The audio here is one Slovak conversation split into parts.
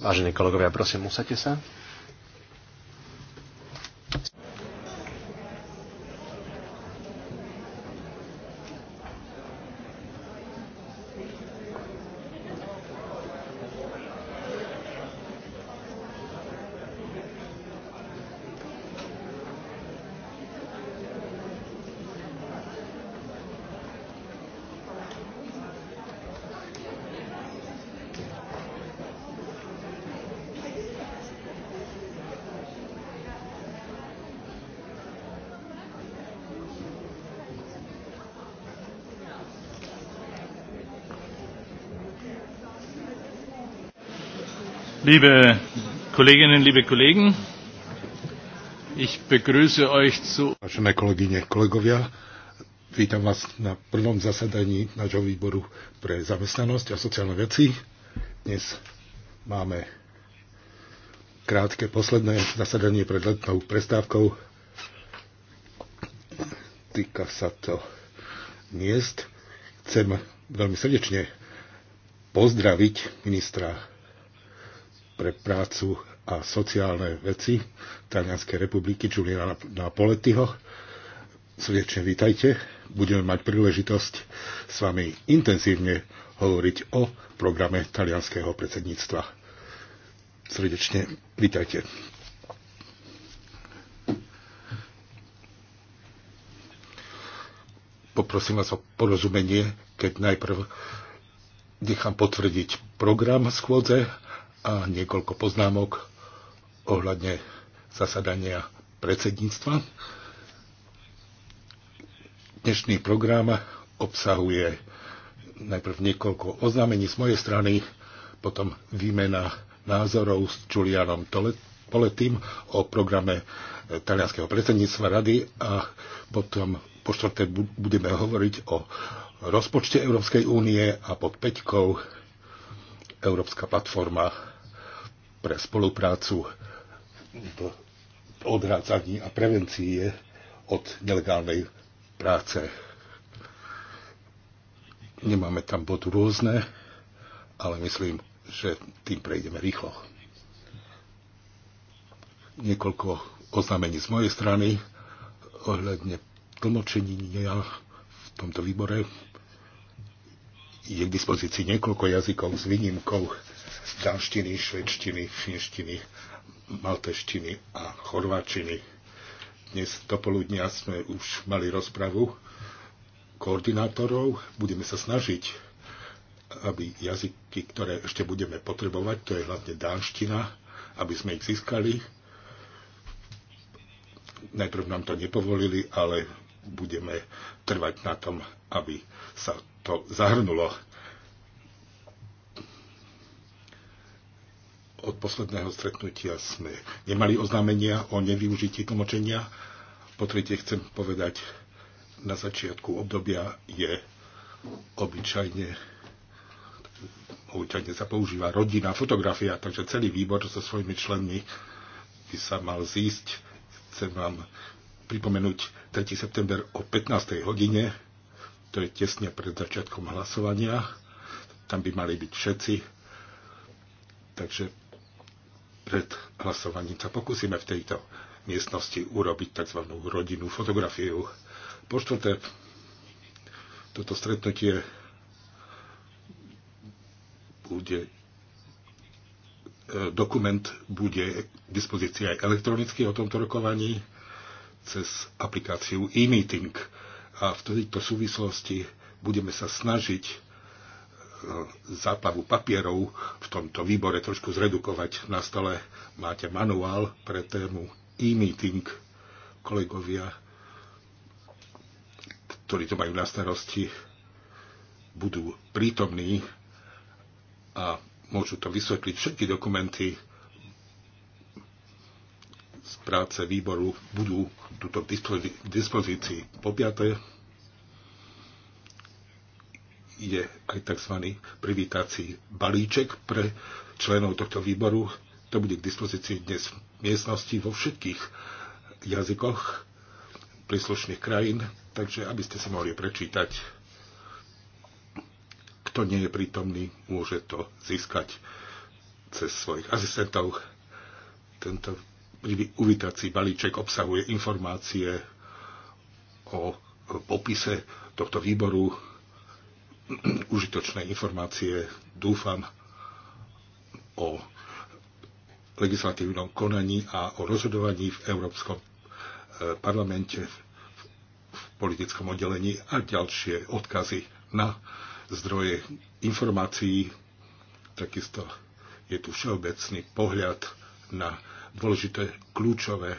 Vážení kolegovia, prosím, usadte sa. Liebe Kolleginnen, liebe Kollegen, ich begrüße euch zu... Vážené kolegyne, kolegovia, vítam vás na prvom zasadaní nášho výboru pre zamestnanosť a sociálne veci. Dnes máme krátke posledné zasadanie pred letnou prestávkou. Týka sa to miest. Chcem veľmi srdečne pozdraviť ministra pre prácu a sociálne veci Talianskej republiky Giuliana Napoletiho. Srdečne vítajte. Budeme mať príležitosť s vami intenzívne hovoriť o programe talianského predsedníctva. Srdečne vítajte. Poprosím vás o porozumenie, keď najprv nechám potvrdiť program schôdze a niekoľko poznámok ohľadne zasadania predsedníctva. Dnešný program obsahuje najprv niekoľko oznámení z mojej strany, potom výmena názorov s Julianom Poletým o programe e, talianského predsedníctva rady a potom po štvrté budeme hovoriť o rozpočte Európskej únie a pod peťkou Európska platforma pre spoluprácu v odrádzaní a prevencie od nelegálnej práce. Nemáme tam bod rôzne, ale myslím, že tým prejdeme rýchlo. Niekoľko oznámení z mojej strany ohľadne tlmočenia v tomto výbore je k dispozícii niekoľko jazykov s výnimkou dánštiny, švedštiny, finštiny, malteštiny a chorváčiny. Dnes do poludnia sme už mali rozpravu koordinátorov. Budeme sa snažiť, aby jazyky, ktoré ešte budeme potrebovať, to je hlavne dánština, aby sme ich získali. Najprv nám to nepovolili, ale budeme trvať na tom, aby sa to zahrnulo. Od posledného stretnutia sme nemali oznámenia o nevyužití tlmočenia. Po tretie chcem povedať, na začiatku obdobia je obyčajne obyčajne sa používa rodina, fotografia, takže celý výbor so svojimi členmi by sa mal zísť. Chcem vám pripomenúť 3. september o 15. hodine, to je tesne pred začiatkom hlasovania, tam by mali byť všetci, takže pred hlasovaním sa pokúsime v tejto miestnosti urobiť tzv. rodinnú fotografiu. Po štvrté, toto stretnutie bude e, dokument bude k dispozícii aj elektronicky o tomto rokovaní cez aplikáciu e-meeting. A v tejto súvislosti budeme sa snažiť e, záplavu papierov v tomto výbore trošku zredukovať. Na stole máte manuál pre tému e-meeting. Kolegovia, ktorí to majú na starosti, budú prítomní a môžu to vysvetliť všetky dokumenty, z práce výboru budú túto dispozícii. Po piaté je aj tzv. privítací balíček pre členov tohto výboru. To bude k dispozícii dnes v miestnosti vo všetkých jazykoch príslušných krajín, takže aby ste si mohli prečítať. Kto nie je prítomný, môže to získať cez svojich asistentov. Tento uvítací balíček obsahuje informácie o popise tohto výboru, užitočné informácie, dúfam, o legislatívnom konaní a o rozhodovaní v Európskom e, parlamente v politickom oddelení a ďalšie odkazy na zdroje informácií. Takisto je tu všeobecný pohľad na dôležité kľúčové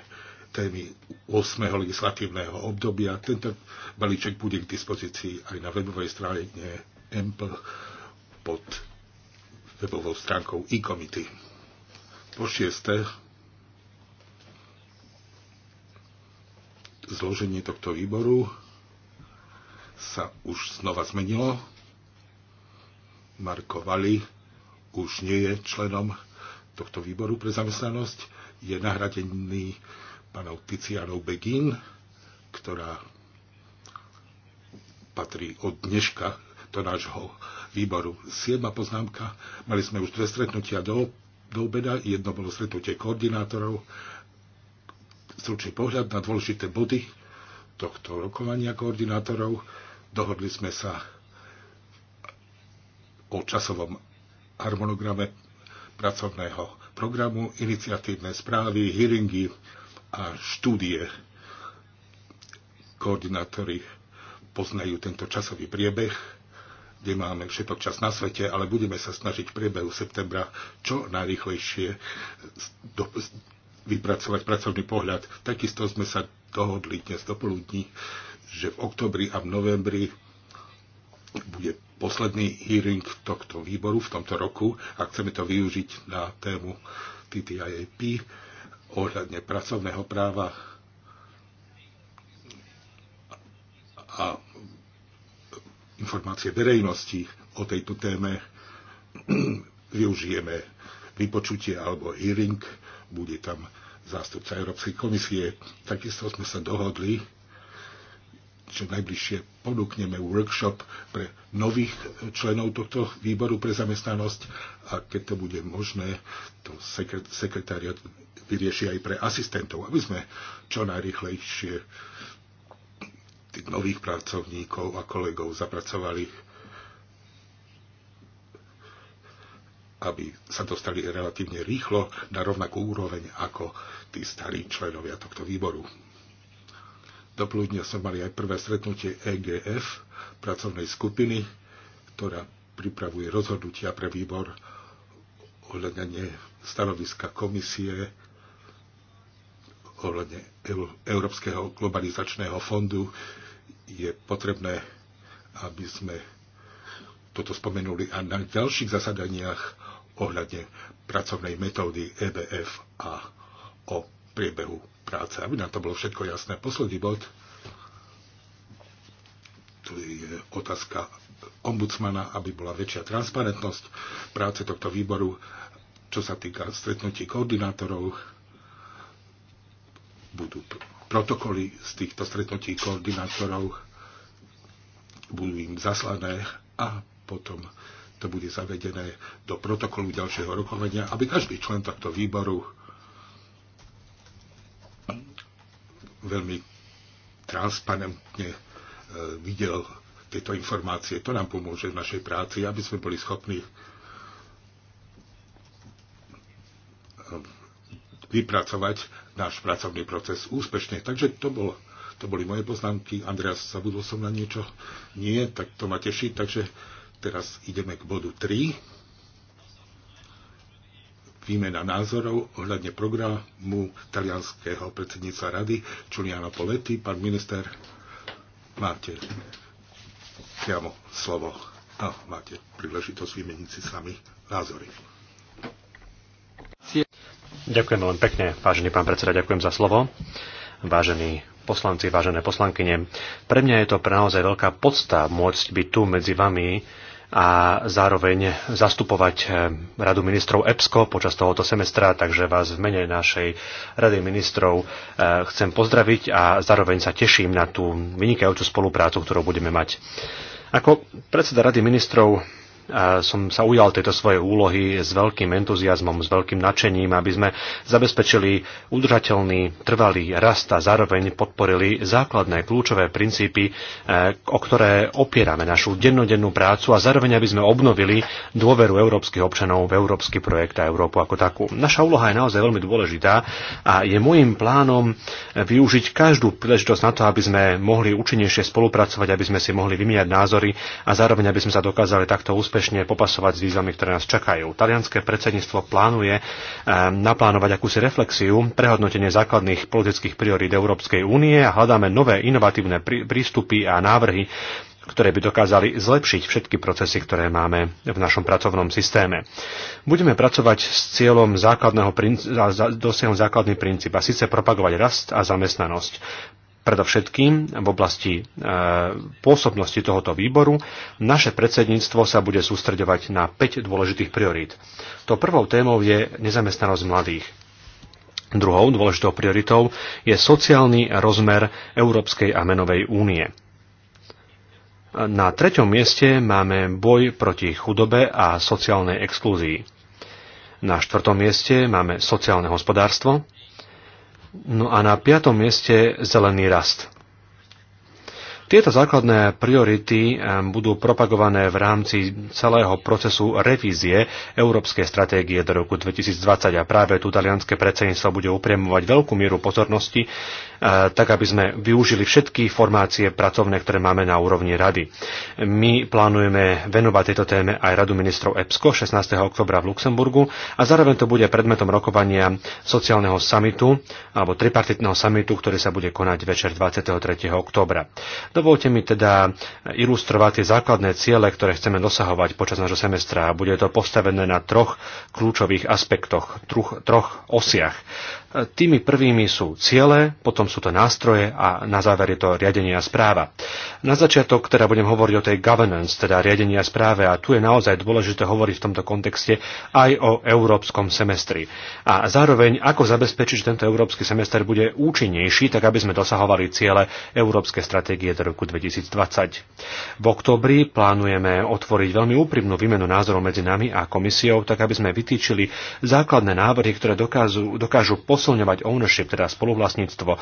témy 8. legislatívneho obdobia. Tento balíček bude k dispozícii aj na webovej stránke EMPL pod webovou stránkou e-committee. Po šieste, zloženie tohto výboru sa už znova zmenilo. Marko Vali už nie je členom tohto výboru pre zamestnanosť je nahradený panou Ticianou Begin, ktorá patrí od dneška do nášho výboru. Siedma poznámka. Mali sme už dve stretnutia do, do obeda. Jedno bolo stretnutie koordinátorov. Stručný pohľad na dôležité body tohto rokovania koordinátorov. Dohodli sme sa o časovom harmonograme pracovného programu, iniciatívne správy, hearingy a štúdie. Koordinátori poznajú tento časový priebeh, kde máme všetok čas na svete, ale budeme sa snažiť v priebehu septembra čo najrychlejšie do, vypracovať pracovný pohľad. Takisto sme sa dohodli dnes do poludní, že v oktobri a v novembri bude posledný hearing tohto výboru v tomto roku a chceme to využiť na tému TTIAP ohľadne pracovného práva a informácie verejnosti o tejto téme využijeme vypočutie alebo hearing, bude tam zástupca Európskej komisie. Takisto sme sa dohodli, že najbližšie ponúkneme workshop pre nových e, členov tohto výboru pre zamestnanosť a keď to bude možné, to sekretariat vyrieši aj pre asistentov, aby sme čo najrychlejšie tých nových pracovníkov a kolegov zapracovali, aby sa dostali relatívne rýchlo na rovnakú úroveň ako tí starí členovia tohto výboru. Dopoludne som mali aj prvé stretnutie EGF, pracovnej skupiny, ktorá pripravuje rozhodnutia pre výbor ohľadne stanoviska komisie ohľadne Európskeho globalizačného fondu je potrebné, aby sme toto spomenuli a na ďalších zasadaniach ohľadne pracovnej metódy EBF a o priebehu práce. Aby nám to bolo všetko jasné. Posledný bod, tu je otázka ombudsmana, aby bola väčšia transparentnosť práce tohto výboru, čo sa týka stretnutí koordinátorov, budú protokoly z týchto stretnutí koordinátorov, budú im zaslané a potom to bude zavedené do protokolu ďalšieho rokovania, aby každý člen tohto výboru veľmi transparentne e, videl tieto informácie. To nám pomôže v našej práci, aby sme boli schopní e, vypracovať náš pracovný proces úspešne. Takže to bol, to boli moje poznámky. Andreas, zabudol som na niečo? Nie, tak to ma teší. Takže teraz ideme k bodu 3 výmena názorov ohľadne programu talianského predsedníca rady Čuliana Poletti. Pán minister, máte priamo slovo a máte príležitosť vymeniť si sami názory. Ďakujem veľmi pekne, vážený pán predseda, ďakujem za slovo. Vážení poslanci, vážené poslankyne, pre mňa je to pre naozaj veľká podsta môcť byť tu medzi vami a zároveň zastupovať eh, Radu ministrov EPSCO počas tohoto semestra, takže vás v mene našej Rady ministrov eh, chcem pozdraviť a zároveň sa teším na tú vynikajúcu spoluprácu, ktorú budeme mať. Ako predseda Rady ministrov som sa ujal tejto svojej úlohy s veľkým entuziasmom, s veľkým nadšením, aby sme zabezpečili udržateľný, trvalý rast a zároveň podporili základné kľúčové princípy, e, o ktoré opierame našu dennodennú prácu a zároveň aby sme obnovili dôveru európskych občanov v európsky projekt a Európu ako takú. Naša úloha je naozaj veľmi dôležitá a je môjim plánom využiť každú príležitosť na to, aby sme mohli účinnejšie spolupracovať, aby sme si mohli vymieňať názory a zároveň aby sme sa dokázali takto úspešne úspešne popasovať s výzvami, ktoré nás čakajú. Talianské predsedníctvo plánuje eh, naplánovať akúsi reflexiu, prehodnotenie základných politických priorít Európskej únie a hľadáme nové inovatívne prístupy a návrhy, ktoré by dokázali zlepšiť všetky procesy, ktoré máme v našom pracovnom systéme. Budeme pracovať s cieľom základného princ- dosiahnuť základný princíp a síce propagovať rast a zamestnanosť. Predovšetkým v oblasti e, pôsobnosti tohoto výboru naše predsedníctvo sa bude sústredovať na 5 dôležitých priorít. To prvou témou je nezamestnanosť mladých. Druhou dôležitou prioritou je sociálny rozmer Európskej a menovej únie. Na treťom mieste máme boj proti chudobe a sociálnej exklúzii. Na štvrtom mieste máme sociálne hospodárstvo, No a na piatom mieste zelený rast. Tieto základné priority budú propagované v rámci celého procesu revízie Európskej stratégie do roku 2020 a práve tu talianské predsedníctvo bude upriemovať veľkú mieru pozornosti tak aby sme využili všetky formácie pracovné, ktoré máme na úrovni rady. My plánujeme venovať tejto téme aj Radu ministrov EPSCO 16. oktobra v Luxemburgu a zároveň to bude predmetom rokovania sociálneho samitu alebo tripartitného samitu, ktorý sa bude konať večer 23. oktobra. Dovolte mi teda ilustrovať tie základné ciele, ktoré chceme dosahovať počas nášho semestra. Bude to postavené na troch kľúčových aspektoch, troch, troch osiach. Tými prvými sú ciele, potom sú to nástroje a na záver je to riadenie a správa. Na začiatok teda budem hovoriť o tej governance, teda riadenie a správe a tu je naozaj dôležité hovoriť v tomto kontexte aj o európskom semestri. A zároveň, ako zabezpečiť, že tento európsky semester bude účinnejší, tak aby sme dosahovali ciele európskej stratégie do roku 2020. V oktobri plánujeme otvoriť veľmi úprimnú výmenu názorov medzi nami a komisiou, tak aby sme vytýčili základné návrhy, ktoré dokážu, dokážu posilňovať ownership, teda spoluvlastníctvo. E,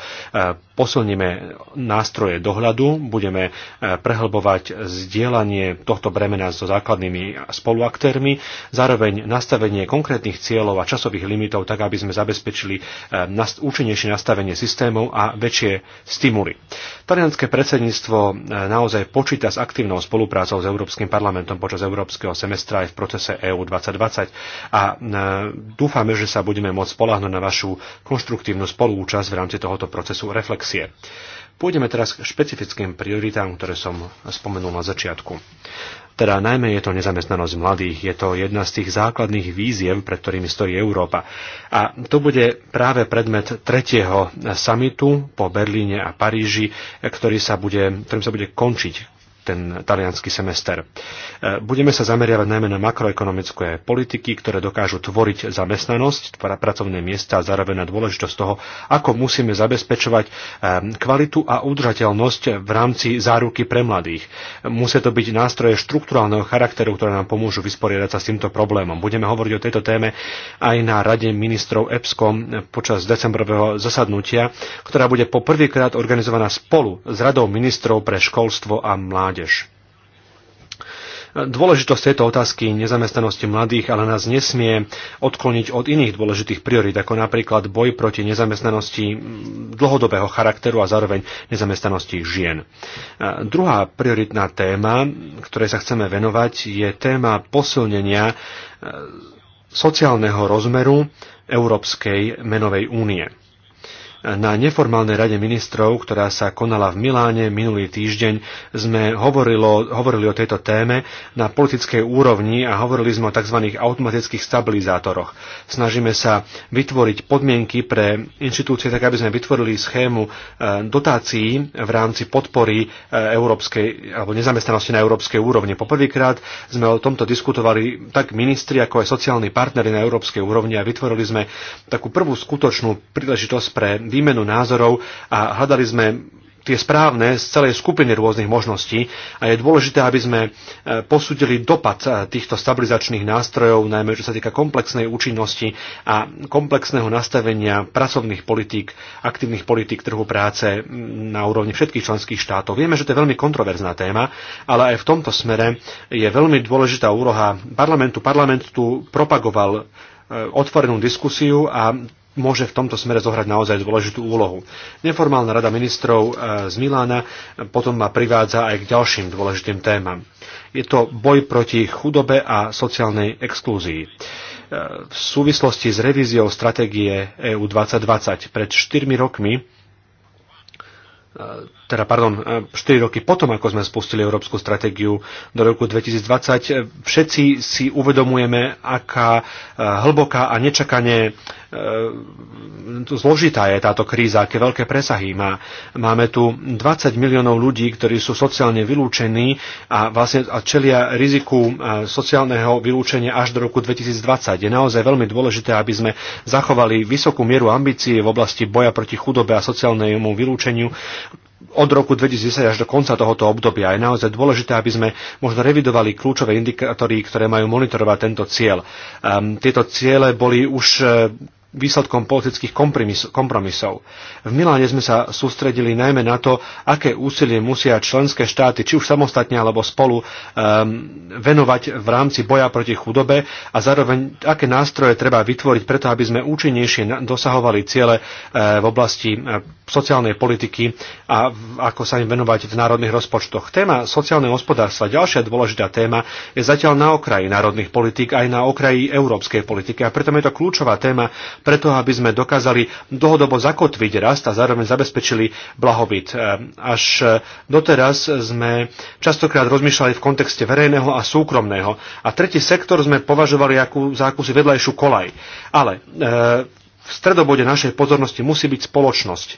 posilníme nástroje dohľadu, budeme e, prehlbovať zdieľanie tohto bremena so základnými spoluaktérmi, zároveň nastavenie konkrétnych cieľov a časových limitov, tak aby sme zabezpečili e, účinnejšie nastavenie systémov a väčšie stimuly. Talianské predsedníctvo naozaj počíta s aktívnou spoluprácou s Európskym parlamentom počas Európskeho semestra aj v procese EU 2020 a dúfame, že sa budeme môcť spolahnuť na vašu konštruktívnu spolúčasť v rámci tohoto procesu reflexie. Pôjdeme teraz k špecifickým prioritám, ktoré som spomenul na začiatku. Teda najmä je to nezamestnanosť mladých, je to jedna z tých základných víziev, pred ktorými stojí Európa. A to bude práve predmet tretieho samitu po Berlíne a Paríži, ktorý sa bude, ktorým sa bude končiť ten talianský semester. E, budeme sa zameriavať najmä na makroekonomické politiky, ktoré dokážu tvoriť zamestnanosť, pracovné miesta a zároveň na dôležitosť toho, ako musíme zabezpečovať e, kvalitu a udržateľnosť v rámci záruky pre mladých. Musia to byť nástroje štruktúrálneho charakteru, ktoré nám pomôžu vysporiadať sa s týmto problémom. Budeme hovoriť o tejto téme aj na Rade ministrov EPSCOM počas decembrového zasadnutia, ktorá bude poprvýkrát organizovaná spolu s Radou ministrov pre školstvo a mládež mládež. Dôležitosť tejto otázky nezamestnanosti mladých ale nás nesmie odkloniť od iných dôležitých priorit, ako napríklad boj proti nezamestnanosti dlhodobého charakteru a zároveň nezamestnanosti žien. Druhá prioritná téma, ktorej sa chceme venovať, je téma posilnenia e, sociálneho rozmeru Európskej menovej únie. Na neformálnej rade ministrov, ktorá sa konala v Miláne minulý týždeň, sme hovorilo, hovorili o tejto téme na politickej úrovni a hovorili sme o tzv. automatických stabilizátoroch. Snažíme sa vytvoriť podmienky pre inštitúcie, tak aby sme vytvorili schému e, dotácií v rámci podpory e, európskej alebo nezamestnanosti na európskej úrovni. Poprvýkrát sme o tomto diskutovali tak ministri, ako aj sociálni partnery na európskej úrovni a vytvorili sme takú prvú skutočnú príležitosť pre výmenu názorov a hľadali sme tie správne z celej skupiny rôznych možností a je dôležité, aby sme e, posúdili dopad e, týchto stabilizačných nástrojov, najmä čo sa týka komplexnej účinnosti a komplexného nastavenia pracovných politík, aktívnych politík trhu práce na úrovni všetkých členských štátov. Vieme, že to je veľmi kontroverzná téma, ale aj v tomto smere je veľmi dôležitá úroha parlamentu. Parlament tu propagoval e, otvorenú diskusiu a môže v tomto smere zohrať naozaj dôležitú úlohu. Neformálna rada ministrov e, z Milána potom ma privádza aj k ďalším dôležitým témam. Je to boj proti chudobe a sociálnej exklúzii e, v súvislosti s revíziou stratégie EU 2020 pred 4 rokmi e, teda pardon, 4 e, roky potom, ako sme spustili európsku stratégiu do roku 2020, e, všetci si uvedomujeme, aká e, hlboká a nečakane zložitá je táto kríza, aké veľké presahy má. Máme tu 20 miliónov ľudí, ktorí sú sociálne vylúčení a vlastne čelia riziku sociálneho vylúčenia až do roku 2020. Je naozaj veľmi dôležité, aby sme zachovali vysokú mieru ambície v oblasti boja proti chudobe a sociálnemu vylúčeniu, od roku 2010 až do konca tohoto obdobia. Je naozaj dôležité, aby sme možno revidovali kľúčové indikátory, ktoré majú monitorovať tento cieľ. Um, tieto ciele boli už uh, výsledkom politických kompromisov. V Miláne sme sa sústredili najmä na to, aké úsilie musia členské štáty, či už samostatne alebo spolu, um, venovať v rámci boja proti chudobe a zároveň aké nástroje treba vytvoriť preto, aby sme účinnejšie dosahovali ciele uh, v oblasti uh, sociálnej politiky a ako sa im venovať v národných rozpočtoch. Téma sociálneho hospodárstva, ďalšia dôležitá téma, je zatiaľ na okraji národných politik, aj na okraji európskej politiky a preto je to kľúčová téma, preto aby sme dokázali dlhodobo zakotviť rast a zároveň zabezpečili blahobyt. Ehm, až e, doteraz sme častokrát rozmýšľali v kontexte verejného a súkromného a tretí sektor sme považovali ako, za akúsi vedľajšiu kolaj. Ale e, v stredobode našej pozornosti musí byť spoločnosť, e,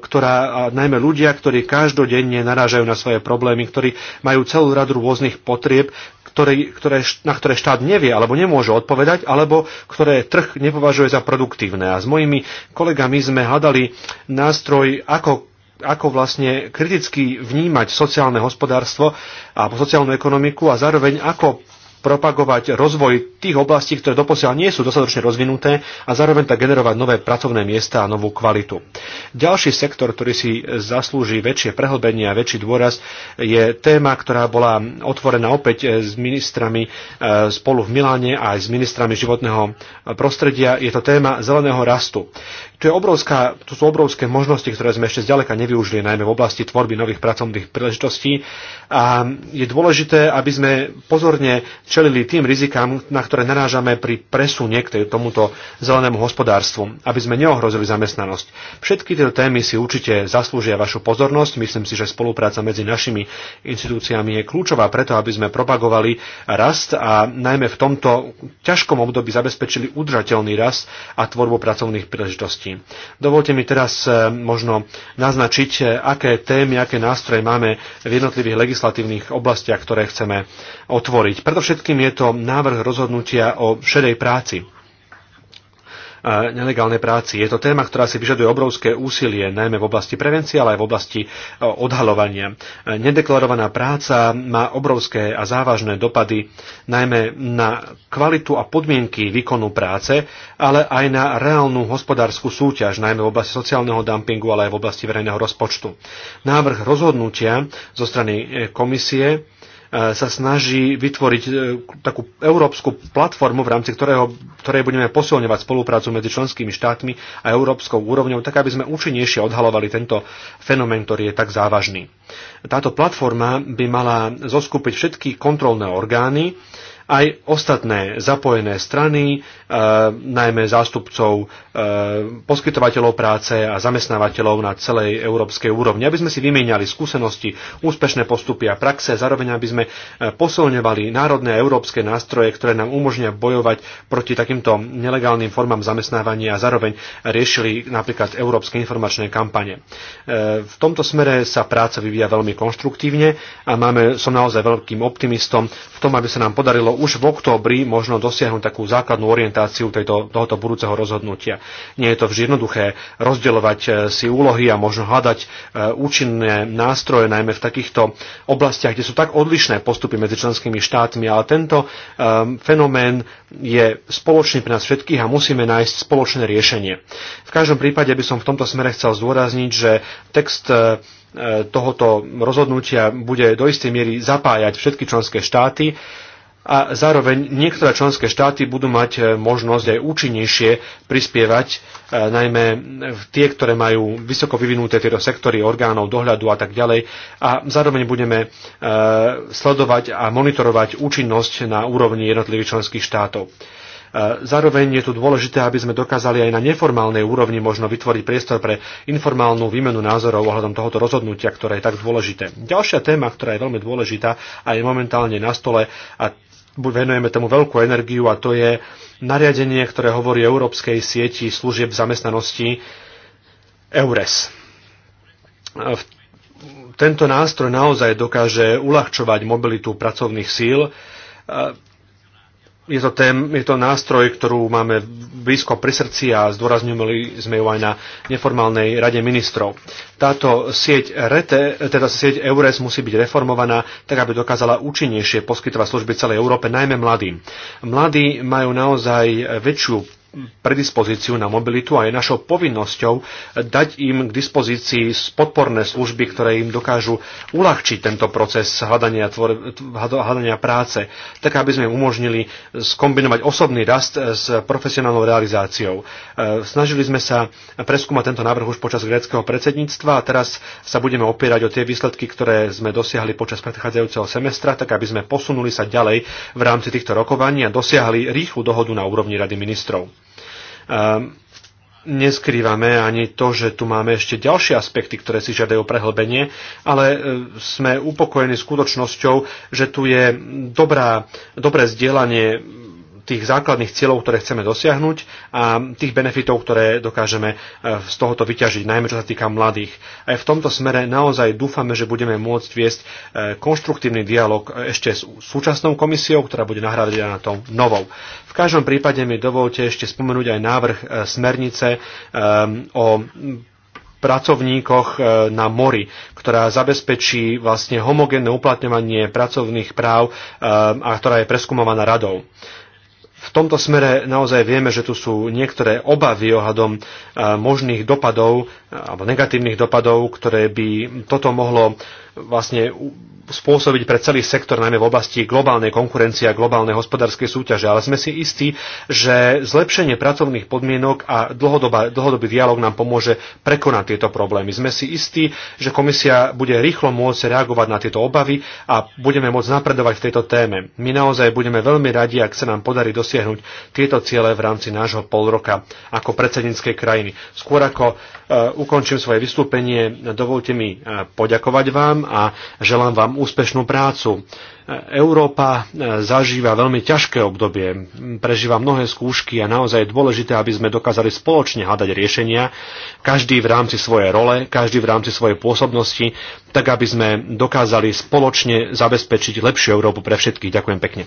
ktorá, najmä ľudia, ktorí každodenne narážajú na svoje problémy, ktorí majú celú radu rôznych potrieb, ktoré, ktoré, na ktoré štát nevie alebo nemôže odpovedať, alebo ktoré trh nepovažuje za produktívne. A s mojimi kolegami sme hľadali nástroj, ako ako vlastne kriticky vnímať sociálne hospodárstvo a sociálnu ekonomiku a zároveň ako propagovať rozvoj tých oblastí, ktoré doposiaľ nie sú dostatočne rozvinuté a zároveň tak generovať nové pracovné miesta a novú kvalitu. Ďalší sektor, ktorý si zaslúži väčšie prehlbenie a väčší dôraz, je téma, ktorá bola otvorená opäť eh, s ministrami eh, spolu v Miláne a aj s ministrami životného eh, prostredia. Je to téma zeleného rastu to, je obrovská, to sú obrovské možnosti, ktoré sme ešte zďaleka nevyužili, najmä v oblasti tvorby nových pracovných príležitostí. A je dôležité, aby sme pozorne čelili tým rizikám, na ktoré narážame pri presunie k tomuto zelenému hospodárstvu, aby sme neohrozili zamestnanosť. Všetky tieto témy si určite zaslúžia vašu pozornosť. Myslím si, že spolupráca medzi našimi inštitúciami je kľúčová preto, aby sme propagovali rast a najmä v tomto ťažkom období zabezpečili udržateľný rast a tvorbu pracovných príležitostí otázky. Dovolte mi teraz e, možno naznačiť, e, aké témy, aké nástroje máme v jednotlivých legislatívnych oblastiach, ktoré chceme otvoriť. Predovšetkým je to návrh rozhodnutia o šedej práci E, nelegálnej práci. Je to téma, ktorá si vyžaduje obrovské úsilie, najmä v oblasti prevencie, ale aj v oblasti e, odhalovania. E, nedeklarovaná práca má obrovské a závažné dopady, najmä na kvalitu a podmienky výkonu práce, ale aj na reálnu hospodárskú súťaž, najmä v oblasti sociálneho dumpingu, ale aj v oblasti verejného rozpočtu. Návrh rozhodnutia zo strany komisie Eh, sa snaží vytvoriť eh, takú európsku platformu, v rámci ktorého, ktorej budeme posilňovať spoluprácu medzi členskými štátmi a európskou úrovňou, tak aby sme účinnejšie odhalovali tento fenomén, ktorý je tak závažný. Táto platforma by mala zoskupiť všetky kontrolné orgány, aj ostatné zapojené strany, e, najmä zástupcov e, poskytovateľov práce a zamestnávateľov na celej európskej úrovni, aby sme si vymieniali skúsenosti, úspešné postupy a praxe, zároveň aby sme e, posilňovali národné a európske nástroje, ktoré nám umožnia bojovať proti takýmto nelegálnym formám zamestnávania a zároveň riešili napríklad európske informačné kampane. V tomto smere sa práca vyvíja veľmi konštruktívne a máme, som naozaj veľkým optimistom v tom, aby sa nám podarilo už v októbri možno dosiahnuť takú základnú orientáciu tejto, tohoto budúceho rozhodnutia. Nie je to vždy jednoduché rozdeľovať eh, si úlohy a možno hľadať eh, účinné nástroje, najmä v takýchto oblastiach, kde sú tak odlišné postupy medzi členskými štátmi, ale tento um, fenomén je spoločný pre nás všetkých a musíme nájsť spoločné riešenie. V každom prípade by som v tomto smere chcel zdôrazniť, že text tohoto rozhodnutia bude do istej miery zapájať všetky členské štáty a zároveň niektoré členské štáty budú mať e, možnosť aj účinnejšie prispievať, e, najmä tie, ktoré majú vysoko vyvinuté tieto sektory orgánov, dohľadu a tak ďalej. A zároveň budeme e, sledovať a monitorovať účinnosť na úrovni jednotlivých členských štátov. Zároveň je tu dôležité, aby sme dokázali aj na neformálnej úrovni možno vytvoriť priestor pre informálnu výmenu názorov ohľadom tohoto rozhodnutia, ktoré je tak dôležité. Ďalšia téma, ktorá je veľmi dôležitá a je momentálne na stole a venujeme tomu veľkú energiu a to je nariadenie, ktoré hovorí o Európskej sieti služieb zamestnanosti EURES. Tento nástroj naozaj dokáže uľahčovať mobilitu pracovných síl je to, tém, je to nástroj, ktorú máme blízko pri srdci a zdôrazňujeme sme ju aj na neformálnej rade ministrov. Táto sieť, RETE, teda sieť EURES musí byť reformovaná, tak aby dokázala účinnejšie poskytovať služby celej Európe, najmä mladým. Mladí majú naozaj väčšiu predispozíciu na mobilitu a je našou povinnosťou dať im k dispozícii podporné služby, ktoré im dokážu uľahčiť tento proces hľadania, tvor, hľadania práce, tak aby sme im umožnili skombinovať osobný rast s profesionálnou realizáciou. E, snažili sme sa preskúmať tento návrh už počas gréckého predsedníctva a teraz sa budeme opierať o tie výsledky, ktoré sme dosiahli počas predchádzajúceho semestra, tak aby sme posunuli sa ďalej v rámci týchto rokovaní a dosiahli rýchlu dohodu na úrovni Rady ministrov. Ehm, neskrývame ani to, že tu máme ešte ďalšie aspekty, ktoré si žiadajú prehlbenie, ale e, sme upokojení skutočnosťou, že tu je dobrá, dobré zdieľanie tých základných cieľov, ktoré chceme dosiahnuť a tých benefitov, ktoré dokážeme e, z tohoto vyťažiť, najmä čo sa týka mladých. Aj v tomto smere naozaj dúfame, že budeme môcť viesť e, konštruktívny dialog e, ešte s súčasnou komisiou, ktorá bude nahradená tom novou. V každom prípade mi dovolte ešte spomenúť aj návrh smernice o pracovníkoch na mori, ktorá zabezpečí vlastne homogénne uplatňovanie pracovných práv a ktorá je preskumovaná radou v tomto smere naozaj vieme, že tu sú niektoré obavy ohľadom e, možných dopadov e, alebo negatívnych dopadov, ktoré by toto mohlo e, vlastne spôsobiť pre celý sektor, najmä v oblasti globálnej konkurencie a globálnej hospodárskej súťaže. Ale sme si istí, že zlepšenie pracovných podmienok a dlhodobá, dlhodobý dialog nám pomôže prekonať tieto problémy. Sme si istí, že komisia bude rýchlo môcť reagovať na tieto obavy a budeme môcť napredovať v tejto téme. My naozaj budeme veľmi radi, ak sa nám podarí dosiahnuť tieto ciele v rámci nášho pol roka ako predsedníckej krajiny. Skôr ako e, ukončím svoje vystúpenie, dovolte mi e, poďakovať vám a želám vám úspešnú prácu. Európa e, zažíva veľmi ťažké obdobie, prežíva mnohé skúšky a naozaj je dôležité, aby sme dokázali spoločne hľadať riešenia, každý v rámci svojej role, každý v rámci svojej pôsobnosti, tak aby sme dokázali spoločne zabezpečiť lepšiu Európu pre všetkých. Ďakujem pekne.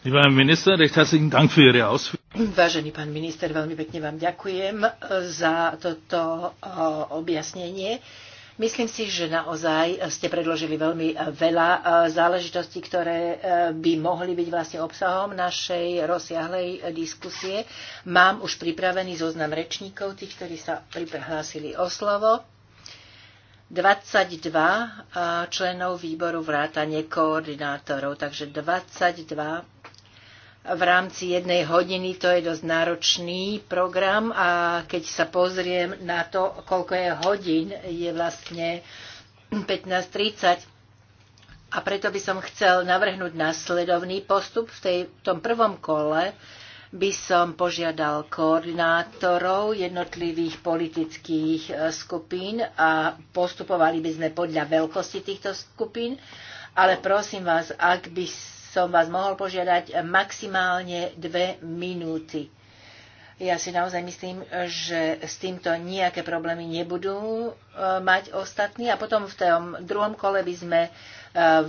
Lieber Herr Minister, recht herzlichen Dank für Ihre Ausführungen. Vážený pán minister, veľmi pekne vám ďakujem za toto objasnenie. Myslím si, že naozaj ste predložili veľmi e, veľa e, záležitostí, ktoré e, by mohli byť vlastne obsahom našej rozsiahlej diskusie. Mám už pripravený zoznam rečníkov, tých, ktorí sa prihlásili o slovo. 22 členov výboru vrátane koordinátorov, takže 22 v rámci jednej hodiny, to je dosť náročný program a keď sa pozriem na to, koľko je hodín, je vlastne 15.30. A preto by som chcel navrhnúť následovný postup. V, tej, v tom prvom kole by som požiadal koordinátorov jednotlivých politických e, skupín a postupovali by sme podľa veľkosti týchto skupín. Ale prosím vás, ak by som vás mohol požiadať maximálne dve minúty. Ja si naozaj myslím, že s týmto nejaké problémy nebudú e, mať ostatní a potom v tom druhom kole by sme e,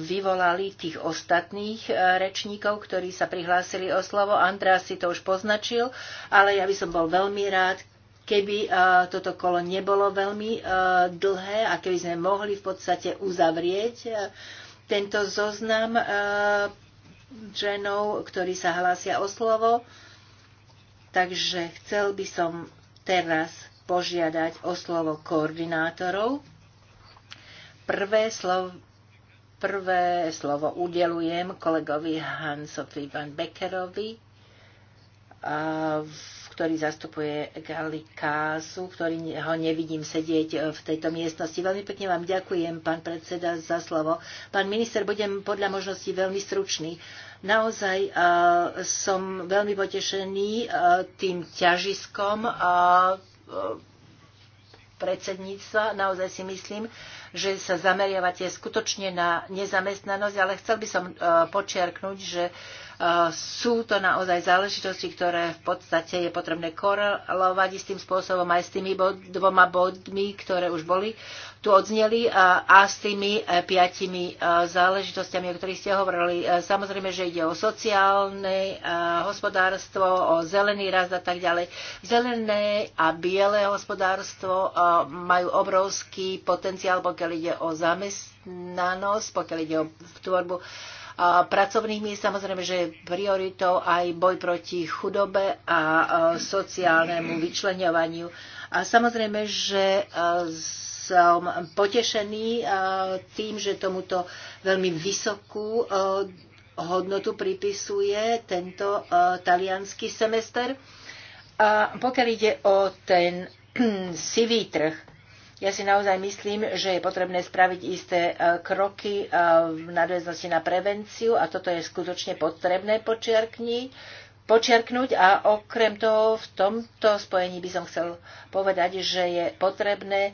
vyvolali tých ostatných e, rečníkov, ktorí sa prihlásili o slovo. András si to už poznačil, ale ja by som bol veľmi rád, keby toto kolo nebolo veľmi dlhé a keby sme mohli v podstate uzavrieť tento zoznam členov, ktorí sa hlásia o slovo. Takže chcel by som teraz požiadať o slovo koordinátorov. Prvé slovo, prvé slovo udelujem kolegovi Hansovi Van Beckerovi. A v ktorý zastupuje Galikásu, ktorý ho nevidím sedieť e, v tejto miestnosti. Veľmi pekne vám ďakujem, pán predseda, za slovo. Pán minister, budem podľa možností veľmi stručný. Naozaj uh, som veľmi potešený uh, tým ťažiskom uh, predsedníctva. Naozaj si myslím, že sa zameriavate skutočne na nezamestnanosť, ale chcel by som počiarknúť, že uh, sú to naozaj záležitosti, ktoré v podstate je potrebné korelovať istým spôsobom aj s tými bod, dvoma bodmi, ktoré už boli tu odzneli a s tými e, piatimi e, záležitostiami, o ktorých ste hovorili. E, samozrejme, že ide o sociálne hospodárstvo, o zelený rast a tak ďalej. Zelené a biele hospodárstvo majú obrovský potenciál, pokiaľ ide o zamestnanosť, pokiaľ ide o tvorbu pracovných miest. Samozrejme, že je prioritou aj boj proti chudobe a sociálnemu vyčleňovaniu. A samozrejme, že som potešený tým, že tomuto veľmi vysokú hodnotu pripisuje tento talianský semester. A pokiaľ ide o ten sivý trh, ja si naozaj myslím, že je potrebné spraviť isté e, kroky e, v nadväznosti na prevenciu a toto je skutočne potrebné počiarkni, počiarknúť a okrem toho v tomto spojení by som chcel povedať, že je potrebné e,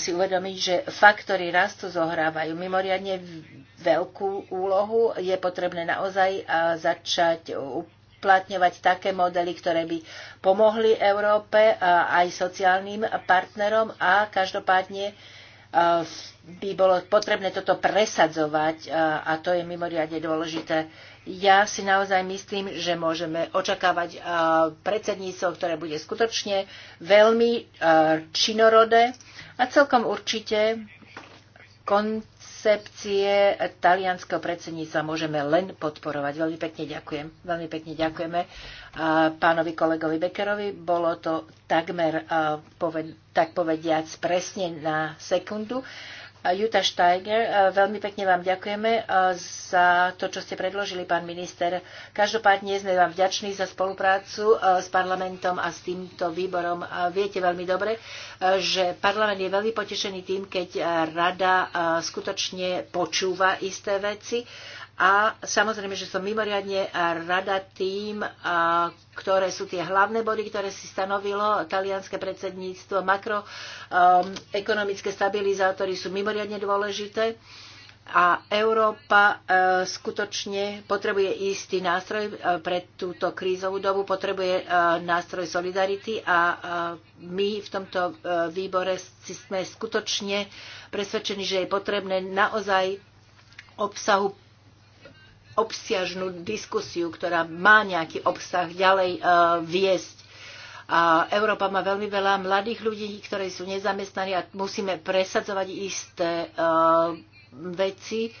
si uvedomiť, že faktory rastu zohrávajú mimoriadne veľkú úlohu. Je potrebné naozaj začať uplatňovať také modely, ktoré by pomohli Európe a aj sociálnym partnerom a každopádne e, by bolo potrebné toto presadzovať e, a to je mimoriadne dôležité. Ja si naozaj myslím, že môžeme očakávať e, predsedníctvo, ktoré bude skutočne veľmi činorodé a celkom určite koncepcie talianského predsedníctva môžeme len podporovať. Veľmi pekne ďakujem. Veľmi pekne ďakujeme a pánovi kolegovi Bekerovi. Bolo to takmer, poved, tak povediac, presne na sekundu. Juta Steiger, e, veľmi pekne vám ďakujeme e, za to, čo ste predložili, pán minister. Každopádne sme vám vďační za spoluprácu e, s parlamentom a s týmto výborom. Viete veľmi dobre, že parlament je veľmi potešený tým, keď rada skutočne počúva isté veci a samozrejme, že som mimoriadne rada tým, ktoré sú tie hlavné body, ktoré si stanovilo talianské predsedníctvo. Makroekonomické um, stabilizátory sú mimoriadne dôležité a Európa uh, skutočne potrebuje istý nástroj uh, pre túto krízovú dobu, potrebuje uh, nástroj solidarity a my v tomto výbore sme skutočne presvedčení, že je potrebné naozaj obsahu obsiažnú diskusiu, ktorá má nejaký obsah ďalej e, viesť. A Európa má veľmi veľa mladých ľudí, ktorí sú nezamestnaní a musíme presadzovať isté e, veci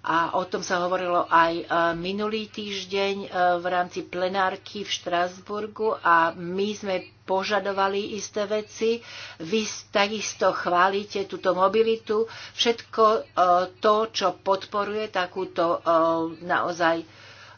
a o tom sa hovorilo aj e, minulý týždeň e, v rámci plenárky v Štrasburgu a my sme požadovali isté veci. Vy takisto chválite túto mobilitu, všetko e, to, čo podporuje takúto naozaj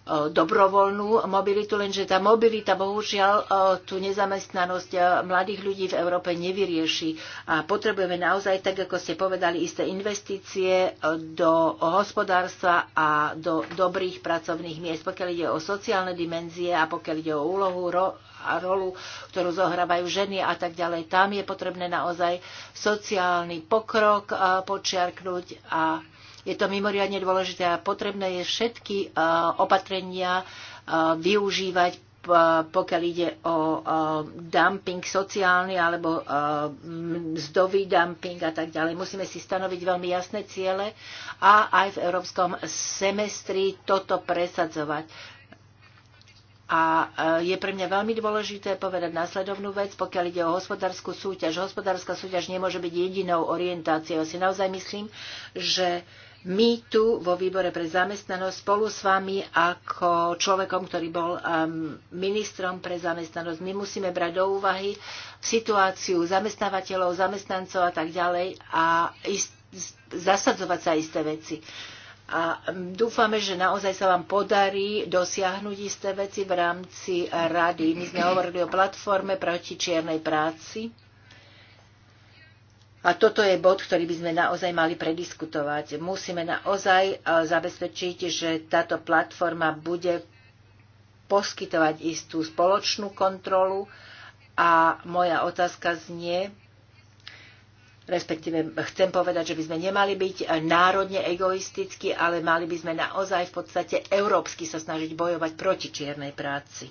E, dobrovoľnú mobilitu, lenže tá mobilita bohužiaľ e, tú nezamestnanosť e, mladých ľudí v Európe nevyrieši. A potrebujeme naozaj, tak ako ste povedali, isté investície do hospodárstva a do dobrých pracovných miest. Pokiaľ ide o sociálne dimenzie a pokiaľ ide o úlohu a rolu, ktorú zohrávajú ženy a tak ďalej. Tam je potrebné naozaj sociálny pokrok počiarknúť a je to mimoriadne dôležité a potrebné je všetky e, opatrenia e, využívať, pokiaľ ide o e, dumping sociálny alebo mzdový dumping a tak ďalej. Musíme si stanoviť veľmi jasné ciele a aj v európskom semestri toto presadzovať. A je pre mňa veľmi dôležité povedať následovnú vec, pokiaľ ide o hospodárskú súťaž. Hospodárska súťaž nemôže byť jedinou orientáciou. Ja si naozaj myslím, že uh, my tu vo výbore pre zamestnanosť spolu s vami ako človekom, ktorý bol um, ministrom pre zamestnanosť, my musíme brať do úvahy situáciu zamestnávateľov, zamestnancov a tak ďalej a ist, zasadzovať sa isté veci. A um, dúfame, že naozaj sa vám podarí dosiahnuť isté veci v rámci rady. My sme hovorili o platforme proti čiernej práci a toto je bod, ktorý by sme naozaj mali prediskutovať. Musíme naozaj e, zabezpečiť, že táto platforma bude poskytovať istú spoločnú kontrolu a moja otázka znie, respektíve chcem povedať, že by sme nemali byť národne egoistickí, ale mali by sme naozaj v podstate európsky sa snažiť bojovať proti čiernej práci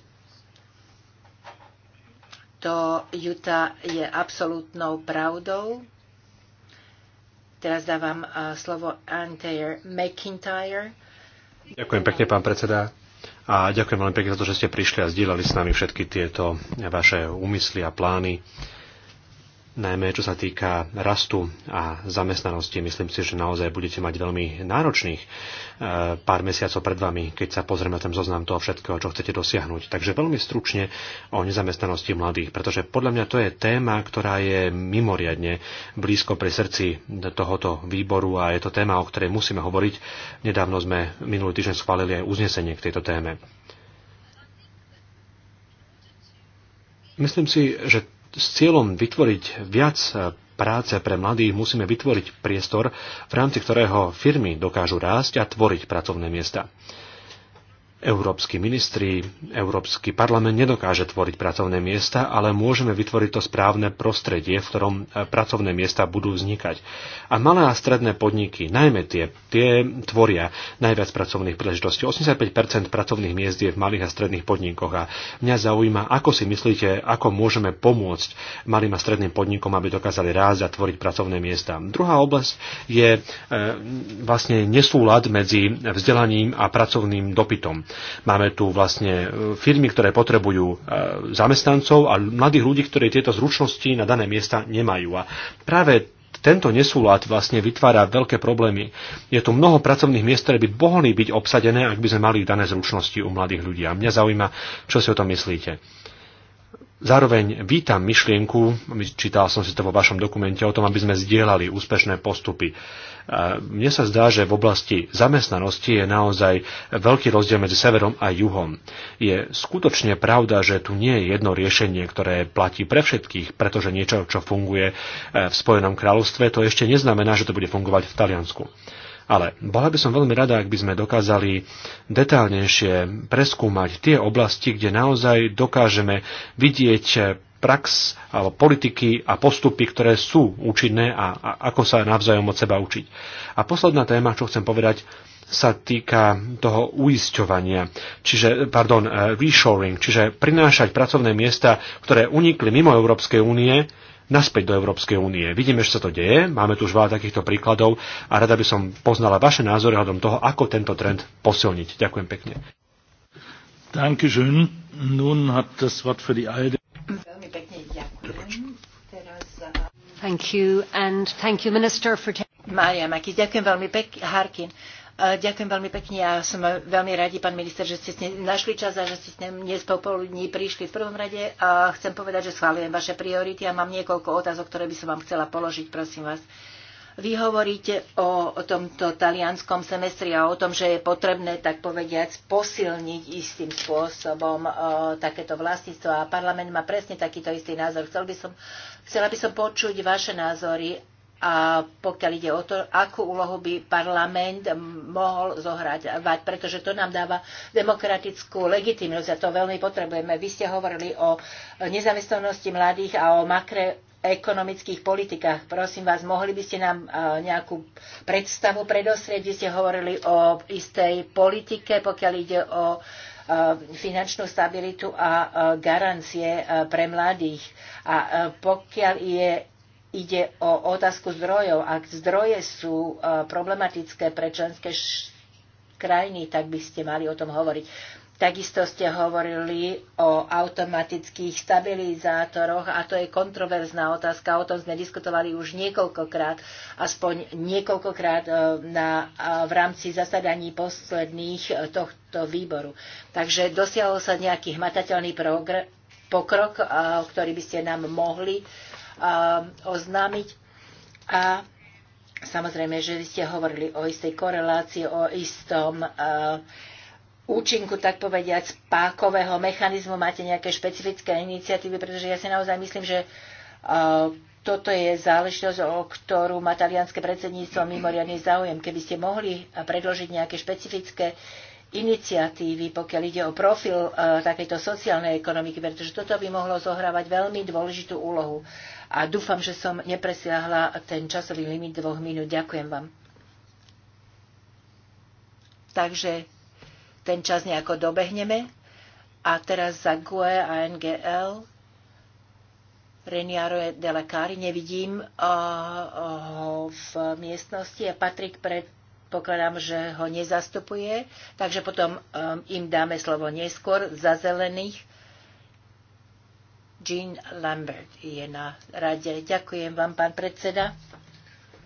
to Juta je absolútnou pravdou. Teraz dávam eh, slovo Antair McIntyre. Ďakujem pekne, pán predseda. A ďakujem veľmi pekne za to, že ste prišli a zdieľali s nami všetky tieto vaše úmysly a plány najmä čo sa týka rastu a zamestnanosti. Myslím si, že naozaj budete mať veľmi náročných e, pár mesiacov pred vami, keď sa pozrieme ten zoznam toho všetkého, čo chcete dosiahnuť. Takže veľmi stručne o nezamestnanosti mladých, pretože podľa mňa to je téma, ktorá je mimoriadne blízko pri srdci tohoto výboru a je to téma, o ktorej musíme hovoriť. Nedávno sme minulý týždeň schválili aj uznesenie k tejto téme. Myslím si, že s cieľom vytvoriť viac e, práce pre mladých musíme vytvoriť priestor, v rámci ktorého firmy dokážu rásť a tvoriť pracovné miesta. Európsky ministri, Európsky parlament nedokáže tvoriť pracovné miesta, ale môžeme vytvoriť to správne prostredie, v ktorom e, pracovné miesta budú vznikať. A malé a stredné podniky, najmä tie, tie tvoria najviac pracovných príležitostí. 85% pracovných miest je v malých a stredných podnikoch a mňa zaujíma, ako si myslíte, ako môžeme pomôcť malým a stredným podnikom, aby dokázali rásť a tvoriť pracovné miesta. Druhá oblasť je e, vlastne nesúlad medzi vzdelaním a pracovným dopytom. Máme tu vlastne e, firmy, ktoré potrebujú e, zamestnancov a mladých ľudí, ktorí tieto zručnosti na dané miesta nemajú. A práve tento nesúlad vlastne vytvára veľké problémy. Je tu mnoho pracovných miest, ktoré by mohli byť obsadené, ak by sme mali dané zručnosti u mladých ľudí. A mňa zaujíma, čo si o tom myslíte. Zároveň vítam myšlienku, čítal som si to vo vašom dokumente, o tom, aby sme zdieľali úspešné postupy. E, mne sa zdá, že v oblasti zamestnanosti je naozaj veľký rozdiel medzi severom a juhom. Je skutočne pravda, že tu nie je jedno riešenie, ktoré platí pre všetkých, pretože niečo, čo funguje e, v Spojenom kráľovstve, to ešte neznamená, že to bude fungovať v Taliansku. Ale bola by som veľmi rada, ak by sme dokázali detálnejšie preskúmať tie oblasti, kde naozaj dokážeme vidieť prax alebo politiky a postupy, ktoré sú účinné a, a ako sa navzájom od seba učiť. A posledná téma, čo chcem povedať, sa týka toho uisťovania, čiže, pardon, reshoring, čiže prinášať pracovné miesta, ktoré unikli mimo Európskej únie naspäť do Európskej únie. Vidíme, že sa to deje, máme tu už veľa takýchto príkladov a rada by som poznala vaše názory hľadom toho, ako tento trend posilniť. Ďakujem pekne. Dankeschön. Nun hat das Wort für die ALDE. Veľmi pekne ďakujem. Thank you and thank you, Minister, for... taking... Mariam, ďakujem veľmi pekne. Harkin. Ďakujem veľmi pekne a ja som veľmi radi, pán minister, že ste našli čas a že ste dnes popoludní prišli. V prvom rade a chcem povedať, že schválujem vaše priority a mám niekoľko otázok, ktoré by som vám chcela položiť, prosím vás. Vy hovoríte o tomto talianskom semestri a o tom, že je potrebné, tak povediac, posilniť istým spôsobom o, e, takéto vlastníctvo a parlament má presne takýto istý názor. Chcel by som, chcela by som počuť vaše názory a pokiaľ ide o to, akú úlohu by parlament mohol zohrať, pretože to nám dáva demokratickú legitimnosť a to veľmi potrebujeme. Vy ste hovorili o nezamestnanosti mladých a o makroekonomických politikách. Prosím vás, mohli by ste nám e, nejakú predstavu predostrieť? kde ste hovorili o istej politike, pokiaľ ide o e, finančnú stabilitu a e, garancie pre mladých. A pokiaľ je ide o otázku zdrojov. Ak zdroje sú e, problematické pre členské krajiny, tak by ste mali o tom hovoriť. Takisto ste hovorili o automatických stabilizátoroch a to je kontroverzná otázka. O tom sme diskutovali už niekoľkokrát, aspoň niekoľkokrát e, na, v rámci zasadaní posledných e, tohto výboru. Takže dosiahol sa nejaký hmatateľný progr- pokrok, ktorý by ste nám mohli uh, Um, oznámiť. A samozrejme, že vy ste hovorili o istej korelácii, o istom uh, účinku, tak povediať, spákového mechanizmu. Máte nejaké špecifické iniciatívy, pretože ja si naozaj myslím, že uh, toto je záležitosť, o ktorú má talianské predsedníctvo mimoriadný záujem. Keby ste mohli predložiť nejaké špecifické iniciatívy, pokiaľ ide o profil uh, takejto sociálnej ekonomiky, pretože toto by mohlo zohrávať veľmi dôležitú úlohu a dúfam, že som nepresiahla ten časový limit dvoch minút. Ďakujem vám. Takže ten čas nejako dobehneme. A teraz za GUE a NGL Reniaro de la Cari. Nevidím eh, ho v miestnosti a Patrik pred pokladám, že ho nezastupuje, takže potom um, im dáme slovo neskôr za zelených. Jean Lambert je na rade. Ďakujem vám, pán predseda.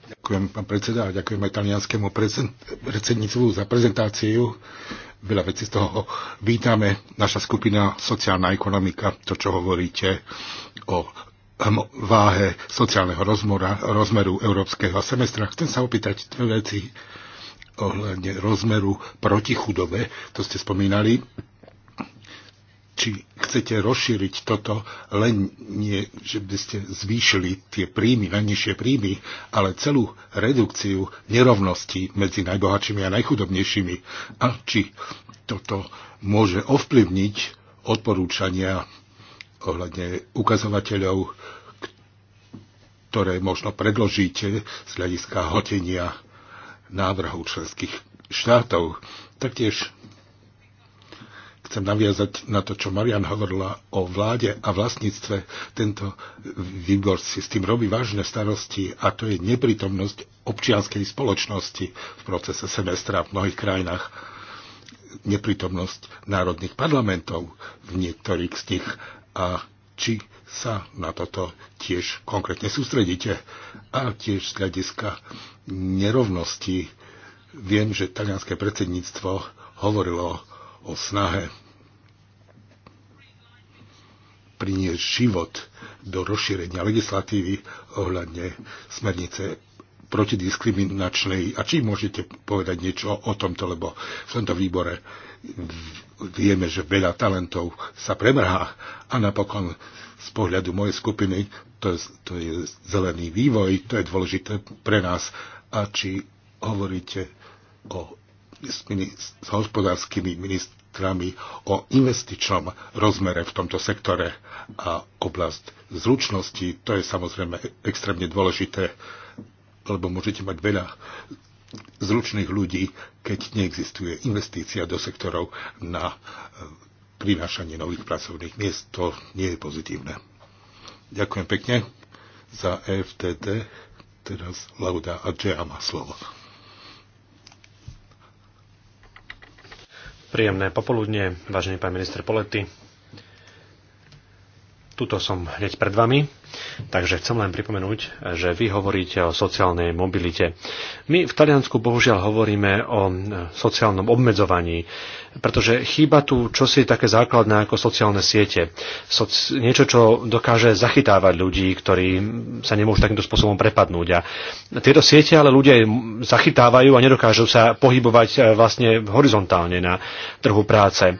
Ďakujem, pán predseda, a ďakujem aj talianskému predsedníctvu za prezentáciu. Veľa vecí z toho vítame. Naša skupina sociálna ekonomika, to, čo hovoríte o hm, váhe sociálneho rozmora, rozmeru európskeho semestra. Chcem sa opýtať dve veci ohľadne rozmeru proti chudobe, to ste spomínali či chcete rozšíriť toto len nie, že by ste zvýšili tie príjmy, najnižšie príjmy, ale celú redukciu nerovností medzi najbohatšími a najchudobnejšími. A či toto môže ovplyvniť odporúčania ohľadne ukazovateľov, ktoré možno predložíte z hľadiska hotenia návrhov členských štátov. Taktiež chcem naviazať na to, čo Marian hovorila o vláde a vlastníctve. Tento výbor si s tým robí vážne starosti a to je neprítomnosť občianskej spoločnosti v procese semestra v mnohých krajinách neprítomnosť národných parlamentov v niektorých z nich a či sa na toto tiež konkrétne sústredíte a tiež z hľadiska nerovnosti. Viem, že talianské predsedníctvo hovorilo o snahe priniesť život do rozšírenia legislatívy ohľadne smernice protidiskriminačnej. A či môžete povedať niečo o tomto, lebo v tomto výbore vieme, že veľa talentov sa premrhá a napokon z pohľadu mojej skupiny to, to je zelený vývoj, to je dôležité pre nás. A či hovoríte o s, s hospodárskymi ministrami o investičnom rozmere v tomto sektore a oblasť zručnosti, to je samozrejme e- extrémne dôležité, lebo môžete mať veľa zručných ľudí, keď neexistuje investícia do sektorov na e, prinášanie nových pracovných miest. To nie je pozitívne. Ďakujem pekne za e FTD. Teraz Lauda Adžea má slovo. Príjemné popoludne, vážený pán minister Polety. Tuto som hneď pred vami. Takže chcem len pripomenúť, že vy hovoríte o sociálnej mobilite. My v Taliansku bohužiaľ hovoríme o e, sociálnom obmedzovaní, pretože chýba tu čosi také základné ako sociálne siete. Soci- niečo, čo dokáže zachytávať ľudí, ktorí sa nemôžu takýmto spôsobom prepadnúť. A tieto siete ale ľudia zachytávajú a nedokážu sa pohybovať e, vlastne horizontálne na trhu práce.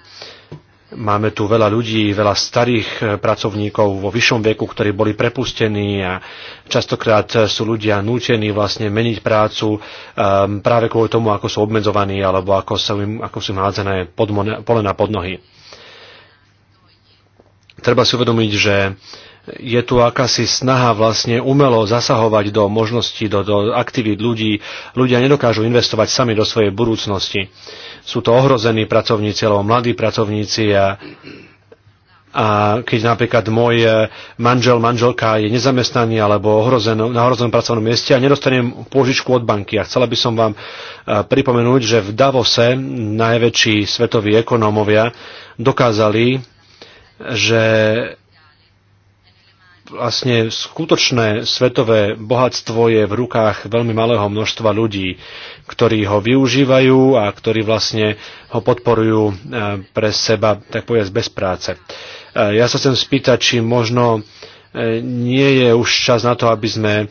Máme tu veľa ľudí, veľa starých eh, pracovníkov vo vyššom veku, ktorí boli prepustení a častokrát eh, sú ľudia nútení vlastne meniť prácu um, práve kvôli tomu, ako sú obmedzovaní alebo ako sú im, ako sú im hádzané pod, polena pod nohy. Treba si uvedomiť, že je tu akási snaha vlastne umelo zasahovať do možností, do, do aktivít ľudí. Ľudia nedokážu investovať sami do svojej budúcnosti sú to ohrození pracovníci alebo mladí pracovníci a a keď napríklad môj e, manžel, manželka je nezamestnaný alebo ohrozen, na ohrozenom pracovnom mieste a nedostanem pôžičku od banky. A chcela by som vám e, pripomenúť, že v Davose najväčší svetoví ekonómovia dokázali, že vlastne skutočné svetové bohatstvo je v rukách veľmi malého množstva ľudí, ktorí ho využívajú a ktorí vlastne ho podporujú eh, pre seba, tak povedať, bez práce. Eh, ja sa chcem spýtať, či možno E, nie je už čas na to, aby sme e,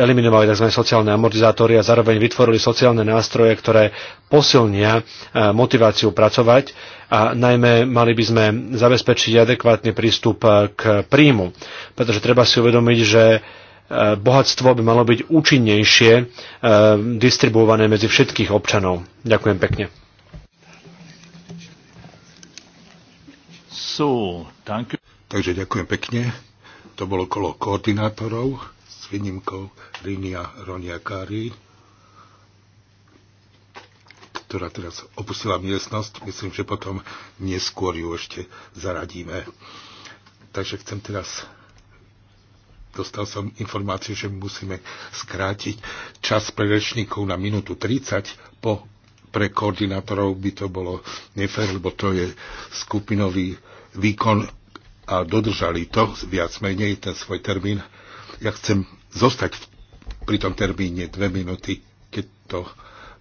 eliminovali tzv. sociálne amortizátory a zároveň vytvorili sociálne nástroje, ktoré posilnia e, motiváciu pracovať a najmä mali by sme zabezpečiť adekvátny prístup k príjmu, pretože treba si uvedomiť, že bohatstvo by malo byť účinnejšie distribuované medzi všetkých občanov. Ďakujem pekne. So, you. Takže ďakujem pekne to bolo kolo koordinátorov s výnimkou Rinia Roniakári, ktorá teraz opustila miestnosť. Myslím, že potom neskôr ju ešte zaradíme. Takže chcem teraz dostal som informáciu, že musíme skrátiť čas pre rečníkov na minútu 30, po pre koordinátorov by to bolo nefér, lebo to je skupinový výkon a dodržali to viac menej, ten svoj termín. Ja chcem zostať pri tom termíne dve minúty, keď to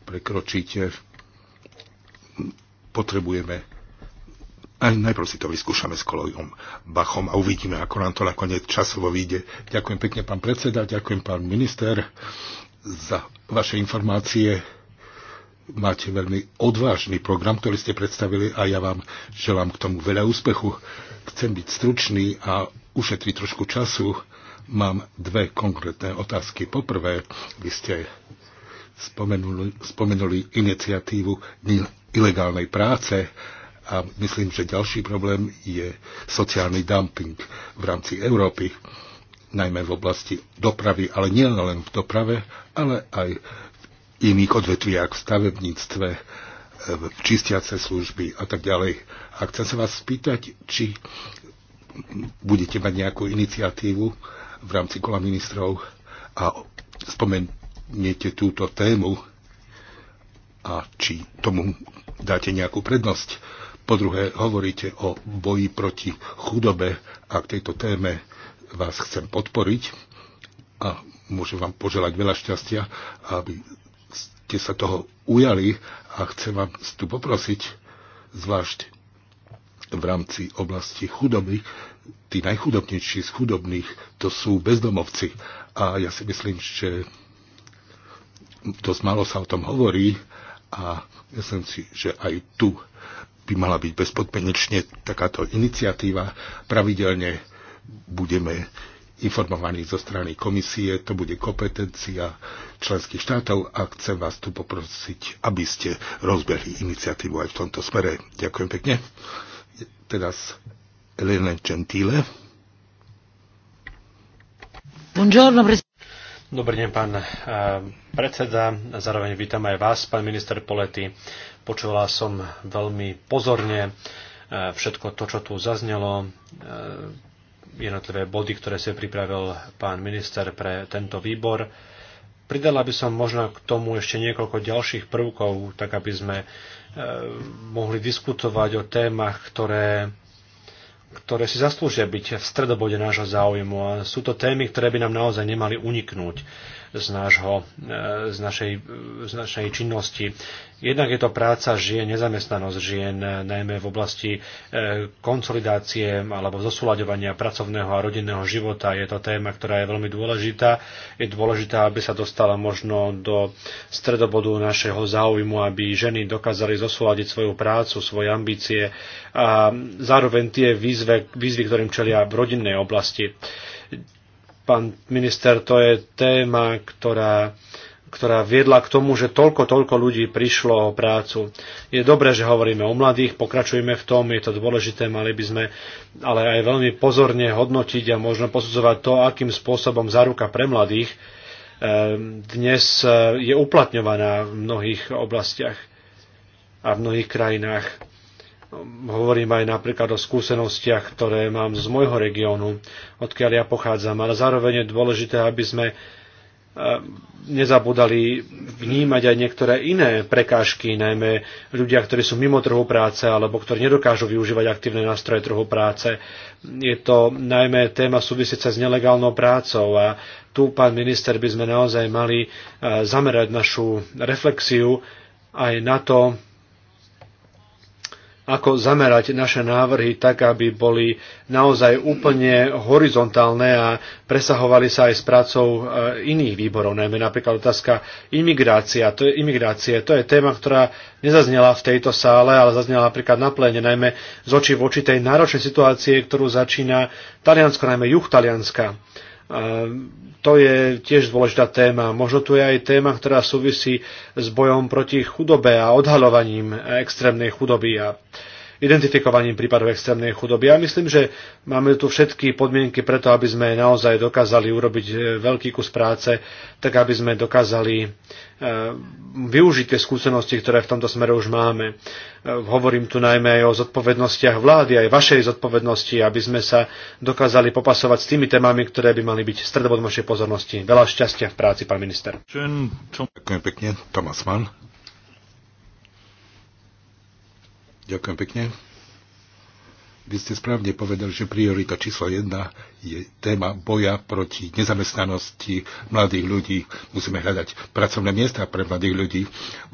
prekročíte. Potrebujeme aj najprv si to vyskúšame s kolejom Bachom a uvidíme, ako nám to nakoniec časovo vyjde. Ďakujem pekne, pán predseda, ďakujem, pán minister, za vaše informácie máte veľmi odvážny program, ktorý ste predstavili a ja vám želám k tomu veľa úspechu. Chcem byť stručný a ušetriť trošku času. Mám dve konkrétne otázky. Poprvé, vy ste spomenuli, spomenuli iniciatívu ilegálnej práce a myslím, že ďalší problém je sociálny dumping v rámci Európy, najmä v oblasti dopravy, ale nie len v doprave, ale aj v iných odvetviach v stavebníctve čistiace služby a tak ďalej. A chcem sa vás spýtať, či budete mať nejakú iniciatívu v rámci kola ministrov a spomeniete túto tému a či tomu dáte nejakú prednosť. Po druhé, hovoríte o boji proti chudobe a k tejto téme vás chcem podporiť a môžem vám poželať veľa šťastia, aby ste sa toho ujali a chcem vám tu poprosiť, zvlášť v rámci oblasti chudoby, tí najchudobnejší z chudobných, to sú bezdomovci. A ja si myslím, že dosť málo sa o tom hovorí a myslím si, že aj tu by mala byť bezpodmenečne takáto iniciatíva. Pravidelne budeme informovaní zo strany komisie, to bude kompetencia členských štátov a chcem vás tu poprosiť, aby ste rozbehli iniciatívu aj v tomto smere. Ďakujem pekne. Teraz Elena Gentile. Buongiorno, Dobrý deň, pán eh, predseda. Zároveň vítam aj vás, pán minister Polety. Počúvala som veľmi pozorne eh, všetko to, čo tu zaznelo eh, jednotlivé body, ktoré si pripravil pán minister pre tento výbor. Pridala by som možno k tomu ešte niekoľko ďalších prvkov, tak aby sme e, mohli diskutovať o témach, ktoré, ktoré si zaslúžia byť v stredobode nášho záujmu. A sú to témy, ktoré by nám naozaj nemali uniknúť z, nášho, e, z, našej, z našej činnosti. Jednak je to práca žien, nezamestnanosť žien, najmä v oblasti e, konsolidácie alebo zosúľaďovania pracovného a rodinného života. Je to téma, ktorá je veľmi dôležitá. Je dôležitá, aby sa dostala možno do stredobodu našeho záujmu, aby ženy dokázali zosúľadiť svoju prácu, svoje ambície a zároveň tie výzve, výzvy, ktorým čelia v rodinnej oblasti Pán minister, to je téma, ktorá, ktorá viedla k tomu, že toľko, toľko ľudí prišlo o prácu. Je dobré, že hovoríme o mladých, pokračujeme v tom, je to dôležité, mali by sme ale aj veľmi pozorne hodnotiť a možno posudzovať to, akým spôsobom záruka pre mladých eh, dnes eh, je uplatňovaná v mnohých oblastiach a v mnohých krajinách Hovorím aj napríklad o skúsenostiach, ktoré mám z môjho regiónu, odkiaľ ja pochádzam, ale zároveň je dôležité, aby sme e, nezabudali vnímať aj niektoré iné prekážky, najmä ľudia, ktorí sú mimo trhu práce alebo ktorí nedokážu využívať aktívne nástroje trhu práce. Je to najmä téma súvisiaca s nelegálnou prácou a tu, pán minister, by sme naozaj mali e, zamerať našu reflexiu aj na to, ako zamerať naše návrhy tak, aby boli naozaj úplne horizontálne a presahovali sa aj s prácou e, iných výborov, najmä napríklad otázka imigrácia. To je, imigrácie. To je téma, ktorá nezaznela v tejto sále, ale zaznela napríklad na pléne, najmä z očí v oči tej náročnej situácie, ktorú začína Taliansko, najmä juh Talianska to je tiež dôležitá téma. Možno tu je aj téma, ktorá súvisí s bojom proti chudobe a odhalovaním extrémnej chudoby. A identifikovaním prípadov extrémnej chudoby. Ja myslím, že máme tu všetky podmienky preto, aby sme naozaj dokázali urobiť e, veľký kus práce, tak aby sme dokázali e, využiť tie skúsenosti, ktoré v tomto smere už máme. E, hovorím tu najmä aj o zodpovednostiach vlády, aj vašej zodpovednosti, aby sme sa dokázali popasovať s tými témami, ktoré by mali byť stredobodom vašej pozornosti. Veľa šťastia v práci, pán minister. Ďakujem pekne, Tomas Mann. Ďakujem pekne. Vy ste správne povedali, že priorita číslo jedna je téma boja proti nezamestnanosti mladých ľudí. Musíme hľadať pracovné miesta pre mladých ľudí.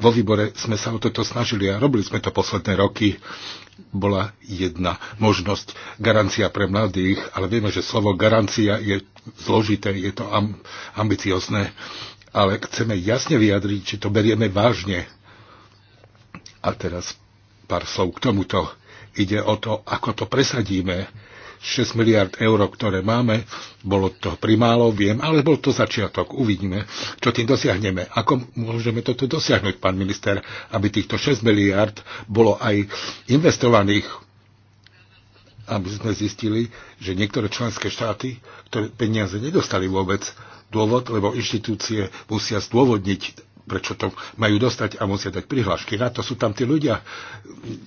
Vo výbore sme sa o toto snažili a robili sme to posledné roky. Bola jedna možnosť, garancia pre mladých, ale vieme, že slovo garancia je zložité, je to ambiciozne, ale chceme jasne vyjadriť, či to berieme vážne. A teraz pár slov k tomuto. Ide o to, ako to presadíme. 6 miliard eur, ktoré máme, bolo to primálo, viem, ale bol to začiatok. Uvidíme, čo tým dosiahneme. Ako môžeme toto dosiahnuť, pán minister, aby týchto 6 miliard bolo aj investovaných aby sme zistili, že niektoré členské štáty, ktoré peniaze nedostali vôbec, dôvod, lebo inštitúcie musia zdôvodniť prečo to majú dostať a musia dať prihlášky. Na to sú tam tí ľudia.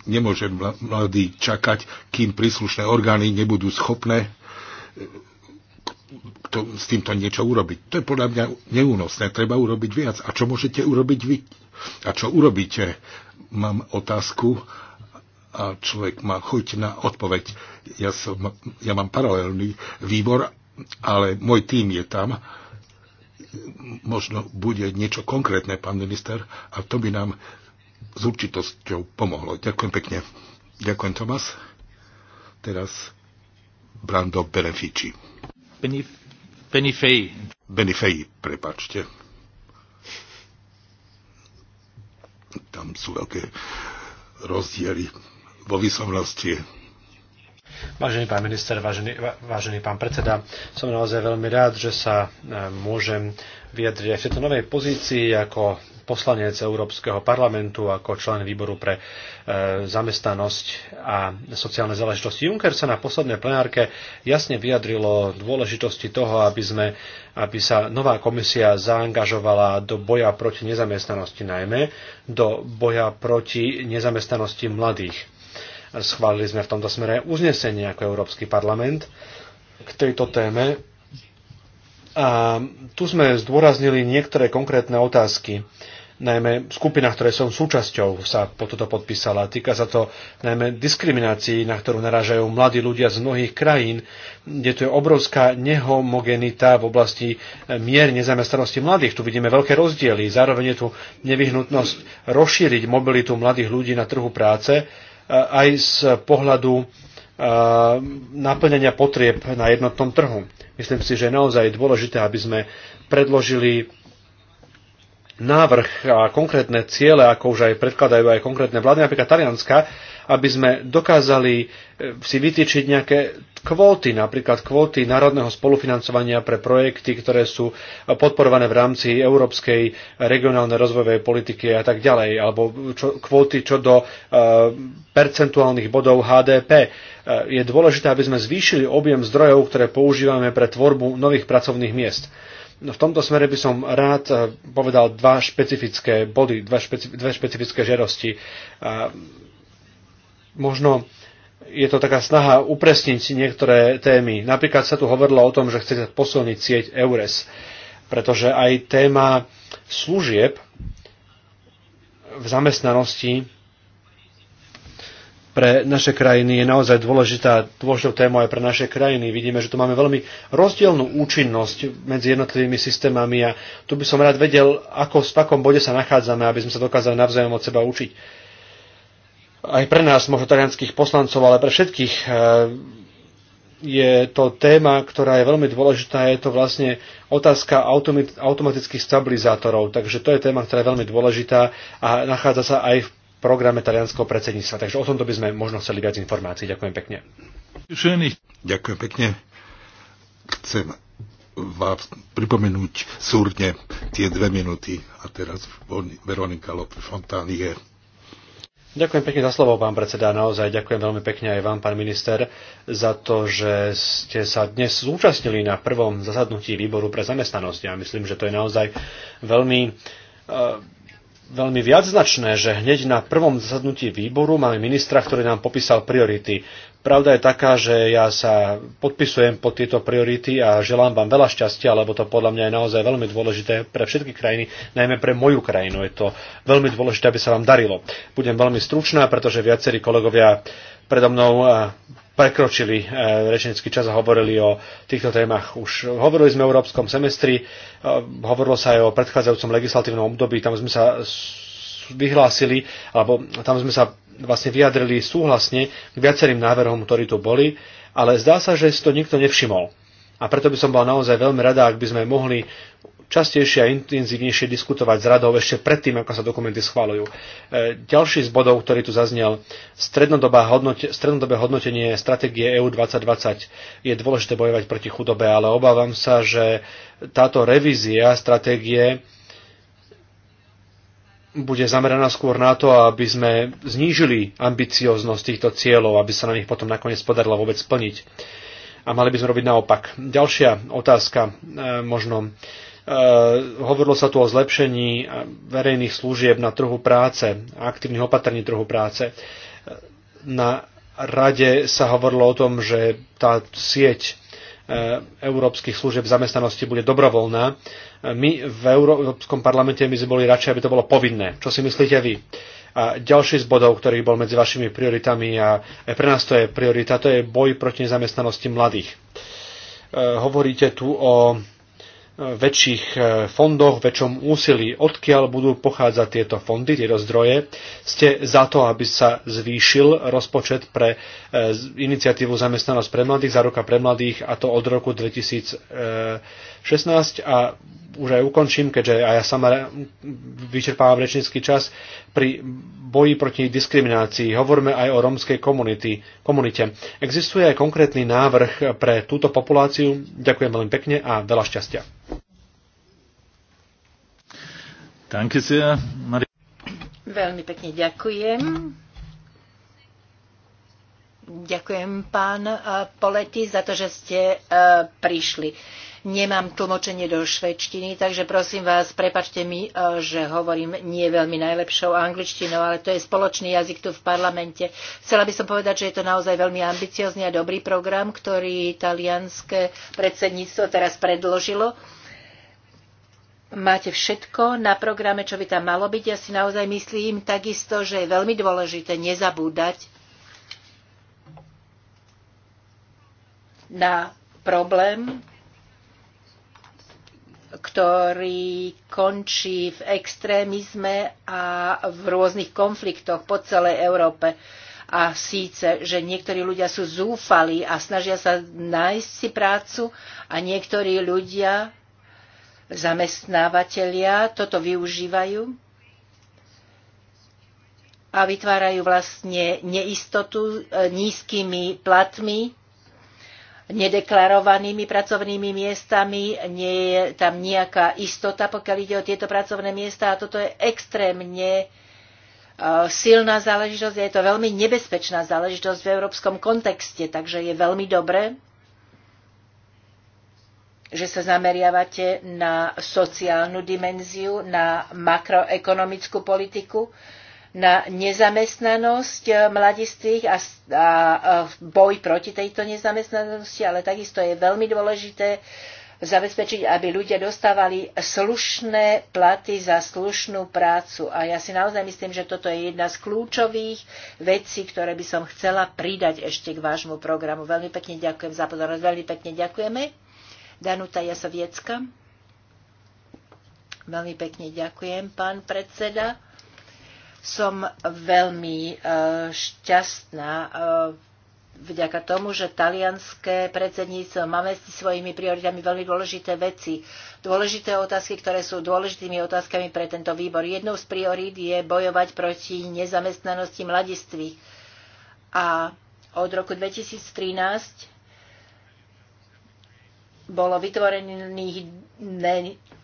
Nemôže mladí čakať, kým príslušné orgány nebudú schopné eh, to, s týmto niečo urobiť. To je podľa mňa neúnosné. Treba urobiť viac. A čo môžete urobiť vy? A čo urobíte? Mám otázku a človek má chuť na odpoveď. Ja, som, ja mám paralelný výbor, ale môj tým je tam možno bude niečo konkrétne, pán minister, a to by nám s určitosťou pomohlo. Ďakujem pekne. Ďakujem, Tomas. Teraz Brando Benefici. Benif- Benifei. Benifei, prepačte. Tam sú veľké rozdiely vo vyslovnosti Vážený pán minister, vážený, vážený pán predseda, som naozaj veľmi rád, že sa e, môžem vyjadriť aj v tejto novej pozícii ako poslanec Európskeho parlamentu, ako člen výboru pre e, zamestnanosť a sociálne záležitosti. Juncker sa na poslednej plenárke jasne vyjadrilo dôležitosti toho, aby, sme, aby sa nová komisia zaangažovala do boja proti nezamestnanosti najmä, do boja proti nezamestnanosti mladých Schválili sme v tomto smere uznesenie ako Európsky parlament k tejto téme. A tu sme zdôraznili niektoré konkrétne otázky, najmä skupina, ktoré som súčasťou, sa po toto podpísala. Týka sa to najmä diskriminácií, na ktorú narážajú mladí ľudia z mnohých krajín, kde tu je obrovská nehomogenita v oblasti eh, mier nezamestnanosti mladých. Tu vidíme veľké rozdiely. Zároveň je tu nevyhnutnosť rozšíriť mobilitu mladých ľudí na trhu práce, aj z pohľadu naplnenia potrieb na jednotnom trhu. Myslím si, že je naozaj dôležité, aby sme predložili návrh a konkrétne ciele, ako už aj predkladajú aj konkrétne vlády, napríklad Talianska, aby sme dokázali e, si vytýčiť nejaké kvóty, napríklad kvóty národného spolufinancovania pre projekty, ktoré sú podporované v rámci európskej regionálnej rozvojovej politiky a tak ďalej, alebo čo, kvóty čo do e, percentuálnych bodov HDP. E, eh, je dôležité, aby sme zvýšili objem zdrojov, ktoré používame pre tvorbu nových pracovných miest no, v tomto smere by som rád eh, povedal dva špecifické body, dva špecifické žiadosti. Možno je to taká snaha upresniť si niektoré témy. Napríklad sa tu hovorilo o tom, že chcete posilniť sieť EURES, pretože aj téma služieb v zamestnanosti pre naše krajiny je naozaj dôležitá, dôležitou témou aj pre naše krajiny. Vidíme, že tu máme veľmi rozdielnú účinnosť medzi jednotlivými systémami a tu by som rád vedel, ako, v akom bode sa nachádzame, aby sme sa dokázali navzájom od seba učiť aj pre nás, možno talianských poslancov, ale pre všetkých eh, je to téma, ktorá je veľmi dôležitá. Je to vlastne otázka automatických stabilizátorov. Takže to je téma, ktorá je veľmi dôležitá a nachádza sa aj v programe talianského predsedníctva. Takže o tomto by sme možno chceli viac informácií. Ďakujem pekne. Ďakujem pekne. Chcem vám pripomenúť súrne tie dve minúty. A teraz Veronika Lope Fontánie. Ďakujem pekne za slovo, pán predseda. Naozaj ďakujem veľmi pekne aj vám, pán minister, za to, že ste sa dnes zúčastnili na prvom zasadnutí výboru pre zamestnanosť. Ja myslím, že to je naozaj veľmi eh, veľmi viacznačné, že hneď na prvom zasadnutí výboru máme ministra, ktorý nám popísal priority. Pravda je taká, že ja sa podpisujem pod tieto priority a želám vám veľa šťastia, lebo to podľa mňa je naozaj veľmi dôležité pre všetky krajiny, najmä pre moju krajinu. Je to veľmi dôležité, aby sa vám darilo. Budem veľmi stručná, pretože viacerí kolegovia predo mnou e, prekročili e, rečnícky čas a hovorili o týchto témach. Už hovorili sme o európskom semestri, e, hovorilo sa aj o predchádzajúcom legislatívnom období, tam sme sa vyhlásili, alebo tam sme sa vlastne vyjadrili súhlasne k viacerým návrhom, ktorí tu boli, ale zdá sa, že si to nikto nevšimol. A preto by som bola naozaj veľmi rada, ak by sme mohli častejšie a intenzívnejšie diskutovať s radou ešte predtým, ako sa dokumenty schváľujú. E, ďalší z bodov, ktorý tu zaznel, strednodobé, hodnote, strednodobé hodnotenie stratégie EU 2020 je dôležité bojovať proti chudobe, ale obávam sa, že táto revízia stratégie bude zameraná skôr na to, aby sme znížili ambicioznosť týchto cieľov, aby sa nám ich potom nakoniec podarilo vôbec splniť. A mali by sme robiť naopak. Ďalšia otázka, e, možno Eh, hovorilo sa tu o zlepšení verejných služieb na trhu práce, aktívnych opatrení trhu práce. Na rade sa hovorilo o tom, že tá sieť eh, európskych služieb zamestnanosti bude dobrovoľná. Eh, my v Európskom parlamente my sme boli radšej, aby to bolo povinné. Čo si myslíte vy? A ďalší z bodov, ktorý bol medzi vašimi prioritami a aj pre nás to je priorita, to je boj proti nezamestnanosti mladých. Hovoríte tu o väčších e, fondoch, väčšom úsilí, odkiaľ budú pochádzať tieto fondy, tieto zdroje. Ste za to, aby sa zvýšil rozpočet pre e, iniciatívu zamestnanosť pre mladých, za roka pre mladých a to od roku 2016 a už aj ukončím, keďže aj ja sama vyčerpávam rečnícky čas, pri boji proti diskriminácii. Hovoríme aj o romskej komunity, komunite. Existuje aj konkrétny návrh pre túto populáciu. Ďakujem veľmi pekne a veľa šťastia. Veľmi pekne ďakujem. Ďakujem, pán eh, Poleti za to, že ste eh, prišli. Nemám tlmočenie do švedštiny, takže prosím vás, prepačte mi, eh, že hovorím nie veľmi najlepšou angličtinou, ale to je spoločný jazyk tu v parlamente. Chcela by som povedať, že je to naozaj veľmi ambiciozný a dobrý program, ktorý italianské predsedníctvo teraz predložilo máte všetko na programe, čo by tam malo byť. Ja si naozaj myslím takisto, že je veľmi dôležité nezabúdať na problém, ktorý končí v extrémizme a v rôznych konfliktoch po celej Európe. A síce, že niektorí ľudia sú zúfali a snažia sa nájsť si prácu a niektorí ľudia zamestnávateľia toto využívajú a vytvárajú vlastne neistotu e, nízkymi platmi, nedeklarovanými pracovnými miestami, nie je tam nejaká istota, pokiaľ ide o tieto pracovné miesta a toto je extrémne e, silná záležitosť a je to veľmi nebezpečná záležitosť v európskom kontexte, takže je veľmi dobré, že sa zameriavate na sociálnu dimenziu, na makroekonomickú politiku, na nezamestnanosť eh, a, a, a eh, boj proti tejto nezamestnanosti, ale takisto je veľmi dôležité zabezpečiť, aby ľudia dostávali slušné platy za slušnú prácu. A ja si naozaj myslím, že toto je jedna z kľúčových vecí, ktoré by som chcela pridať ešte k vášmu programu. Veľmi pekne ďakujem za pozornosť, veľmi pekne ďakujeme. Danuta Jasoviecka. Veľmi pekne ďakujem, pán predseda. Som veľmi e, šťastná e, vďaka tomu, že talianské predsedníctvo máme s svojimi prioritami veľmi dôležité veci. Dôležité otázky, ktoré sú dôležitými otázkami pre tento výbor. Jednou z priorít je bojovať proti nezamestnanosti mladistvých. A od roku 2013 bolo vytvorených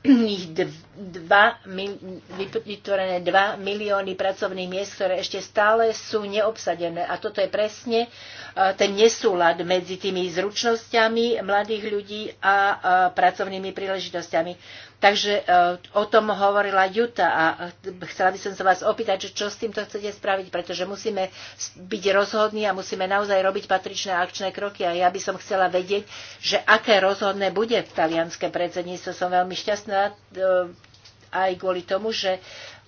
2, vytvorené 2 milióny pracovných miest, ktoré ešte stále sú neobsadené. A toto je presne e, ten nesúlad medzi tými zručnosťami mladých ľudí a e, pracovnými príležitosťami. Takže e, o tom hovorila Juta a e, chcela by som sa vás opýtať, že čo s týmto chcete spraviť, pretože musíme byť rozhodní a musíme naozaj robiť patričné akčné kroky a ja by som chcela vedieť, že aké rozhodné bude v talianské predsedníctvo. Som veľmi šťastná e, aj kvôli tomu, že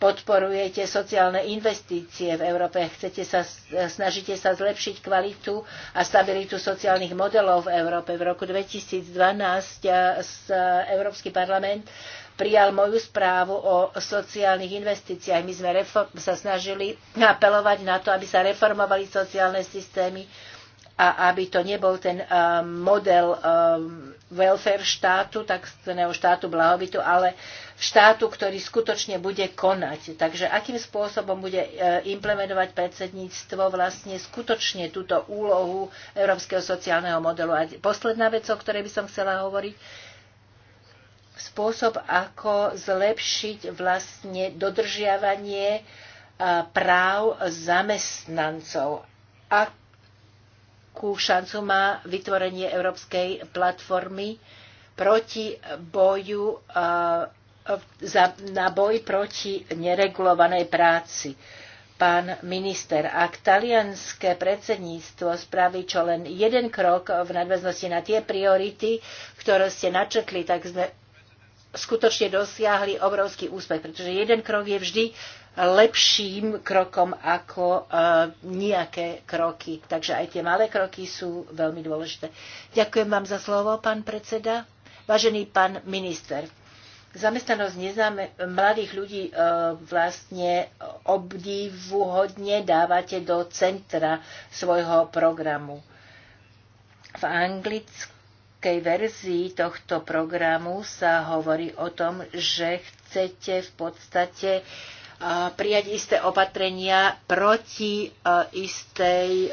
podporujete sociálne investície v Európe, chcete sa, snažíte sa zlepšiť kvalitu a stabilitu sociálnych modelov v Európe. V roku 2012 Európsky parlament prijal moju správu o sociálnych investíciách. My sme sa snažili apelovať na to, aby sa reformovali sociálne systémy a aby to nebol ten eh, model eh, welfare štátu, takzvaného štátu blahobytu, ale štátu, ktorý skutočne bude konať. Takže akým spôsobom bude eh, implementovať predsedníctvo vlastne skutočne túto úlohu Európskeho sociálneho modelu. A posledná vec, o ktorej by som chcela hovoriť, spôsob, ako zlepšiť vlastne dodržiavanie práv zamestnancov. Ak veľkú šancu má vytvorenie Európskej platformy proti boju za, na boj proti neregulovanej práci. Pán minister, ak talianské predsedníctvo spraví čo len jeden krok v nadväznosti na tie priority, ktoré ste načetli, tak sme skutočne dosiahli obrovský úspech, pretože jeden krok je vždy lepším krokom ako e, nejaké kroky. Takže aj tie malé kroky sú veľmi dôležité. Ďakujem vám za slovo, pán predseda. Vážený pán minister, zamestnanosť nezame, mladých ľudí uh, vlastne obdivuhodne dávate do centra svojho programu. V anglickej verzii tohto programu sa hovorí o tom, že chcete v podstate uh, prijať isté opatrenia proti e, istej e,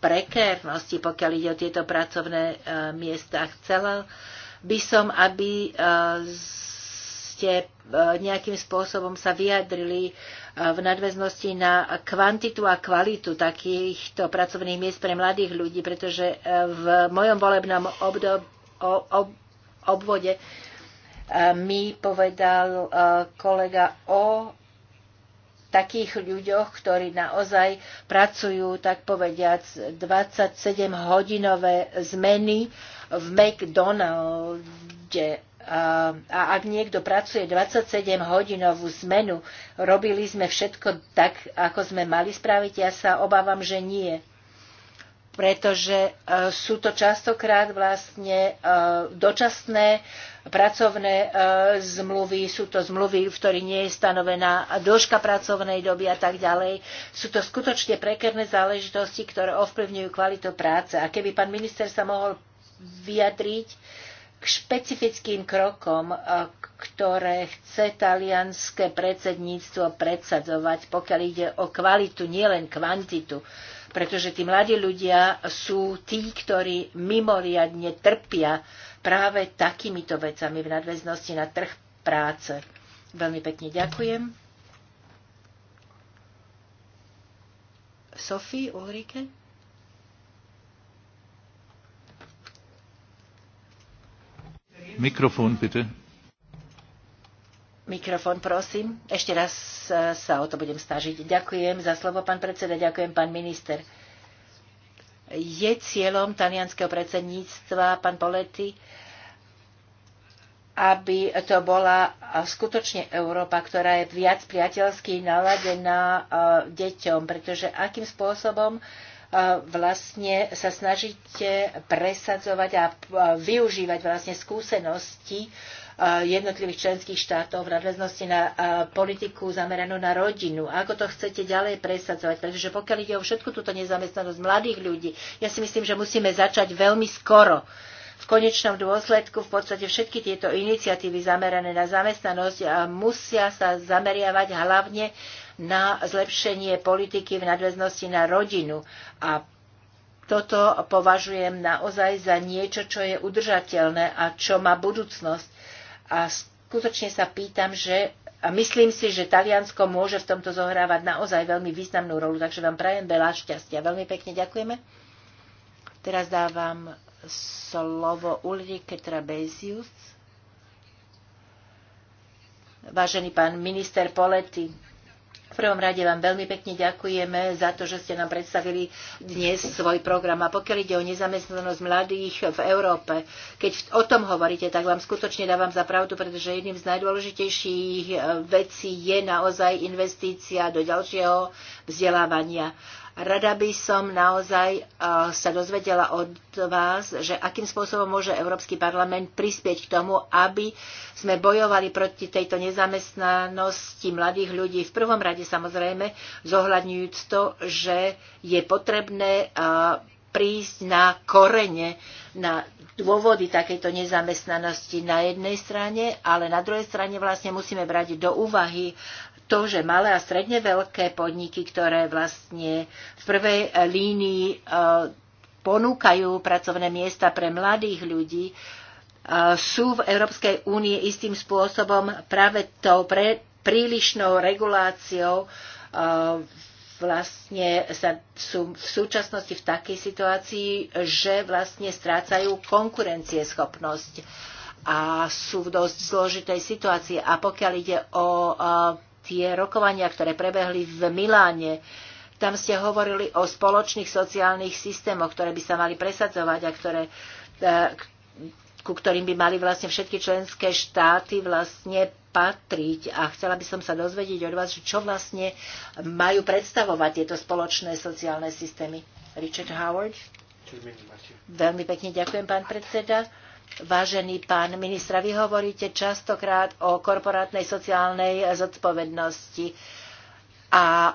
prekérnosti, pokiaľ ide o tieto pracovné e, miesta. Chcela by som, aby ste nejakým spôsobom sa vyjadrili v nadväznosti na kvantitu a kvalitu takýchto pracovných miest pre mladých ľudí, pretože v mojom volebnom obdob, ob, ob, obvode mi povedal kolega o takých ľuďoch, ktorí naozaj pracujú, tak povediac, 27-hodinové zmeny v McDonalde. A, a ak niekto pracuje 27-hodinovú zmenu, robili sme všetko tak, ako sme mali spraviť? Ja sa obávam, že nie pretože e, sú to častokrát vlastne e, dočasné pracovné e, zmluvy, sú to zmluvy, v ktorých nie je stanovená dĺžka pracovnej doby a tak ďalej. Sú to skutočne prekerné záležitosti, ktoré ovplyvňujú kvalitu práce. A keby pán minister sa mohol vyjadriť k špecifickým krokom, e, ktoré chce talianské predsedníctvo predsadzovať, pokiaľ ide o kvalitu, nielen kvantitu pretože tí mladí ľudia sú tí, ktorí mimoriadne trpia práve takýmito vecami v nadväznosti na trh práce. Veľmi pekne ďakujem. Sofie, Ulrike? Mikrofón, bitte. Mikrofón, prosím. Ešte raz e, sa o to budem snažiť. Ďakujem za slovo, pán predseda, ďakujem, pán minister je cieľom talianského predsedníctva, pán Poletti, aby to bola skutočne Európa, ktorá je viac priateľsky naladená e, deťom, pretože akým spôsobom e, vlastne sa snažíte presadzovať a e, využívať vlastne skúsenosti Eh, jednotlivých členských štátov v nadväznosti na eh, politiku zameranú na rodinu. Ako to chcete ďalej presadzovať? Pretože pokiaľ ide o všetku túto nezamestnanosť mladých ľudí, ja si myslím, že musíme začať veľmi skoro. V konečnom dôsledku v podstate všetky tieto iniciatívy zamerané na zamestnanosť eh, musia sa zameriavať hlavne na zlepšenie politiky v nadväznosti na rodinu. A toto považujem naozaj za niečo, čo je udržateľné a čo má budúcnosť. A skutočne sa pýtam, že a myslím si, že Taliansko môže v tomto zohrávať naozaj veľmi významnú rolu, takže vám prajem veľa šťastia. Veľmi pekne ďakujeme. Teraz dávam slovo Ulrike Trabezius. Vážený pán minister Poletti, prvom rade vám veľmi pekne ďakujeme za to, že ste nám predstavili dnes svoj program. A pokiaľ ide o nezamestnanosť mladých v Európe, keď o tom hovoríte, tak vám skutočne dávam za pravdu, pretože jedným z najdôležitejších eh, vecí je naozaj investícia do ďalšieho vzdelávania. Rada by som naozaj e, sa dozvedela od vás, že akým spôsobom môže Európsky parlament prispieť k tomu, aby sme bojovali proti tejto nezamestnanosti mladých ľudí. V prvom rade samozrejme zohľadňujúc to, že je potrebné e, prísť na korene, na dôvody takejto nezamestnanosti na jednej strane, ale na druhej strane vlastne musíme brať do úvahy to, že malé a stredne veľké podniky, ktoré vlastne v prvej eh, línii eh, ponúkajú pracovné miesta pre mladých ľudí, eh, sú v Európskej únie istým spôsobom práve tou pre, prílišnou reguláciou vlastne sa sú v súčasnosti v takej situácii, že vlastne strácajú konkurencieschopnosť a sú v dosť zložitej situácii. A pokiaľ ide o tie rokovania, ktoré prebehli v Miláne. Tam ste hovorili o spoločných sociálnych systémoch, ktoré by sa mali presadzovať a ktoré, e, ku ktorým by mali vlastne všetky členské štáty vlastne patriť. A chcela by som sa dozvedieť od vás, čo vlastne majú predstavovať tieto spoločné sociálne systémy. Richard Howard. Veľmi pekne ďakujem, pán predseda. Vážený pán ministra, vy hovoríte častokrát o korporátnej sociálnej zodpovednosti a o,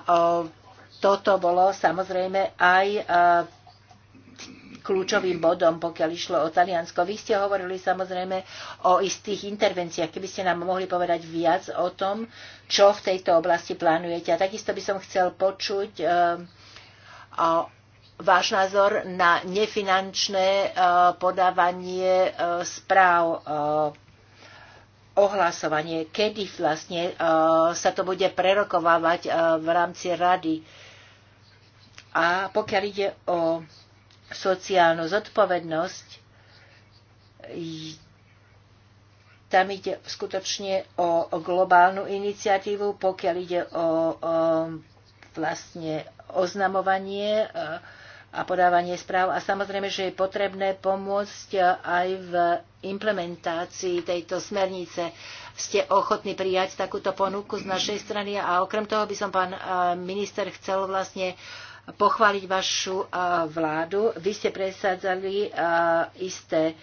toto bolo samozrejme aj a, e, kľúčovým bodom, pokiaľ išlo o Taliansko. Vy ste hovorili samozrejme o istých intervenciách. Keby ste nám mohli povedať viac o tom, čo v tejto oblasti plánujete. A takisto by som chcel počuť a, e, a, váš názor na nefinančné e, podávanie e, správ e, ohlasovanie, kedy vlastne sa to bude prerokovávať v rámci rady. A pokiaľ ide o sociálnu zodpovednosť, tam ide skutočne o, globálnu iniciatívu, pokiaľ ide o, o vlastne oznamovanie a podávanie správ. A samozrejme, že je potrebné pomôcť aj v implementácii tejto smernice. Ste ochotní prijať takúto ponuku z našej strany? A okrem toho by som, pán minister, chcel vlastne pochváliť vašu vládu. Vy ste presadzali isté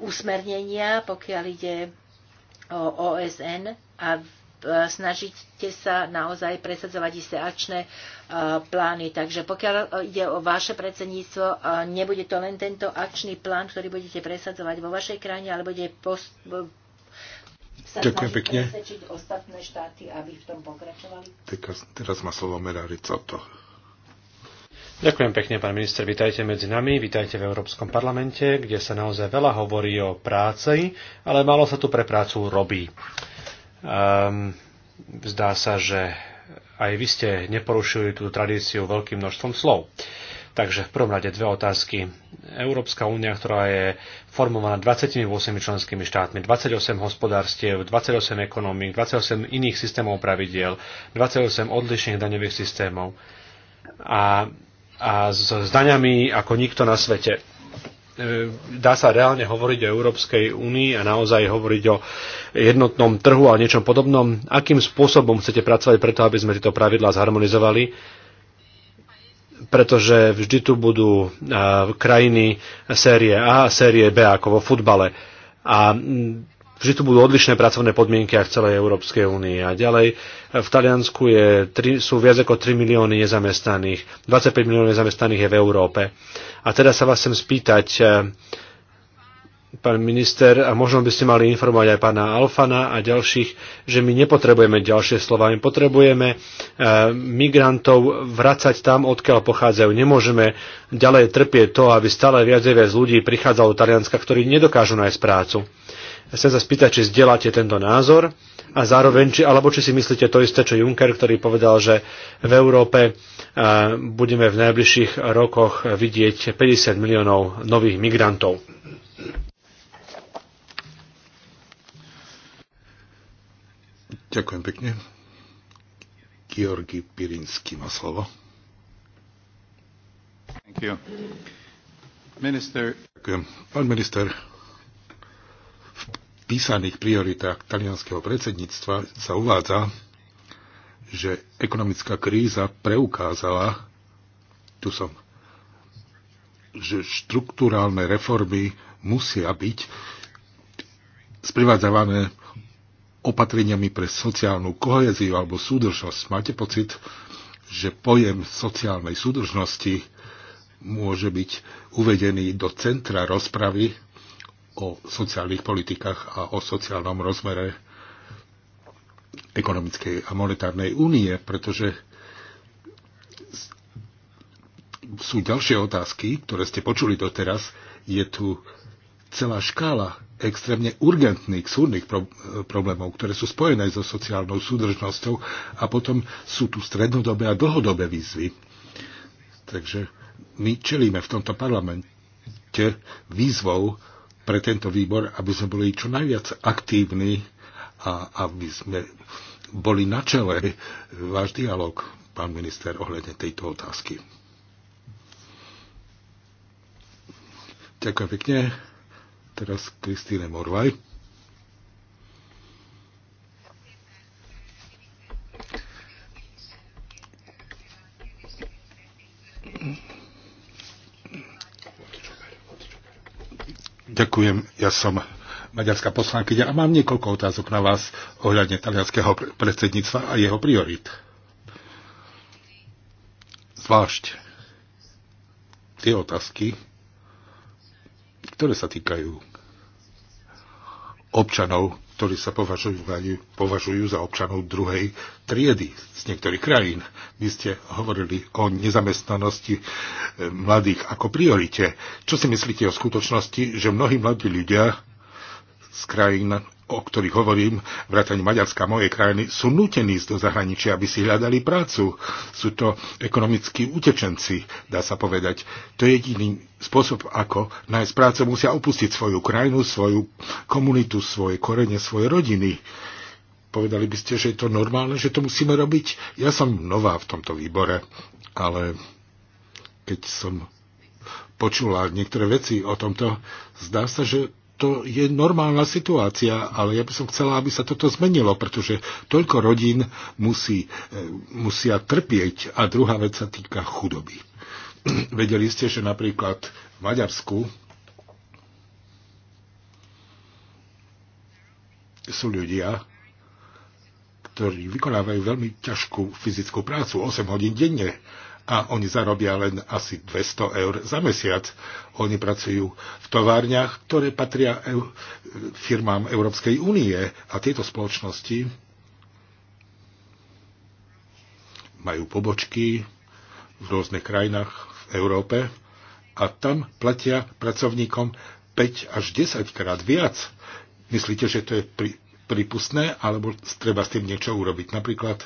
usmernenia, pokiaľ ide o OSN a E, snažíte sa naozaj presadzovať isté akčné e, plány. Takže pokiaľ ide o vaše predsedníctvo, e, nebude to len tento akčný plán, ktorý budete presadzovať vo vašej krajine, ale bude post- sa Ďakujem pekne. presvedčiť ostatné štáty, aby v tom pokračovali. Teraz, teraz má slovo Merari Coto. Ďakujem pekne, pán minister. Vítajte medzi nami, vítajte v Európskom parlamente, kde sa naozaj veľa hovorí o práci, ale málo sa tu pre prácu robí. Um, zdá sa, že aj vy ste neporušili túto tradíciu veľkým množstvom slov. Takže v prvom rade dve otázky. Európska únia, ktorá je formovaná 28 členskými štátmi, 28 hospodárstiev, 28 ekonomík, 28 iných systémov pravidiel, 28 odlišných daňových systémov a, a s, s daňami ako nikto na svete E, dá sa reálne hovoriť o Európskej únii a naozaj hovoriť o jednotnom trhu a niečom podobnom. Akým spôsobom chcete pracovať preto, aby sme tieto pravidlá zharmonizovali? Pretože vždy tu budú e, krajiny série A a série B ako vo futbale. A mm, vždy tu budú odlišné pracovné podmienky aj v celej Európskej únii. A ďalej v Taliansku je, sú viac ako 3 milióny nezamestnaných, 25 miliónov nezamestnaných je v Európe. A teda sa vás chcem spýtať, eh, pán minister, a možno by ste mali informovať aj pána Alfana a ďalších, že my nepotrebujeme ďalšie slova, my potrebujeme eh, migrantov vracať tam, odkiaľ pochádzajú. Nemôžeme ďalej trpieť to, aby stále viac a viac ľudí prichádzalo do Talianska, ktorí nedokážu nájsť prácu. Chcem sa spýtať, či zdieľate tento názor a zároveň, či, alebo či si myslíte to isté, čo Juncker, ktorý povedal, že v Európe budeme v najbližších rokoch vidieť 50 miliónov nových migrantov. Ďakujem pekne. Georgi Pirinsky má slovo. Minister... Ďakujem. Pán minister, v písaných prioritách talianského predsedníctva sa uvádza, že ekonomická kríza preukázala, tu som, že štruktúrálne reformy musia byť sprivádzavané opatreniami pre sociálnu koheziu alebo súdržnosť. Máte pocit, že pojem sociálnej súdržnosti môže byť uvedený do centra rozpravy o sociálnych politikách a o sociálnom rozmere ekonomickej a monetárnej únie, pretože sú ďalšie otázky, ktoré ste počuli doteraz. Je tu celá škála extrémne urgentných súdnych pro- problémov, ktoré sú spojené so sociálnou súdržnosťou a potom sú tu strednodobé a dlhodobé výzvy. Takže my čelíme v tomto parlamente výzvou pre tento výbor, aby sme boli čo najviac aktívni a aby sme boli na čele váš dialog, pán minister, ohľadne tejto otázky. Ďakujem pekne. Teraz Kristýne Morvaj. Ďakujem, ja som maďarská poslankyňa a mám niekoľko otázok na vás ohľadne talianského predsedníctva a jeho priorit. Zvlášť tie otázky, ktoré sa týkajú občanov, ktorí sa považujú, považujú za občanov druhej triedy z niektorých krajín. Vy ste hovorili o nezamestnanosti eh, mladých ako priorite. Čo si myslíte o skutočnosti, že mnohí mladí ľudia z krajín, o ktorých hovorím, vrátane Maďarska, mojej krajiny, sú nutení ísť do zahraničia, aby si hľadali prácu. Sú to ekonomickí utečenci, dá sa povedať. To je jediný spôsob, ako nájsť prácu. Musia opustiť svoju krajinu, svoju komunitu, svoje korene, svoje rodiny. Povedali by ste, že je to normálne, že to musíme robiť. Ja som nová v tomto výbore, ale keď som počula niektoré veci o tomto, zdá sa, že to je normálna situácia, ale ja by som chcela, aby sa toto zmenilo, pretože toľko rodín musí, e, musia trpieť. A druhá vec sa týka chudoby. Vedeli ste, že napríklad v Maďarsku sú ľudia, ktorí vykonávajú veľmi ťažkú fyzickú prácu, 8 hodín denne a oni zarobia len asi 200 eur za mesiac. Oni pracujú v továrniach, ktoré patria firmám Európskej únie a tieto spoločnosti majú pobočky v rôznych krajinách v Európe a tam platia pracovníkom 5 až 10 krát viac. Myslíte, že to je pri, pripustné, alebo treba s tým niečo urobiť? Napríklad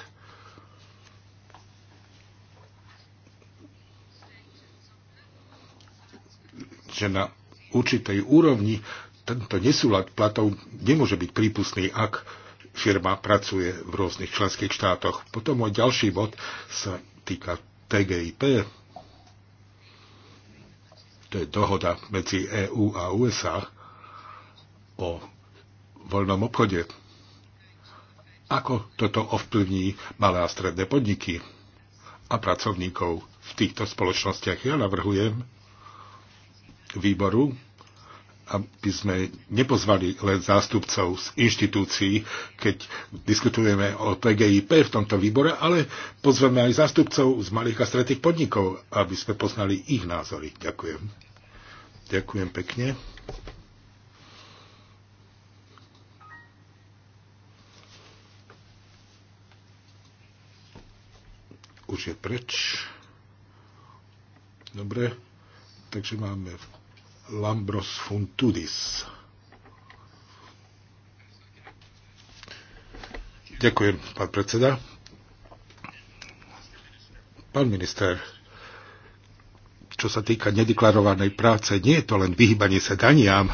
že na určitej úrovni tento nesúlad platov nemôže byť prípustný, ak firma pracuje v rôznych členských štátoch. Potom môj ďalší bod sa týka TGIP. To je dohoda medzi EÚ a USA o voľnom obchode. Ako toto ovplyvní malé a stredné podniky a pracovníkov v týchto spoločnostiach? Ja navrhujem, výboru, aby sme nepozvali len zástupcov z inštitúcií, keď diskutujeme o PGIP v tomto výbore, ale pozveme aj zástupcov z malých a stredných podnikov, aby sme poznali ich názory. Ďakujem. Ďakujem pekne. Už je preč. Dobre, takže máme Lambros Funtudis. Ďakujem, pán predseda. Pán minister, čo sa týka nedeklarovanej práce, nie je to len vyhýbanie sa daniam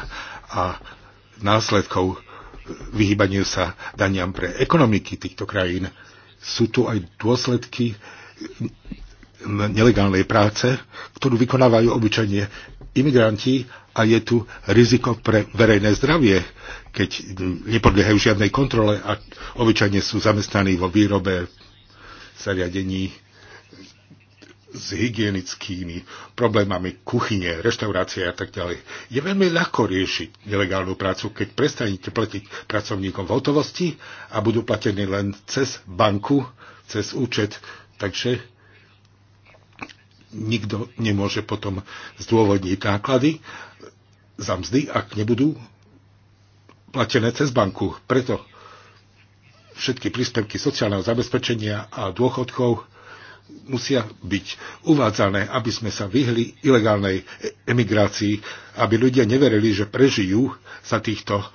a následkov vyhýbaniu sa daniam pre ekonomiky týchto krajín. Sú tu aj dôsledky nelegálnej práce, ktorú vykonávajú obyčajne imigranti a je tu riziko pre verejné zdravie, keď nepodliehajú žiadnej kontrole a obyčajne sú zamestnaní vo výrobe zariadení s hygienickými problémami kuchyne, reštaurácie a tak ďalej. Je veľmi ľahko riešiť nelegálnu prácu, keď prestanete platiť pracovníkom v hotovosti a budú platení len cez banku, cez účet. Takže nikto nemôže potom zdôvodniť náklady za mzdy, ak nebudú platené cez banku. Preto všetky príspevky sociálneho zabezpečenia a dôchodkov musia byť uvádzané, aby sme sa vyhli ilegálnej emigrácii, aby ľudia neverili, že prežijú sa týchto e,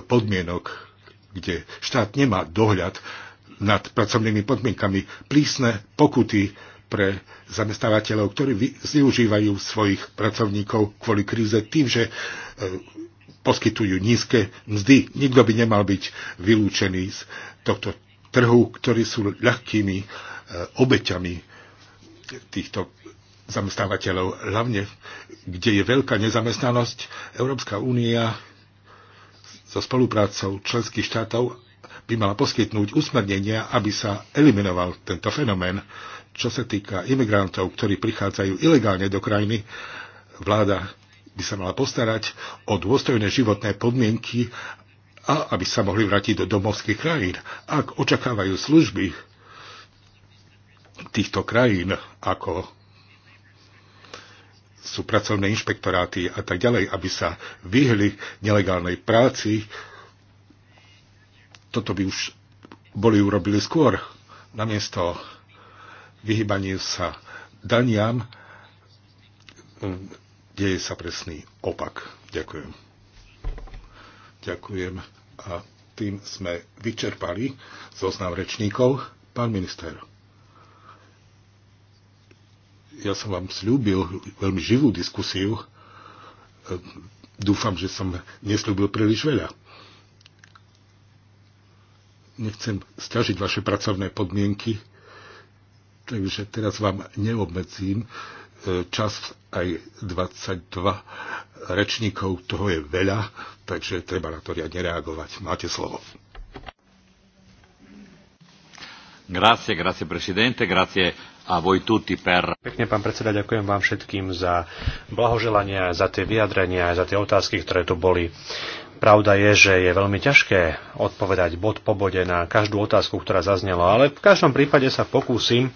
podmienok, kde štát nemá dohľad nad pracovnými podmienkami, prísne pokuty pre zamestnávateľov, ktorí zneužívajú svojich pracovníkov kvôli kríze tým, že e, poskytujú nízke mzdy. Nikto by nemal byť vylúčený z tohto trhu, ktorí sú ľahkými e, obeťami týchto zamestnávateľov, hlavne kde je veľká nezamestnanosť. Európska únia so spoluprácou členských štátov by mala poskytnúť usmernenia, aby sa eliminoval tento fenomén čo sa týka imigrantov, ktorí prichádzajú ilegálne do krajiny, vláda by sa mala postarať o dôstojné životné podmienky a aby sa mohli vrátiť do domovských krajín. Ak očakávajú služby týchto krajín, ako sú pracovné inšpektoráty a tak ďalej, aby sa vyhli nelegálnej práci, toto by už boli urobili skôr, namiesto vyhybanie sa daniam, hm, deje sa presný opak. Ďakujem. Ďakujem. A tým sme vyčerpali zoznam rečníkov. Pán minister, ja som vám slúbil veľmi živú diskusiu. Dúfam, že som neslúbil príliš veľa. Nechcem stiažiť vaše pracovné podmienky, Takže teraz vám neobmedzím e, čas aj 22 rečníkov, toho je veľa, takže treba na to riadne reagovať. Máte slovo. Grazie, grazie presidente, grazie a voi tutti per... Pekne, pán predseda, ďakujem vám všetkým za blahoželania, za tie vyjadrenia, za tie otázky, ktoré tu boli. Pravda je, že je veľmi ťažké odpovedať bod po bode na každú otázku, ktorá zaznela, ale v každom prípade sa pokúsim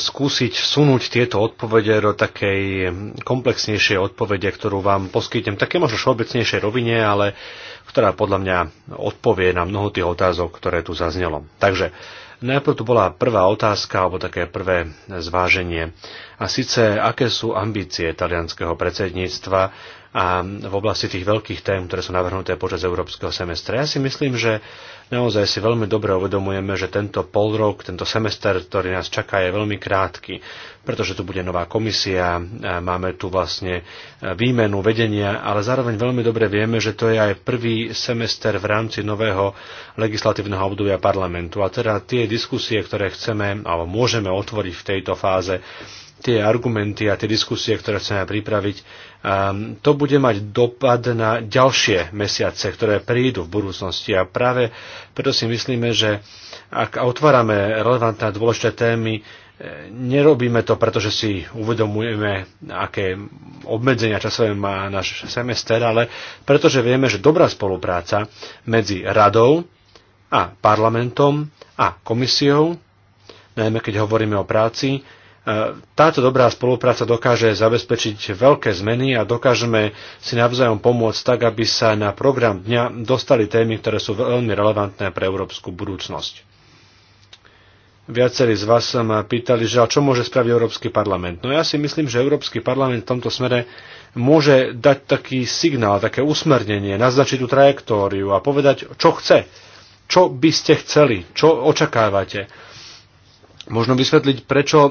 skúsiť sunúť tieto odpovede do takej komplexnejšej odpovede, ktorú vám poskytnem, také možno všeobecnejšej rovine, ale ktorá podľa mňa odpovie na mnoho tých otázok, ktoré tu zaznelo. Takže najprv tu bola prvá otázka, alebo také prvé zváženie. A síce, aké sú ambície talianského predsedníctva a v oblasti tých veľkých tém, ktoré sú navrhnuté počas európskeho semestra. Ja si myslím, že naozaj si veľmi dobre uvedomujeme, že tento pol rok, tento semester, ktorý nás čaká, je veľmi krátky, pretože tu bude nová komisia, máme tu vlastne výmenu vedenia, ale zároveň veľmi dobre vieme, že to je aj prvý semester v rámci nového legislatívneho obdobia parlamentu. A teda tie diskusie, ktoré chceme alebo môžeme otvoriť v tejto fáze, tie argumenty a tie diskusie, ktoré chceme pripraviť, um, to bude mať dopad na ďalšie mesiace, ktoré prídu v budúcnosti. A práve preto si myslíme, že ak otvárame relevantné a dôležité témy, eh, nerobíme to, pretože si uvedomujeme, aké obmedzenia časové má náš semester, ale pretože vieme, že dobrá spolupráca medzi radou a parlamentom a komisiou, najmä keď hovoríme o práci, táto dobrá spolupráca dokáže zabezpečiť veľké zmeny a dokážeme si navzájom pomôcť tak, aby sa na program dňa dostali témy, ktoré sú veľmi relevantné pre európsku budúcnosť. Viacerí z vás sa ma pýtali, že a čo môže spraviť Európsky parlament. No ja si myslím, že Európsky parlament v tomto smere môže dať taký signál, také usmernenie, naznačiť tú trajektóriu a povedať, čo chce, čo by ste chceli, čo očakávate možno vysvetliť, prečo e,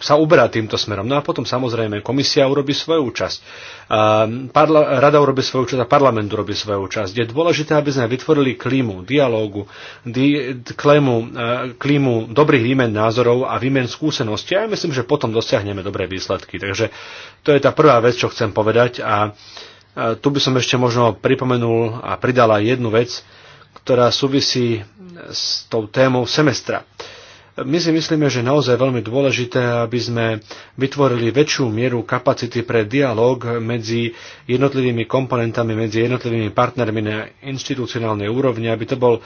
sa uberá týmto smerom. No a potom samozrejme komisia urobí svoju časť, e, rada urobí svoju časť a parlament urobí svoju časť. Je dôležité, aby sme vytvorili klímu dialógu, di- klímu, e, klímu dobrých výmen názorov a výmen skúseností. Ja myslím, že potom dosiahneme dobré výsledky. Takže to je tá prvá vec, čo chcem povedať. A tu by som ešte možno pripomenul a pridala jednu vec, ktorá súvisí s tou témou semestra. Uh, my si myslíme, že naozaj veľmi dôležité, aby sme vytvorili väčšiu mieru kapacity pre dialog medzi jednotlivými komponentami, medzi jednotlivými partnermi na inštitucionálnej úrovni, aby to bol eh,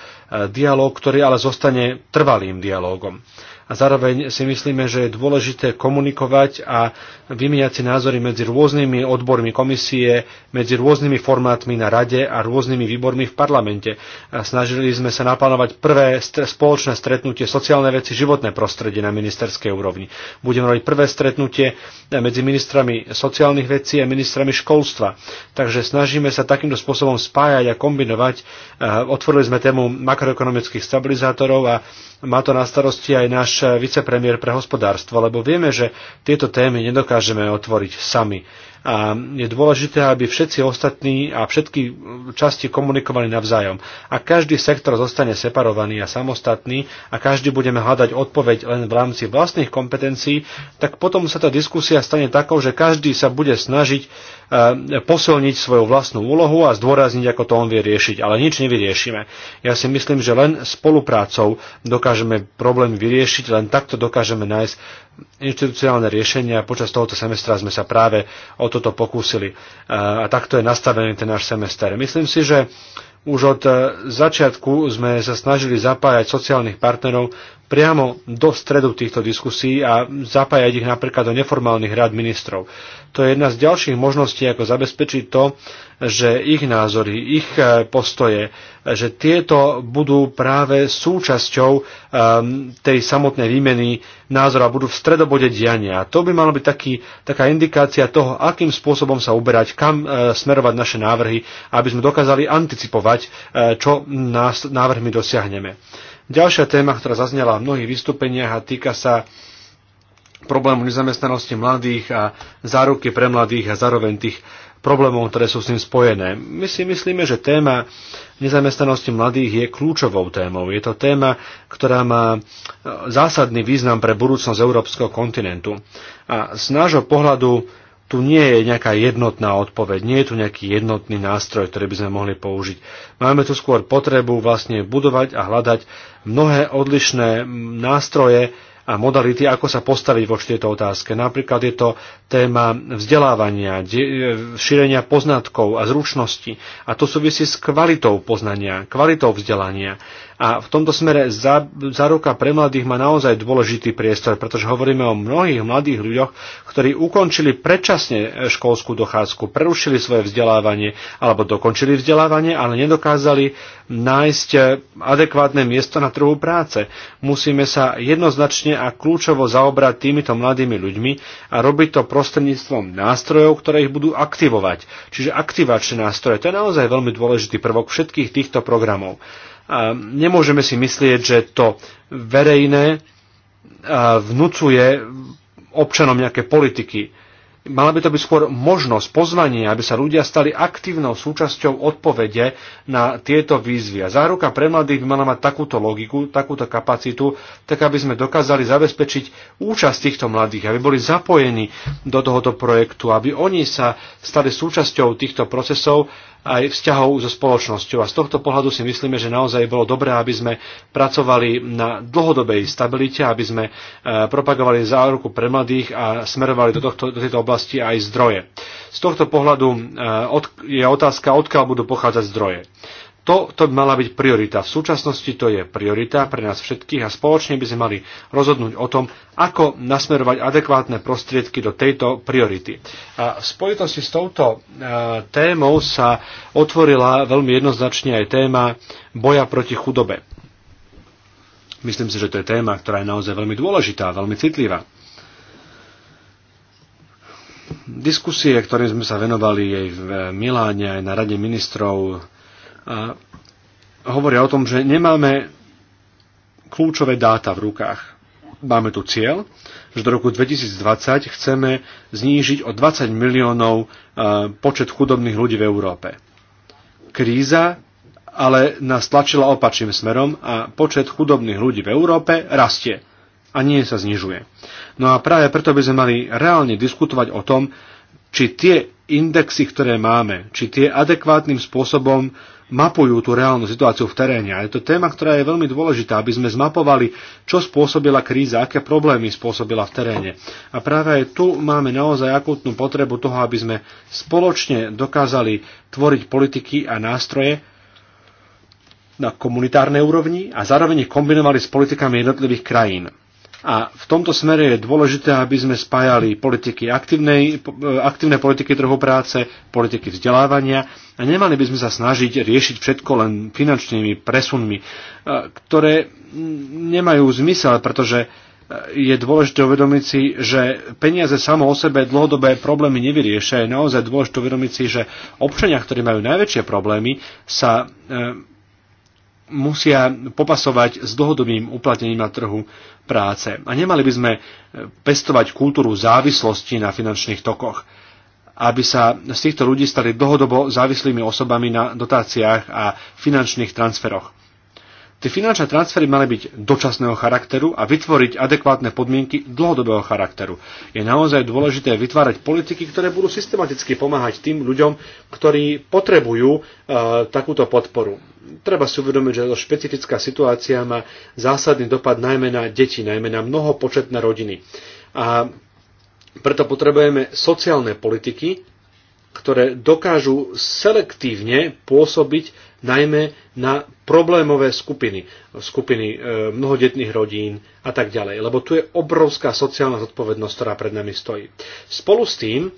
dialog, ktorý ale zostane trvalým dialogom a zároveň si myslíme, že je dôležité komunikovať a vymieňať si názory medzi rôznymi odbormi komisie, medzi rôznymi formátmi na rade a rôznymi výbormi v parlamente. A snažili sme sa naplánovať prvé spoločné stretnutie sociálne veci, životné prostredie na ministerskej úrovni. Budeme robiť prvé stretnutie medzi ministrami sociálnych vecí a ministrami školstva. Takže snažíme sa takýmto spôsobom spájať a kombinovať. Otvorili sme tému makroekonomických stabilizátorov a má to na starosti aj náš náš vicepremiér pre hospodárstvo, lebo vieme, že tieto témy nedokážeme otvoriť sami. A je dôležité, aby všetci ostatní a všetky časti komunikovali navzájom. A každý sektor zostane separovaný a samostatný a každý budeme hľadať odpoveď len v rámci vlastných kompetencií, tak potom sa tá diskusia stane takou, že každý sa bude snažiť Eh, posilniť svoju vlastnú úlohu a zdôrazniť, ako to on vie riešiť. Ale nič nevyriešime. Ja si myslím, že len spoluprácou dokážeme problém vyriešiť, len takto dokážeme nájsť inštitucionálne riešenia. Počas tohoto semestra sme sa práve o toto pokúsili. Eh, a takto je nastavený ten náš semester. Myslím si, že už od eh, začiatku sme sa snažili zapájať sociálnych partnerov priamo do stredu týchto diskusí a zapájať ich napríklad do neformálnych rád ministrov. To je jedna z ďalších možností, ako zabezpečiť to, že ich názory, ich e, postoje, že tieto budú práve súčasťou um, tej samotnej výmeny názorov a budú v stredobode diania. A to by malo byť taký, taká indikácia toho, akým spôsobom sa uberať, kam uh, smerovať naše návrhy, aby sme dokázali anticipovať, uh, čo nás, návrhmi dosiahneme. Ďalšia téma, ktorá zaznela v mnohých vystúpeniach a týka sa problému nezamestnanosti mladých a záruky pre mladých a zároveň tých problémov, ktoré sú s ním spojené. My si myslíme, že téma nezamestnanosti mladých je kľúčovou témou. Je to téma, ktorá má e, zásadný význam pre budúcnosť európskeho kontinentu. A z nášho pohľadu tu nie je nejaká jednotná odpoveď, nie je tu nejaký jednotný nástroj, ktorý by sme mohli použiť. Máme tu skôr potrebu vlastne budovať a hľadať mnohé odlišné nástroje a modality, ako sa postaviť voči tejto otázke. Napríklad je to téma vzdelávania, šírenia poznatkov a zručností. A to súvisí s kvalitou poznania, kvalitou vzdelania. A v tomto smere záruka pre mladých má naozaj dôležitý priestor, pretože hovoríme o mnohých mladých ľuďoch, ktorí ukončili predčasne školskú dochádzku, prerušili svoje vzdelávanie alebo dokončili vzdelávanie, ale nedokázali nájsť eh, adekvátne miesto na trhu práce. Musíme sa jednoznačne a kľúčovo zaobrať týmito mladými ľuďmi a robiť to prostredníctvom nástrojov, ktoré ich budú aktivovať. Čiže aktivačné nástroje, to je naozaj veľmi dôležitý prvok všetkých týchto programov. Nemôžeme si myslieť, že to verejné vnúcuje občanom nejaké politiky. Mala by to byť skôr možnosť, pozvanie, aby sa ľudia stali aktívnou súčasťou odpovede na tieto výzvy. A záruka pre mladých by mala mať takúto logiku, takúto kapacitu, tak aby sme dokázali zabezpečiť účasť týchto mladých, aby boli zapojení do tohoto projektu, aby oni sa stali súčasťou týchto procesov aj vzťahov so spoločnosťou. A z tohto pohľadu si myslíme, že naozaj bolo dobré, aby sme pracovali na dlhodobej stabilite, aby sme e, propagovali záruku pre mladých a smerovali do, tohto, do tejto oblasti aj zdroje. Z tohto pohľadu e, je otázka, odkiaľ budú pochádzať zdroje. To, to by mala byť priorita. V súčasnosti to je priorita pre nás všetkých a spoločne by sme mali rozhodnúť o tom, ako nasmerovať adekvátne prostriedky do tejto priority. A v spojitosti s touto e, témou sa otvorila veľmi jednoznačne aj téma boja proti chudobe. Myslím si, že to je téma, ktorá je naozaj veľmi dôležitá, veľmi citlivá. Diskusie, ktorým sme sa venovali aj v Miláne, aj na Rade ministrov, hovoria o tom, že nemáme kľúčové dáta v rukách. Máme tu cieľ, že do roku 2020 chceme znížiť o 20 miliónov e, počet chudobných ľudí v Európe. Kríza ale nás tlačila opačným smerom a počet chudobných ľudí v Európe rastie a nie sa znižuje. No a práve preto by sme mali reálne diskutovať o tom, či tie indexy, ktoré máme, či tie adekvátnym spôsobom mapujú tú reálnu situáciu v teréne. A je to téma, ktorá je veľmi dôležitá, aby sme zmapovali, čo spôsobila kríza, aké problémy spôsobila v teréne. A práve aj tu máme naozaj akutnú potrebu toho, aby sme spoločne dokázali tvoriť politiky a nástroje, na komunitárnej úrovni a zároveň ich kombinovali s politikami jednotlivých krajín. A v tomto smere je dôležité, aby sme spájali politiky aktívnej, aktívne politiky trhu práce, politiky vzdelávania a nemali by sme sa snažiť riešiť všetko len finančnými presunmi, e, ktoré nemajú zmysel, pretože e, je dôležité uvedomiť si, že peniaze samo o sebe dlhodobé problémy nevyriešia. Je naozaj dôležité uvedomiť si, že občania, ktorí majú najväčšie problémy, sa e, musia popasovať s dlhodobým uplatnením na trhu práce. A nemali by sme pestovať kultúru závislosti na finančných tokoch, aby sa z týchto ľudí stali dlhodobo závislými osobami na dotáciách a finančných transferoch. Tie finančné transfery mali byť dočasného charakteru a vytvoriť adekvátne podmienky dlhodobého charakteru. Je naozaj dôležité vytvárať politiky, ktoré budú systematicky pomáhať tým ľuďom, ktorí potrebujú e, takúto podporu. Treba si uvedomiť, že to špecifická situácia má zásadný dopad najmä na deti, najmä na mnohopočetné rodiny. A preto potrebujeme sociálne politiky, ktoré dokážu selektívne pôsobiť najmä na problémové skupiny, skupiny e, mnohodetných rodín a tak ďalej. Lebo tu je obrovská sociálna zodpovednosť, ktorá pred nami stojí. Spolu s tým e,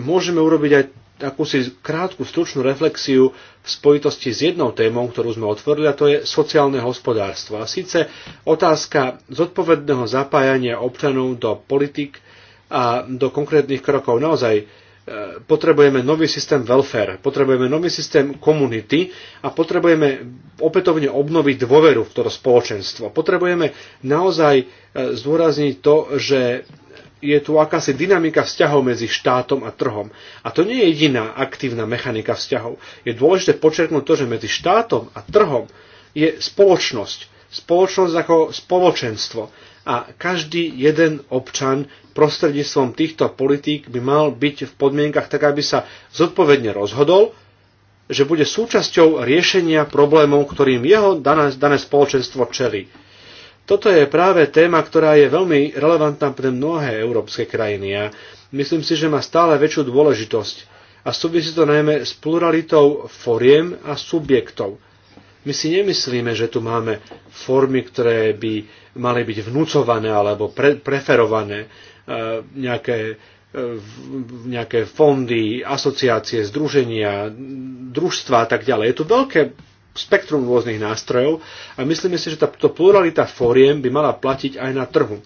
môžeme urobiť aj akúsi krátku, stručnú reflexiu v spojitosti s jednou témou, ktorú sme otvorili, a to je sociálne hospodárstvo. A síce otázka zodpovedného zapájania občanov do politik a do konkrétnych krokov. Naozaj potrebujeme nový systém welfare, potrebujeme nový systém komunity a potrebujeme opätovne obnoviť dôveru v toto spoločenstvo. Potrebujeme naozaj e, zdôrazniť to, že je tu akási dynamika vzťahov medzi štátom a trhom. A to nie je jediná aktívna mechanika vzťahov. Je dôležité počerknúť to, že medzi štátom a trhom je spoločnosť. Spoločnosť ako spoločenstvo. A každý jeden občan prostredníctvom týchto politík by mal byť v podmienkach tak, aby sa zodpovedne rozhodol, že bude súčasťou riešenia problémov, ktorým jeho dané, dané spoločenstvo čelí. Toto je práve téma, ktorá je veľmi relevantná pre mnohé európske krajiny a myslím si, že má stále väčšiu dôležitosť a súvisí to najmä s pluralitou foriem a subjektov. My si nemyslíme, že tu máme formy, ktoré by mali byť vnúcované alebo pre, preferované nejaké e, nejaké fondy, asociácie, združenia, družstva a tak ďalej. Je tu veľké spektrum rôznych nástrojov a myslíme si, že táto pluralita fóriem by mala platiť aj na trhu.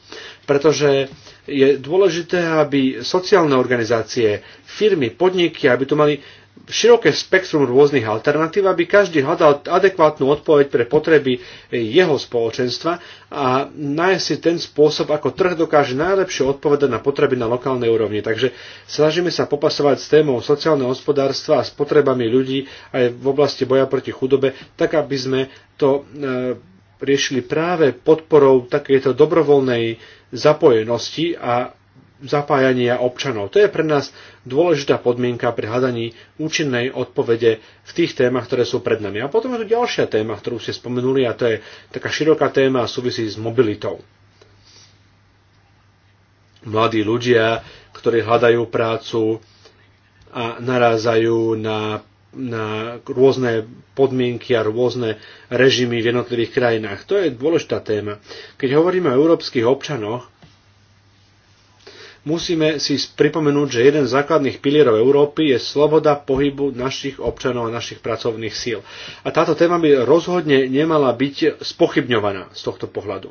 Pretože je dôležité, aby sociálne organizácie, firmy, podniky, aby tu mali široké spektrum rôznych alternatív, aby každý hľadal adekvátnu odpoveď pre potreby jeho spoločenstva a nájsť si ten spôsob, ako trh dokáže najlepšie odpovedať na potreby na lokálnej úrovni. Takže snažíme sa popasovať s témou sociálneho hospodárstva a s potrebami ľudí aj v oblasti boja proti chudobe, tak aby sme to e, riešili práve podporou takéto dobrovoľnej zapojenosti a zapájania občanov. To je pre nás dôležitá podmienka pri hľadaní účinnej odpovede v tých témach, ktoré sú pred nami. A potom je tu ďalšia téma, ktorú ste spomenuli a to je taká široká téma a súvisí s mobilitou. Mladí ľudia, ktorí hľadajú prácu a narázajú na na rôzne podmienky a rôzne režimy v jednotlivých krajinách. To je dôležitá téma. Keď hovoríme o európskych občanoch, Musíme si pripomenúť, že jeden z základných pilierov Európy je sloboda pohybu našich občanov a našich pracovných síl. A táto téma by rozhodne nemala byť spochybňovaná z tohto pohľadu.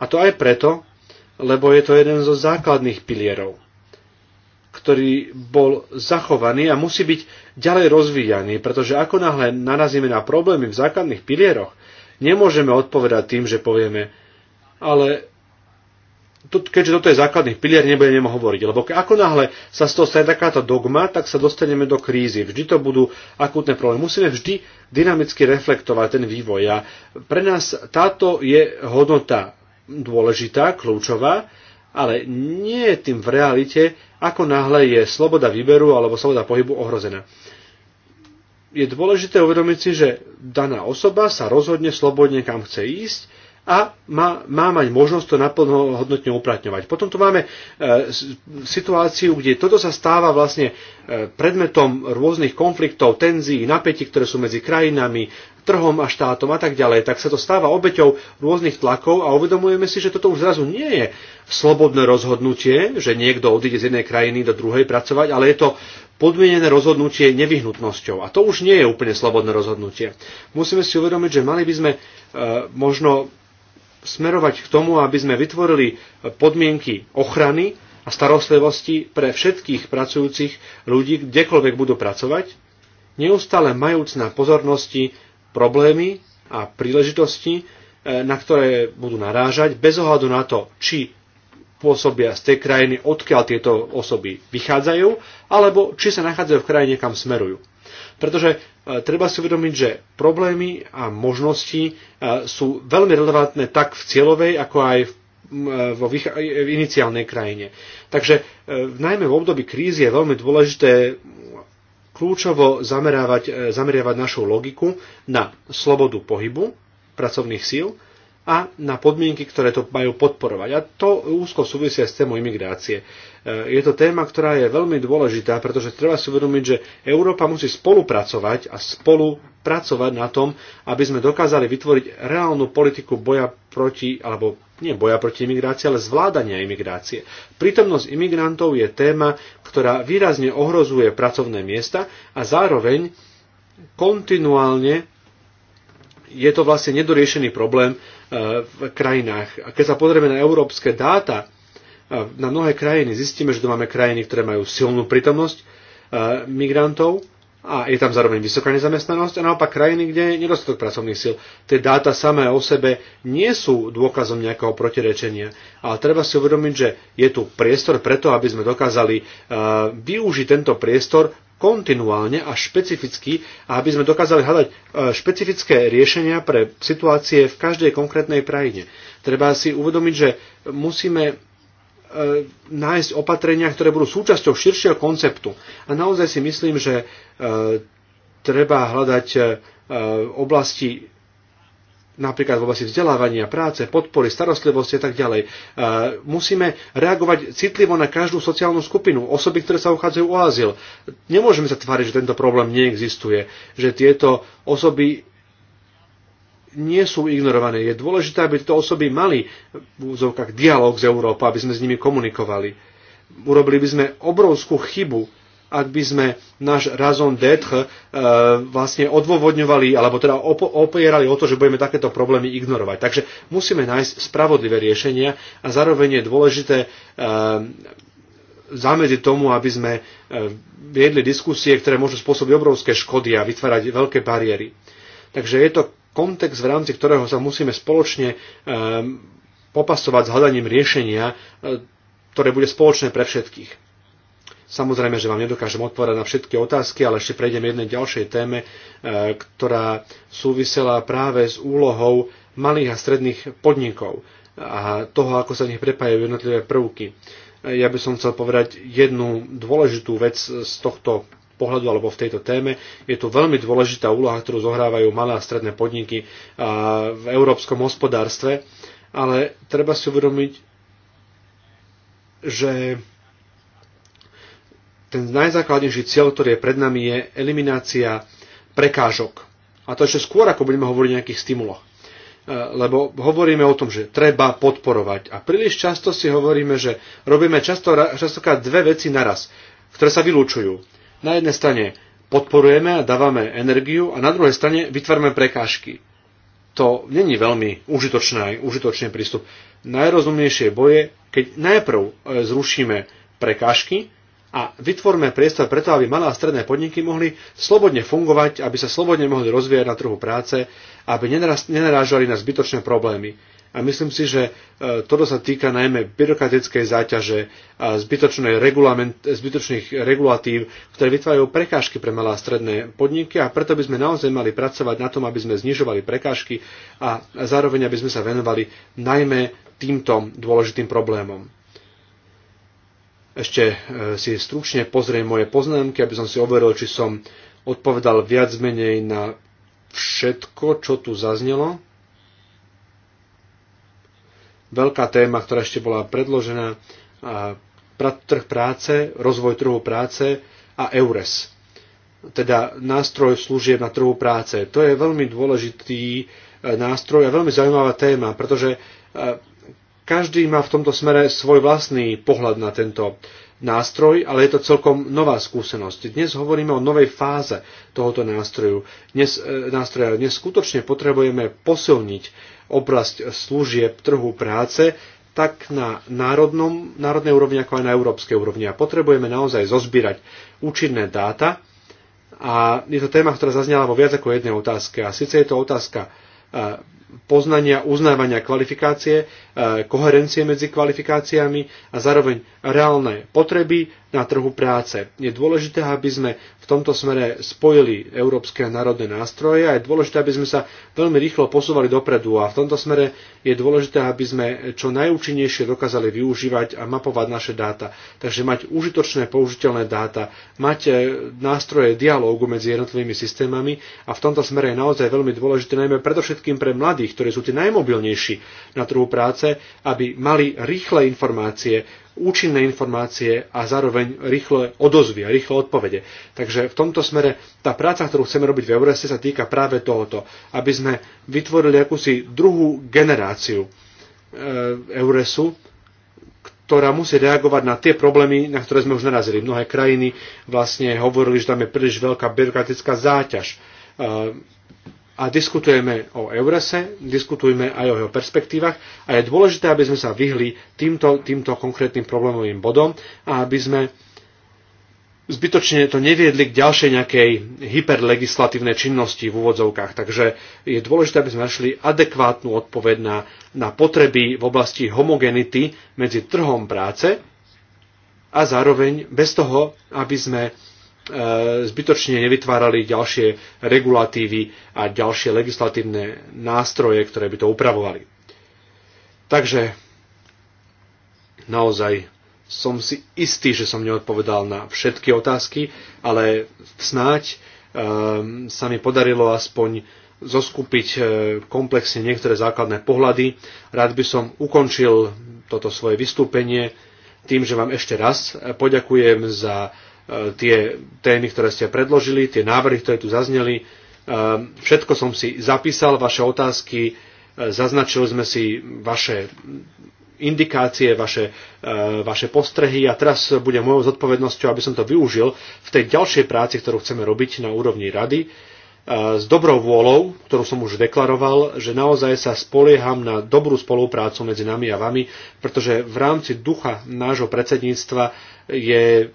A to aj preto, lebo je to jeden zo základných pilierov, ktorý bol zachovaný a musí byť ďalej rozvíjaný, pretože ako náhle narazíme na problémy v základných pilieroch, nemôžeme odpovedať tým, že povieme, ale keďže toto je základný pilier, nebudeme hovoriť. Lebo ako náhle sa z toho stane takáto dogma, tak sa dostaneme do krízy. Vždy to budú akútne problémy. Musíme vždy dynamicky reflektovať ten vývoj. A pre nás táto je hodnota dôležitá, kľúčová, ale nie je tým v realite, ako náhle je sloboda výberu alebo sloboda pohybu ohrozená. Je dôležité uvedomiť si, že daná osoba sa rozhodne slobodne kam chce ísť, a má, má mať možnosť to naplnohodnotne uplatňovať. Potom tu máme e, situáciu, kde toto sa stáva vlastne e, predmetom rôznych konfliktov, tenzií, napätí, ktoré sú medzi krajinami, trhom a štátom a tak ďalej, tak sa to stáva obeťou rôznych tlakov a uvedomujeme si, že toto už zrazu nie je slobodné rozhodnutie, že niekto odíde z jednej krajiny do druhej pracovať, ale je to podmienené rozhodnutie nevyhnutnosťou. A to už nie je úplne slobodné rozhodnutie. Musíme si uvedomiť, že mali by sme e, možno smerovať k tomu, aby sme vytvorili podmienky ochrany a starostlivosti pre všetkých pracujúcich ľudí, kdekoľvek budú pracovať, neustále majúc na pozornosti problémy a príležitosti, eh, na ktoré budú narážať, bez ohľadu na to, či pôsobia z tej krajiny, odkiaľ tieto osoby vychádzajú, alebo či sa nachádzajú v krajine, kam smerujú. Pretože e, treba si uvedomiť, že problémy a možnosti e, sú veľmi relevantné tak v cieľovej, ako aj v e, vo v iniciálnej krajine. Takže najmä v období krízy je veľmi dôležité kľúčovo zameriavať, zameriavať našu logiku na slobodu pohybu pracovných síl a na podmienky, ktoré to majú podporovať. A to úzko súvisia s témou imigrácie. E, je to téma, ktorá je veľmi dôležitá, pretože treba si uvedomiť, že Európa musí spolupracovať a spolupracovať na tom, aby sme dokázali vytvoriť reálnu politiku boja proti, alebo nie boja proti imigrácii, ale zvládania imigrácie. Prítomnosť imigrantov je téma, ktorá výrazne ohrozuje pracovné miesta a zároveň kontinuálne je to vlastne nedoriešený problém, v krajinách. A keď sa pozrieme na európske dáta, na mnohé krajiny, zistíme, že tu máme krajiny, ktoré majú silnú prítomnosť migrantov a je tam zároveň vysoká nezamestnanosť a naopak krajiny, kde je nedostatok pracovných síl. Tie dáta samé o sebe nie sú dôkazom nejakého protirečenia, ale treba si uvedomiť, že je tu priestor preto, aby sme dokázali využiť tento priestor kontinuálne a špecificky a aby sme dokázali hľadať e, špecifické riešenia pre situácie v každej konkrétnej krajine. Treba si uvedomiť, že musíme e, nájsť opatrenia, ktoré budú súčasťou širšieho konceptu. A naozaj si myslím, že e, treba hľadať oblasti napríklad v oblasti vzdelávania, práce, podpory, starostlivosti a tak ďalej. E, musíme reagovať citlivo na každú sociálnu skupinu, osoby, ktoré sa uchádzajú o azyl. Nemôžeme sa tváriť, že tento problém neexistuje, že tieto osoby nie sú ignorované. Je dôležité, aby tieto osoby mali v úzovkách dialog s Európou, aby sme s nimi komunikovali. Urobili by sme obrovskú chybu, ak by sme náš razon d'être e, vlastne odôvodňovali, alebo teda op- opierali o to, že budeme takéto problémy ignorovať. Takže musíme nájsť spravodlivé riešenia a zároveň je dôležité e, zamedziť tomu, aby sme e, viedli diskusie, ktoré môžu spôsobiť obrovské škody a vytvárať veľké bariéry. Takže je to kontext, v rámci ktorého sa musíme spoločne e, popasovať s hľadaním riešenia, e, ktoré bude spoločné pre všetkých. Samozrejme, že vám nedokážem odpovedať na všetky otázky, ale ešte prejdem jednej ďalšej téme, e, ktorá súvisela práve s úlohou malých a stredných podnikov a toho, ako sa v nich prepájajú jednotlivé prvky. E, ja by som chcel povedať jednu dôležitú vec z tohto pohľadu alebo v tejto téme. Je to veľmi dôležitá úloha, ktorú zohrávajú malé a stredné podniky e, v európskom hospodárstve, ale treba si uvedomiť, že ten najzákladnejší cieľ, ktorý je pred nami, je eliminácia prekážok. A to ešte skôr, ako budeme hovoriť o nejakých stimuloch. E, lebo hovoríme o tom, že treba podporovať. A príliš často si hovoríme, že robíme často, častokrát dve veci naraz, ktoré sa vylúčujú. Na jednej strane podporujeme a dávame energiu a na druhej strane vytvárame prekážky. To není veľmi užitočný, užitočný prístup. Najrozumnejšie boje, keď najprv e, zrušíme prekážky a vytvorme priestor preto, aby malé a stredné podniky mohli slobodne fungovať, aby sa slobodne mohli rozvíjať na trhu práce, aby nenarážali na zbytočné problémy. A myslím si, že e, toto sa týka najmä byrokratickej záťaže a zbytočných regulatív, ktoré vytvárajú prekážky pre malé a stredné podniky a preto by sme naozaj mali pracovať na tom, aby sme znižovali prekážky a zároveň aby sme sa venovali najmä týmto dôležitým problémom ešte e, si stručne pozrieť moje poznámky, aby som si overil, či som odpovedal viac menej na všetko, čo tu zaznelo. Veľká téma, ktorá ešte bola predložená, trh práce, rozvoj trhu práce a EURES, teda nástroj služieb na trhu práce. To je veľmi dôležitý e, nástroj a veľmi zaujímavá téma, pretože e, každý má v tomto smere svoj vlastný pohľad na tento nástroj, ale je to celkom nová skúsenosť. Dnes hovoríme o novej fáze tohoto nástroju. Dnes, e, nástroja. Dnes skutočne potrebujeme posilniť oblasť služieb trhu práce tak na národnom, národnej úrovni, ako aj na európskej úrovni. A potrebujeme naozaj zozbierať účinné dáta. A je to téma, ktorá zaznela vo viac ako jednej otázke. A síce je to otázka poznania, uznávania kvalifikácie, koherencie medzi kvalifikáciami a zároveň reálne potreby na trhu práce. Je dôležité, aby sme v tomto smere spojili európske a národné nástroje a je dôležité, aby sme sa veľmi rýchlo posúvali dopredu a v tomto smere je dôležité, aby sme čo najúčinnejšie dokázali využívať a mapovať naše dáta. Takže mať užitočné použiteľné dáta, mať e, nástroje dialógu medzi jednotlivými systémami a v tomto smere je naozaj veľmi dôležité najmä predovšetkým pre mladých, ktorí sú tí najmobilnejší na trhu práce, aby mali rýchle informácie, účinné informácie a zároveň rýchle odozvy a rýchle odpovede. Takže v tomto smere tá práca, ktorú chceme robiť v Eurese, sa týka práve tohoto, aby sme vytvorili akúsi druhú generáciu e, Euresu, ktorá musí reagovať na tie problémy, na ktoré sme už narazili. Mnohé krajiny vlastne hovorili, že tam je príliš veľká byrokratická záťaž e, a diskutujeme o Eurese, diskutujeme aj o jeho perspektívach a je dôležité, aby sme sa vyhli týmto, týmto konkrétnym problémovým bodom a aby sme zbytočne to neviedli k ďalšej nejakej hyperlegislatívnej činnosti v úvodzovkách. Takže je dôležité, aby sme našli adekvátnu odpoveď na, na potreby v oblasti homogenity medzi trhom práce a zároveň bez toho, aby sme E, zbytočne nevytvárali ďalšie regulatívy a ďalšie legislatívne nástroje, ktoré by to upravovali. Takže naozaj som si istý, že som neodpovedal na všetky otázky, ale snáď um, sa mi podarilo aspoň zoskupiť e, komplexne niektoré základné pohľady. Rád by som ukončil toto svoje vystúpenie tým, že vám ešte raz poďakujem za E, tie témy, ktoré ste predložili, tie návrhy, ktoré tu zazneli. E, všetko som si zapísal, vaše otázky, e, zaznačili sme si vaše indikácie, vaše, vaše postrehy a teraz bude mojou zodpovednosťou, aby som to využil v tej ďalšej práci, ktorú chceme robiť na úrovni rady, s dobrou vôľou, ktorú som už deklaroval, že naozaj sa spolieham na dobrú spoluprácu medzi nami a vami, pretože v rámci ducha nášho predsedníctva je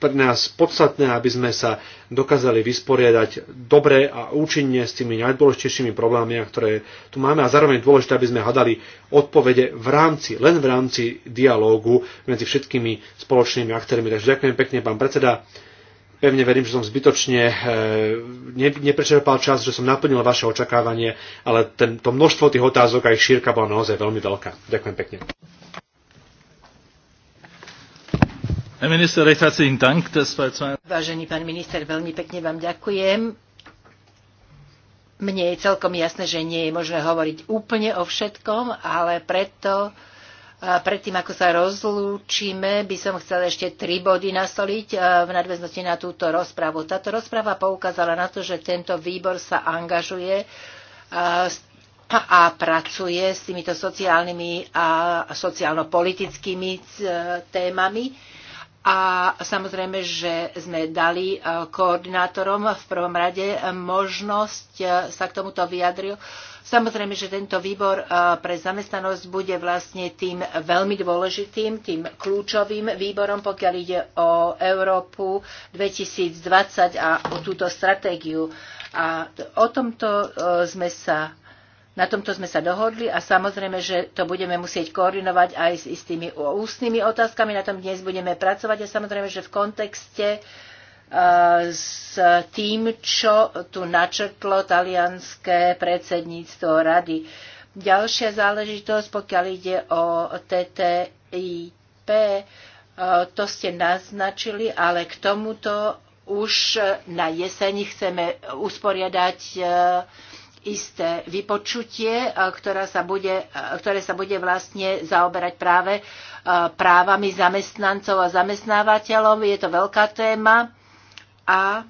pre nás podstatné, aby sme sa dokázali vysporiadať dobre a účinne s tými najdôležitejšími problémami, ktoré tu máme a zároveň dôležité, aby sme hľadali odpovede v rámci, len v rámci dialógu medzi všetkými spoločnými aktérmi. Takže ďakujem pekne, pán predseda. Pevne verím, že som zbytočne e, neprečerpal čas, že som naplnil vaše očakávanie, ale ten, to množstvo tých otázok a ich šírka bola naozaj veľmi veľká. Ďakujem pekne. Vážený pán minister, veľmi pekne vám ďakujem. Mne je celkom jasné, že nie je možné hovoriť úplne o všetkom, ale preto predtým, ako sa rozlúčime, by som chcela ešte tri body nastoliť v nadväznosti na túto rozpravu. Táto rozprava poukázala na to, že tento výbor sa angažuje a pracuje s týmito sociálnymi a sociálno-politickými témami a samozrejme, že sme dali e, koordinátorom v prvom rade možnosť e, sa k tomuto vyjadriť. Samozrejme, že tento výbor e, pre zamestnanosť bude vlastne tým veľmi dôležitým, tým kľúčovým výborom, pokiaľ ide o Európu 2020 a o túto stratégiu. A o tomto sme sa na tomto sme sa dohodli a samozrejme, že to budeme musieť koordinovať aj s istými ústnymi otázkami. Na tom dnes budeme pracovať a samozrejme, že v kontexte e, s tým, čo tu načrtlo talianské predsedníctvo rady. Ďalšia záležitosť, pokiaľ ide o TTIP, e, to ste naznačili, ale k tomuto už na jeseni chceme usporiadať e, isté vypočutie, e, ktorá sa bude, e, ktoré sa bude vlastne zaoberať práve e, právami zamestnancov a zamestnávateľov. Je to veľká téma a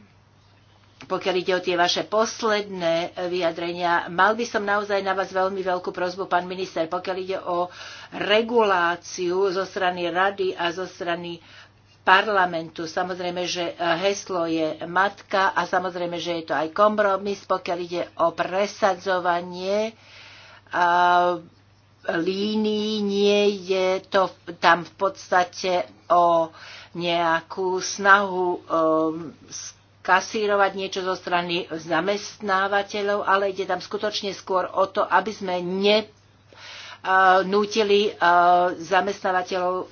pokiaľ ide o tie vaše posledné vyjadrenia, mal by som naozaj na vás veľmi veľkú prozbu, pán minister, pokiaľ ide o reguláciu zo strany rady a zo strany parlamentu. Samozrejme, že e, heslo je matka a samozrejme, že je to aj kompromis, pokiaľ ide o presadzovanie e, línií, nie je to tam v podstate o nejakú snahu e, kasírovať niečo zo strany zamestnávateľov, ale ide tam skutočne skôr o to, aby sme ne nútili zamestnávateľov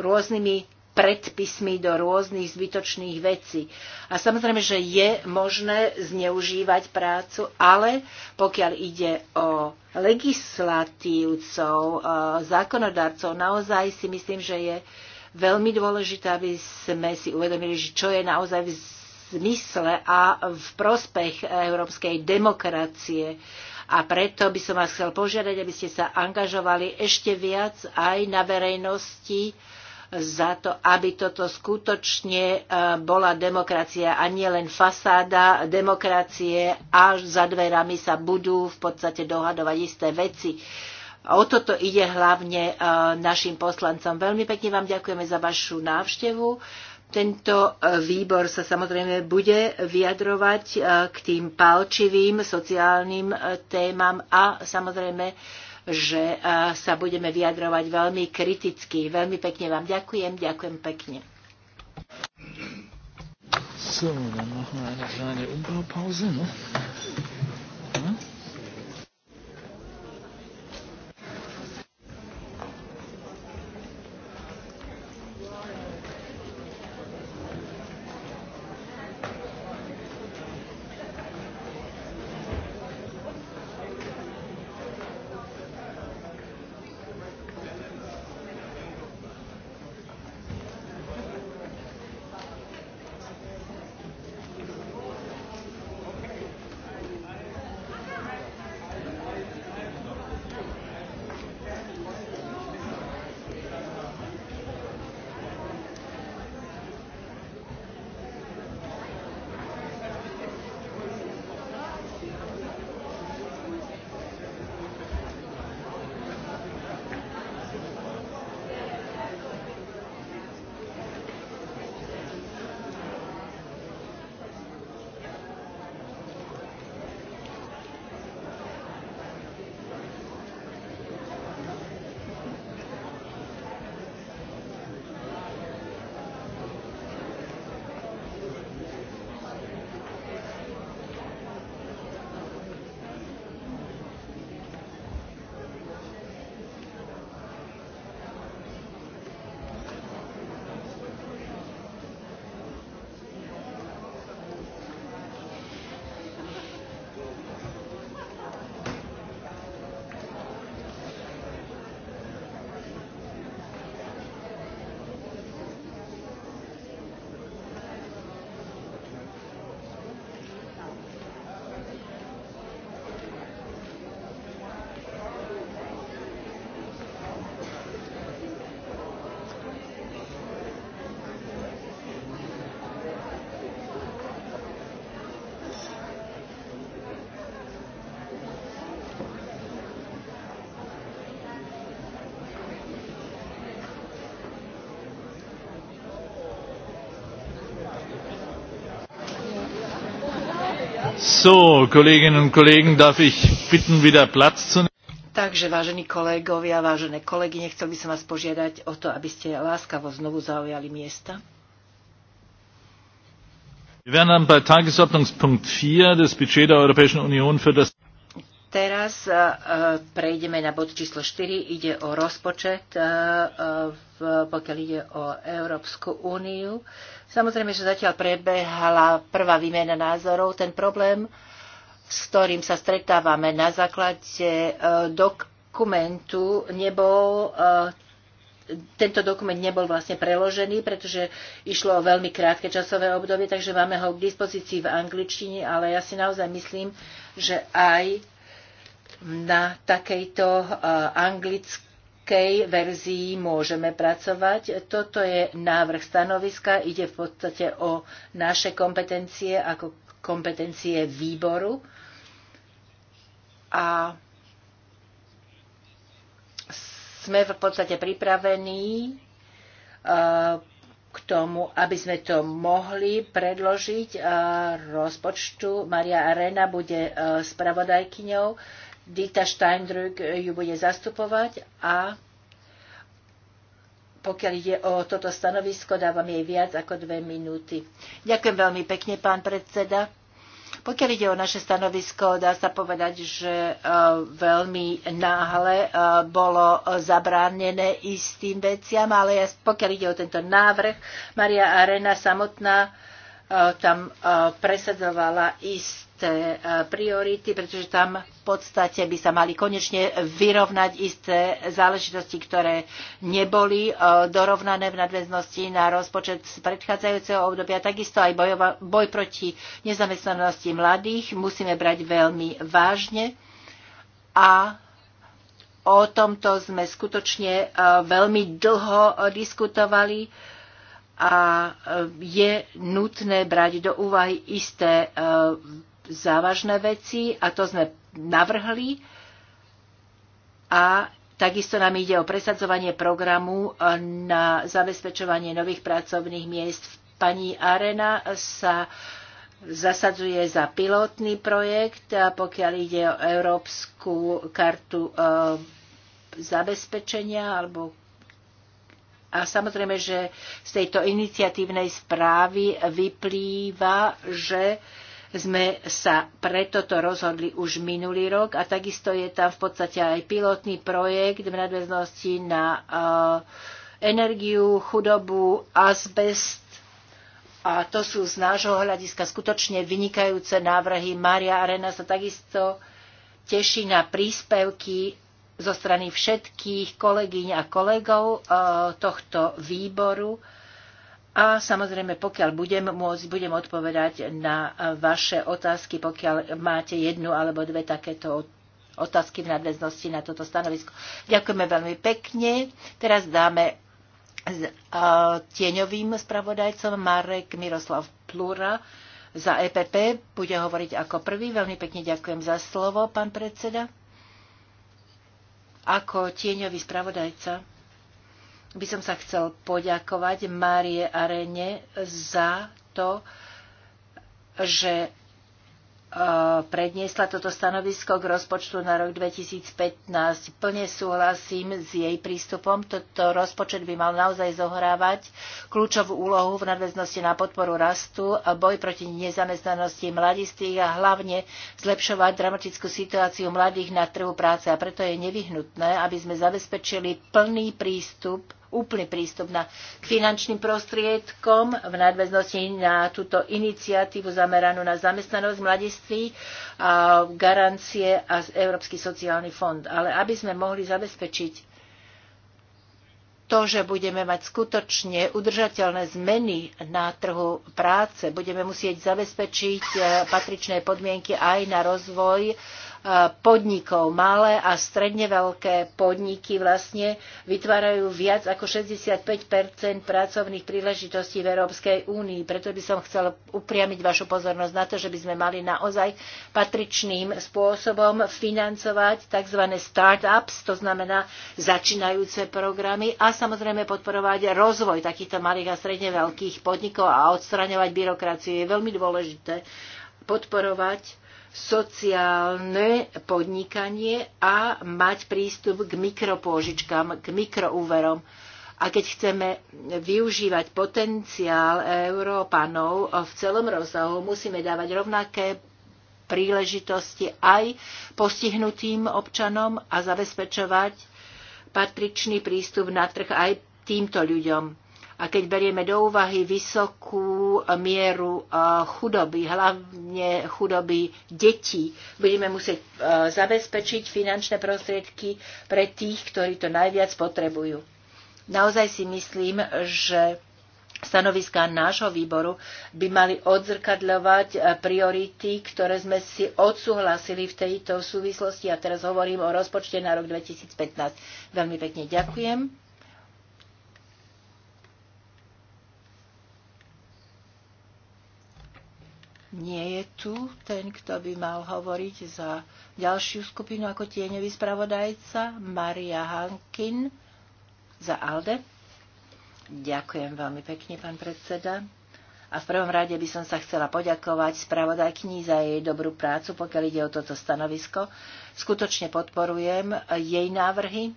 rôznymi predpismi do rôznych zbytočných vecí. A samozrejme, že je možné zneužívať prácu, ale pokiaľ ide o legislatívcov, e, zákonodarcov, naozaj si myslím, že je veľmi dôležité, aby sme si uvedomili, čo je naozaj v zmysle a v prospech európskej demokracie. A preto by som vás chcel požiadať, aby ste sa angažovali ešte viac aj na verejnosti, za to, aby toto skutočne e, bola demokracia a nie len fasáda demokracie, až za dverami sa budú v podstate dohadovať isté veci. O toto ide hlavne e, našim poslancom. Veľmi pekne vám ďakujeme za vašu návštevu. Tento e, výbor sa samozrejme bude vyjadrovať k tým palčivým sociálnym témam a samozrejme že sa budeme vyjadrovať veľmi kriticky. Veľmi pekne vám ďakujem, ďakujem pekne. So, dann machen wir eine kleine Umbaupause. Ne? Kolleginnen und Kollegen, darf ich bitten, wieder Platz zu nehmen? Takže, vážení kolegovia, vážené kolegyne, chcel by som vás požiadať o to, aby ste láskavo znovu zaujali miesta. Wir werden dann bei Tagesordnungspunkt 4 des Budget der Europäischen Union für das Teraz e, e, prejdeme na bod číslo 4. Ide o rozpočet, e, pokiaľ ide o Európsku úniu. Samozrejme, že zatiaľ prebehala prvá výmena názorov. Ten problém, s ktorým sa stretávame na základe dokumentu, nebol tento dokument nebol vlastne preložený, pretože išlo o veľmi krátke časové obdobie, takže máme ho k dispozícii v angličtine, ale ja si naozaj myslím, že aj na takejto eh, anglickej verzii môžeme pracovať. Toto je návrh stanoviska, ide v podstate o naše kompetencie ako kompetencie výboru. A sme v podstate pripravení eh, k tomu, aby sme to mohli predložiť eh, rozpočtu. Maria Arena bude spravodajkyňou Dita Steindrück ju bude zastupovať a pokiaľ ide o toto stanovisko, dávam jej viac ako dve minúty. Ďakujem veľmi pekne, pán predseda. Pokiaľ ide o naše stanovisko, dá sa povedať, že e, veľmi náhle e, bolo zabránené istým veciam, ale pokiaľ ide o tento návrh, Maria Arena samotná E, tam e, presadzovala isté e, priority, pretože tam v podstate by sa mali konečne vyrovnať isté záležitosti, ktoré neboli dorovnané v nadväznosti na rozpočet z predchádzajúceho obdobia. Takisto aj bojova, boj proti nezamestnanosti mladých musíme brať veľmi vážne a o tomto sme skutočne veľmi dlho diskutovali a e, je nutné brať do úvahy isté e, závažné veci a to sme navrhli a Takisto nám ide o presadzovanie programu e, na zabezpečovanie nových pracovných miest. Pani Arena sa zasadzuje za pilotný projekt, pokiaľ ide o európsku kartu zabezpečenia alebo a samozrejme, že z tejto iniciatívnej správy vyplýva, že sme sa pre toto rozhodli už minulý rok a takisto je tam v podstate aj pilotný projekt v nadväznosti na uh, energiu, chudobu, azbest. A to sú z nášho hľadiska skutočne vynikajúce návrhy. Mária Arena sa takisto teší na príspevky zo strany všetkých kolegyň a kolegov e, tohto výboru. A samozrejme, pokiaľ budem môcť, budem odpovedať na vaše otázky, pokiaľ máte jednu alebo dve takéto otázky v nadväznosti na toto stanovisko. Ďakujeme veľmi pekne. Teraz dáme e, tieňovým spravodajcom Marek Miroslav Plura za EPP. Bude hovoriť ako prvý. Veľmi pekne ďakujem za slovo, pán predseda. Ako tieňový spravodajca by som sa chcel poďakovať Márie Arene za to, že Eh, predniesla toto stanovisko k rozpočtu na rok 2015. Plne súhlasím s jej prístupom. Toto rozpočet by mal naozaj zohrávať kľúčovú úlohu v nadväznosti na podporu rastu, boj proti nezamestnanosti mladistých a hlavne zlepšovať dramatickú situáciu mladých na trhu práce. A preto je nevyhnutné, aby sme zabezpečili plný prístup úplný prístup na, k finančným prostriedkom v nadväznosti na túto iniciatívu zameranú na zamestnanosť mladiství, a garancie a Európsky sociálny fond. Ale aby sme mohli zabezpečiť to, že budeme mať skutočne udržateľné zmeny na trhu práce, budeme musieť zabezpečiť e, patričné podmienky aj na rozvoj E, podnikov. Malé a stredne veľké podniky vlastne vytvárajú viac ako 65 pracovných príležitostí v Európskej únii. Preto by som chcela upriamiť vašu pozornosť na to, že by sme mali naozaj patričným spôsobom financovať tzv. start-ups, to znamená začínajúce programy a samozrejme podporovať rozvoj takýchto malých a stredne veľkých podnikov a odstraňovať byrokraciu. Je veľmi dôležité podporovať sociálne podnikanie a mať prístup k mikropôžičkám, k mikroúverom. A keď chceme využívať potenciál Európanov v celom rozsahu, musíme dávať rovnaké príležitosti aj postihnutým občanom a zabezpečovať patričný prístup na trh aj týmto ľuďom. A keď berieme do úvahy vysokú mieru e, chudoby, hlavne chudoby detí, budeme musieť e, zabezpečiť finančné prostriedky pre tých, ktorí to najviac potrebujú. Naozaj si myslím, že stanoviská nášho výboru by mali odzrkadľovať e, priority, ktoré sme si odsúhlasili v tejto súvislosti. A teraz hovorím o rozpočte na rok 2015. Veľmi pekne ďakujem. nie je tu ten, kto by mal hovoriť za ďalšiu skupinu ako tieňový spravodajca, Maria Hankin za ALDE. Ďakujem veľmi pekne, pán predseda. A v prvom rade by som sa chcela poďakovať spravodajkni za jej dobrú prácu, pokiaľ ide o toto stanovisko. Skutočne podporujem jej návrhy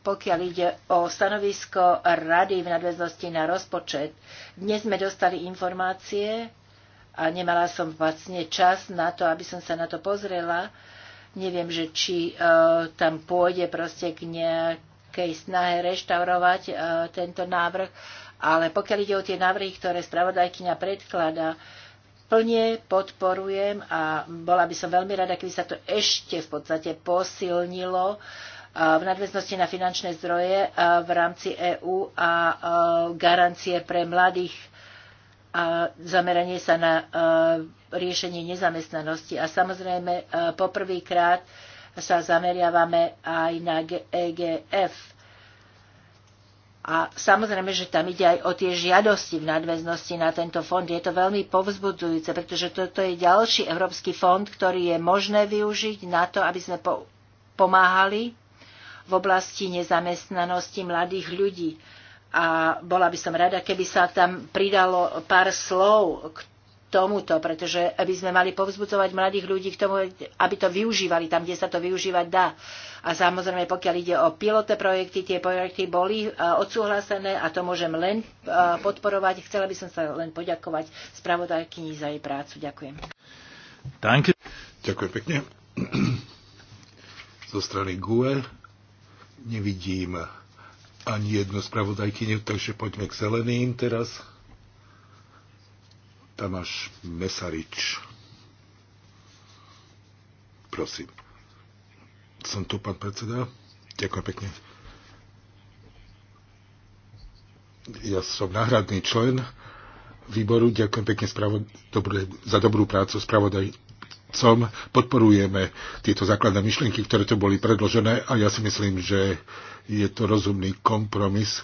pokiaľ ide o stanovisko rady v nadväznosti na rozpočet. Dnes sme dostali informácie a nemala som vlastne čas na to, aby som sa na to pozrela. Neviem, že či uh, tam pôjde proste k nejakej snahe reštaurovať uh, tento návrh, ale pokiaľ ide o tie návrhy, ktoré spravodajkyňa predkladá, plne podporujem a bola by som veľmi rada, keby sa to ešte v podstate posilnilo. Uh, v nadväznosti na finančné zdroje v rámci EÚ a garancie pre mladých a zameranie sa na riešenie nezamestnanosti. A samozrejme, poprvýkrát sa zameriavame aj na EGF. A samozrejme, že tam ide aj o tie žiadosti v nadväznosti na tento fond. Je to veľmi povzbudzujúce, pretože toto je ďalší európsky fond, ktorý je možné využiť na to, aby sme pomáhali v oblasti nezamestnanosti mladých ľudí. A bola by som rada, keby sa tam pridalo pár slov k tomuto, pretože by sme mali povzbudzovať mladých ľudí k tomu, aby to využívali tam, kde sa to využívať dá. A samozrejme, pokiaľ ide o pilotné projekty, tie projekty boli e, odsúhlasené a to môžem len e, podporovať. Chcela by som sa len poďakovať spravodajkyni za jej prácu. Ďakujem. Danke. Ďakujem pekne. Zo strany GUE Nevidím ani jednu spravodajkyňu, takže poďme k zeleným teraz. Tamáš Mesarič. Prosím. Som tu, pán predseda. Ďakujem pekne. Ja som náhradný člen výboru. Ďakujem pekne za dobrú prácu spravodaj, som podporujeme tieto základné myšlienky, ktoré tu boli predložené a ja si myslím, že je to rozumný kompromis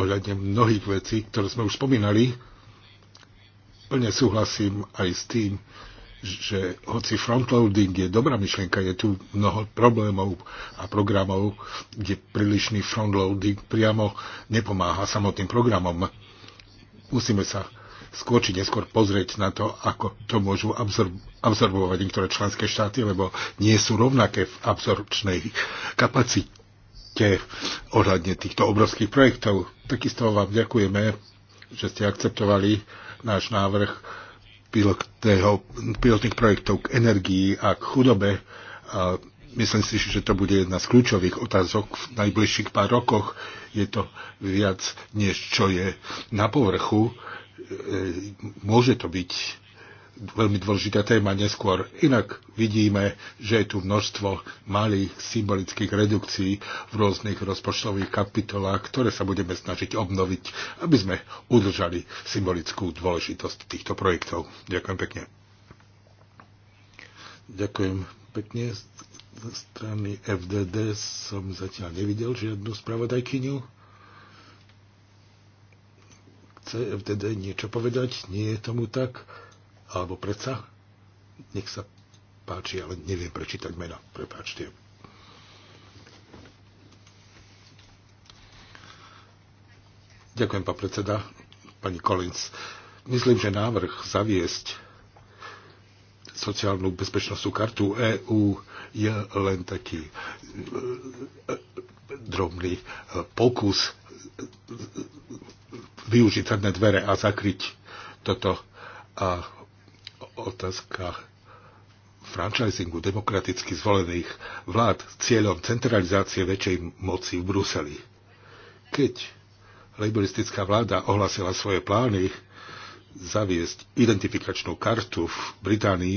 ohľadne mnohých vecí, ktoré sme už spomínali. Plne súhlasím aj s tým, že hoci frontloading je dobrá myšlienka, je tu mnoho problémov a programov, kde prílišný frontloading priamo nepomáha samotným programom. Musíme sa skôr či neskôr pozrieť na to, ako to môžu absorb- absorbovať niektoré členské štáty, lebo nie sú rovnaké v absorpčnej kapacite ohľadne týchto obrovských projektov. Takisto vám ďakujeme, že ste akceptovali náš návrh pilotného, pilotných projektov k energii a k chudobe. A myslím si, že to bude jedna z kľúčových otázok v najbližších pár rokoch. Je to viac, než čo je na povrchu E, e, môže to byť veľmi dôležitá téma neskôr. Inak vidíme, že je tu množstvo malých symbolických redukcií v rôznych rozpočtových kapitolách, ktoré sa budeme snažiť obnoviť, aby sme udržali symbolickú dôležitosť týchto projektov. Ďakujem pekne. Ďakujem pekne. Z strany FDD som zatiaľ nevidel žiadnu spravodajkyňu chce vtedy niečo povedať? Nie je tomu tak? Alebo predsa? Nech sa páči, ale neviem prečítať mena. Prepáčte. Ďakujem, pán predseda. Pani Collins, myslím, že návrh zaviesť sociálnu bezpečnostnú kartu EÚ je len taký e, e, drobný e, pokus využiť zadné dvere a zakryť toto. A otázka franchisingu demokraticky zvolených vlád s cieľom centralizácie väčšej moci v Bruseli. Keď laboristická vláda ohlasila svoje plány zaviesť identifikačnú kartu v Británii,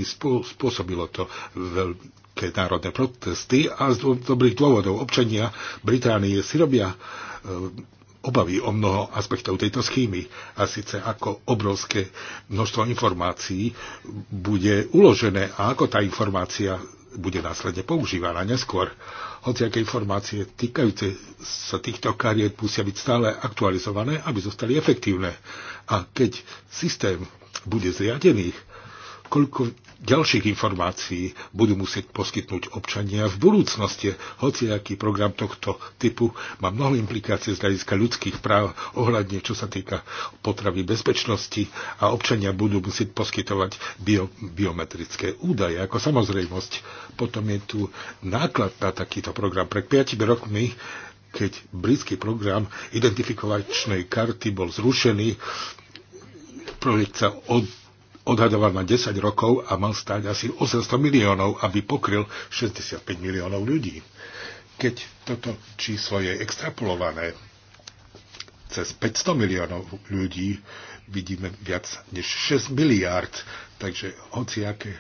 spôsobilo to veľké národné protesty a z dobrých dôvodov občania Británie si robia e, obavy o mnoho aspektov tejto schémy. A síce ako obrovské množstvo informácií bude uložené a ako tá informácia bude následne používaná neskôr. Hociaké informácie týkajúce sa týchto kariet musia byť stále aktualizované, aby zostali efektívne. A keď systém bude zriadený, koľko ďalších informácií budú musieť poskytnúť občania v budúcnosti. hoci aký program tohto typu má mnoho implikácií z hľadiska ľudských práv ohľadne, čo sa týka potravy bezpečnosti a občania budú musieť poskytovať bio, biometrické údaje ako samozrejmosť. Potom je tu náklad na takýto program. Pred 5 rokmi keď britský program identifikovačnej karty bol zrušený, projekt sa od, odhadoval na 10 rokov a mal stáť asi 800 miliónov, aby pokryl 65 miliónov ľudí. Keď toto číslo je extrapolované cez 500 miliónov ľudí, vidíme viac než 6 miliárd, takže aké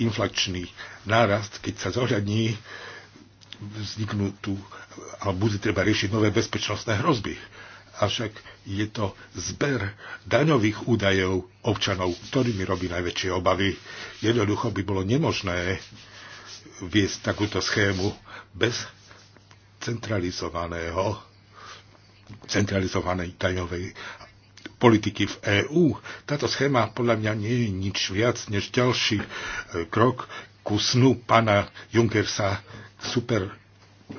inflačný nárast, keď sa zohľadní, vzniknú tu, alebo bude treba riešiť nové bezpečnostné hrozby avšak je to zber daňových údajov občanov, ktorými robí najväčšie obavy. Jednoducho by bolo nemožné viesť takúto schému bez centralizovaného centralizovanej daňovej politiky v EÚ. Táto schéma podľa mňa nie je nič viac než ďalší e, krok ku snu pana Junkersa k super,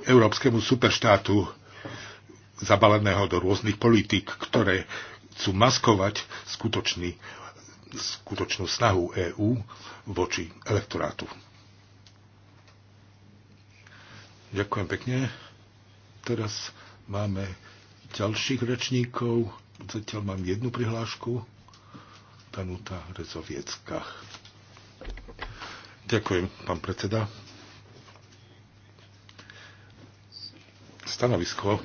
európskemu superštátu zabaleného do rôznych politik, ktoré chcú maskovať skutočný, skutočnú snahu EÚ voči elektorátu. Ďakujem pekne. Teraz máme ďalších rečníkov. Zatiaľ mám jednu prihlášku. Danuta Rezoviecka. Ďakujem, pán predseda. Stanovisko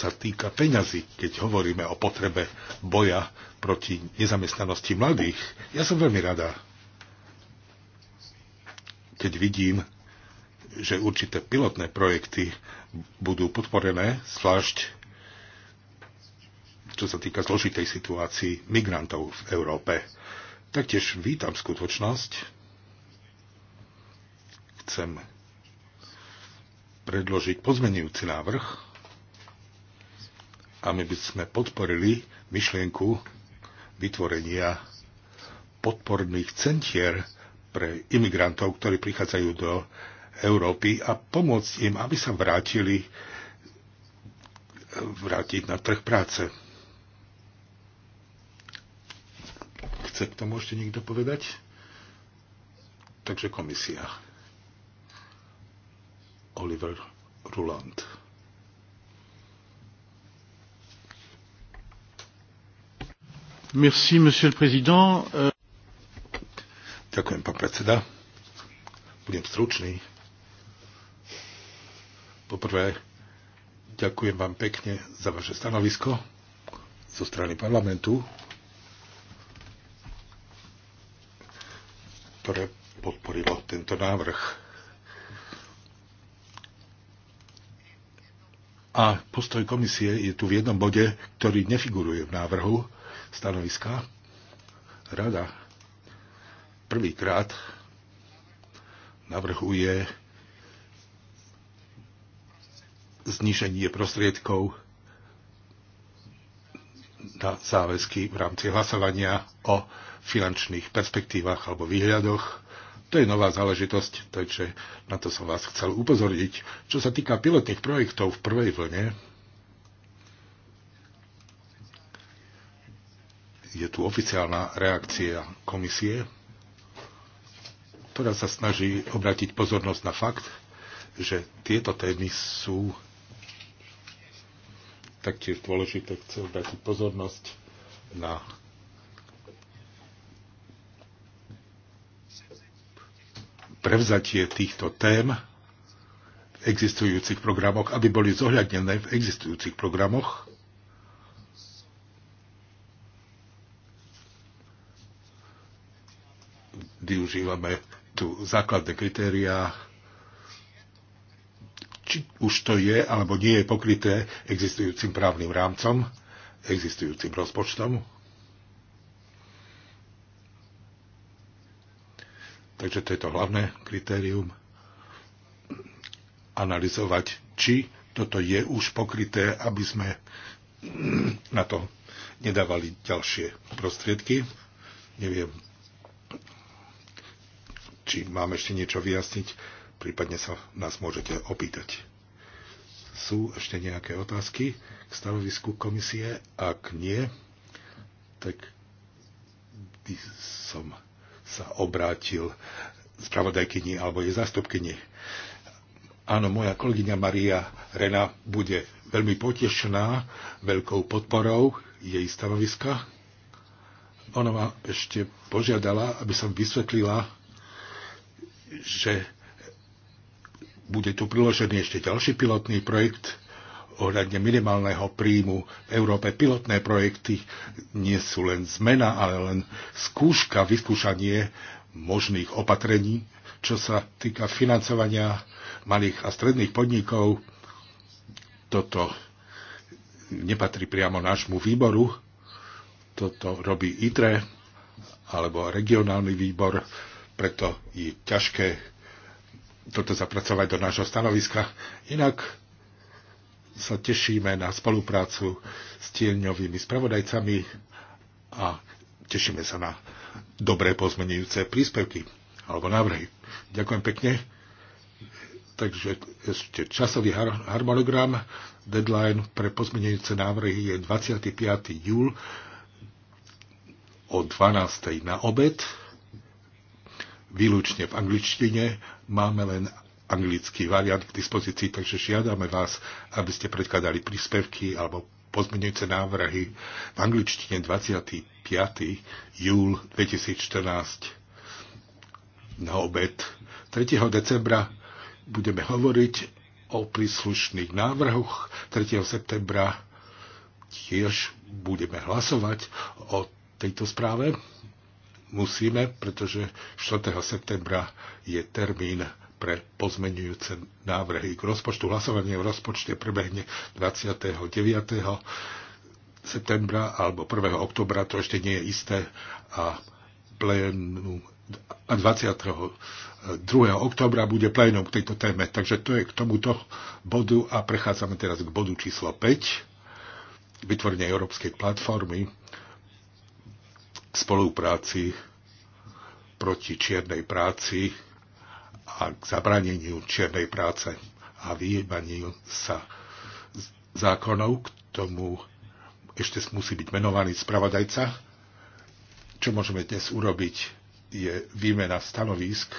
sa týka peňazí, keď hovoríme o potrebe boja proti nezamestnanosti mladých. Ja som veľmi rada, keď vidím, že určité pilotné projekty budú podporené, zvlášť čo sa týka zložitej situácii migrantov v Európe. Taktiež vítam skutočnosť. Chcem predložiť pozmenujúci návrh, a my by sme podporili myšlienku vytvorenia podporných centier pre imigrantov, ktorí prichádzajú do Európy a pomôcť im, aby sa vrátili vrátiť na trh práce. Chce k tomu ešte niekto povedať? Takže komisia. Oliver Ruland. monsieur le président. Eh, ďakujem, pán predseda. Budem stručný. Poprvé, ďakujem vám pekne za vaše stanovisko zo strany parlamentu, ktoré podporilo tento návrh. A postoj komisie je tu v jednom bode, ktorý nefiguruje v návrhu, stanoviska. Rada prvýkrát navrhuje zniženie prostriedkov na záväzky v rámci hlasovania o finančných perspektívach alebo výhľadoch. To je nová záležitosť, takže na to som vás chcel upozorniť. Čo sa týka pilotných projektov v prvej vlne, je tu oficiálna reakcia komisie, ktorá sa snaží obratiť pozornosť na fakt, že tieto témy sú taktiež dôležité. Chce obratiť pozornosť na prevzatie týchto tém v existujúcich programoch, aby boli zohľadnené v existujúcich programoch využívame tu základné kritériá, či už to je alebo nie je pokryté existujúcim právnym rámcom, existujúcim rozpočtom. Takže to je to hlavné kritérium. Analizovať, či toto je už pokryté, aby sme na to nedávali ďalšie prostriedky. Neviem či máme ešte niečo vyjasniť, prípadne sa nás môžete opýtať. Sú ešte nejaké otázky k stanovisku komisie? Ak nie, tak by som sa obrátil spravodajkyni alebo jej zástupkyni. Áno, moja kolegyňa Maria Rena bude veľmi potešená veľkou podporou jej stanoviska. Ona ma ešte požiadala, aby som vysvetlila že bude tu priložený ešte ďalší pilotný projekt ohľadne minimálneho príjmu v Európe. Pilotné projekty nie sú len zmena, ale len skúška, vyskúšanie možných opatrení, čo sa týka financovania malých a stredných podnikov. Toto nepatrí priamo nášmu výboru. Toto robí ITRE alebo regionálny výbor preto je ťažké toto zapracovať do nášho stanoviska. Inak sa tešíme na spoluprácu s tieňovými spravodajcami a tešíme sa na dobré pozmenujúce príspevky alebo návrhy. Ďakujem pekne. Takže ešte časový harmonogram, deadline pre pozmenujúce návrhy je 25. júl o 12. na obed výlučne v angličtine, máme len anglický variant k dispozícii, takže žiadame vás, aby ste predkladali príspevky alebo pozmeňujúce návrhy v angličtine 25. júl 2014 na obed. 3. decembra budeme hovoriť o príslušných návrhoch. 3. septembra tiež budeme hlasovať o tejto správe musíme, pretože 4. septembra je termín pre pozmenujúce návrhy k rozpočtu. Hlasovanie v rozpočte prebehne 29. septembra alebo 1. oktobra, to ešte nie je isté, a plénu, a 22. oktobra bude plénum k tejto téme. Takže to je k tomuto bodu a prechádzame teraz k bodu číslo 5 vytvorenie európskej platformy k spolupráci proti čiernej práci a k zabraneniu čiernej práce a vyjebaniu sa zákonov. K tomu ešte musí byť menovaný spravodajca. Čo môžeme dnes urobiť, je výmena stanovísk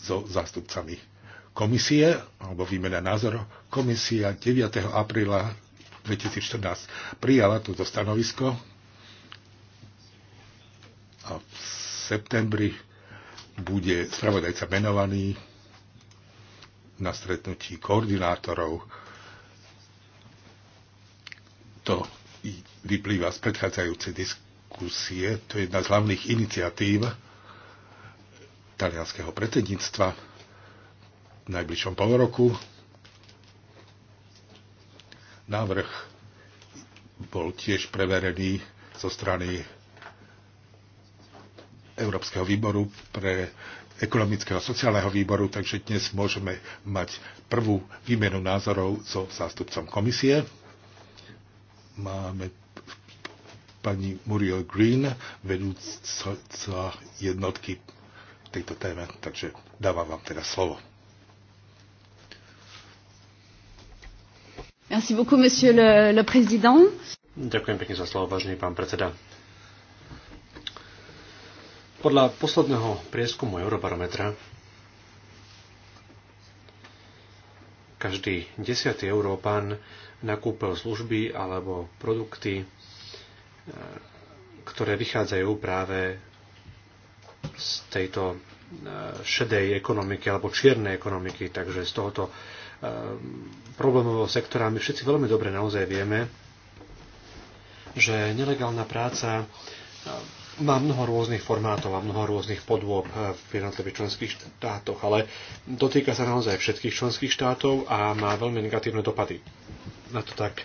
so zástupcami komisie, alebo výmena názorov. Komisia 9. apríla 2014 prijala toto stanovisko, a v septembri bude spravodajca menovaný na stretnutí koordinátorov. To vyplýva z predchádzajúcej diskusie. To je jedna z hlavných iniciatív talianského predsedníctva v najbližšom pol roku. Návrh bol tiež preverený zo strany Európskeho výboru pre ekonomického a sociálneho výboru, takže dnes môžeme mať prvú výmenu názorov so zástupcom komisie. Máme pani Muriel Green, vedúca jednotky tejto téme, takže dávam vám teraz slovo. Merci beaucoup, monsieur le, le président. Ďakujem pekne za slovo, vážený pán predseda. Podľa posledného prieskumu Eurobarometra každý desiatý Európan nakúpil služby alebo produkty, e, ktoré vychádzajú práve z tejto e, šedej ekonomiky alebo čiernej ekonomiky. Takže z tohoto e, problémového sektora my všetci veľmi dobre naozaj vieme, že nelegálna práca má mnoho rôznych formátov a mnoho rôznych podôb eh, v jednotlivých členských štátoch, ale dotýka sa naozaj všetkých členských štátov a má veľmi negatívne dopady. Na to tak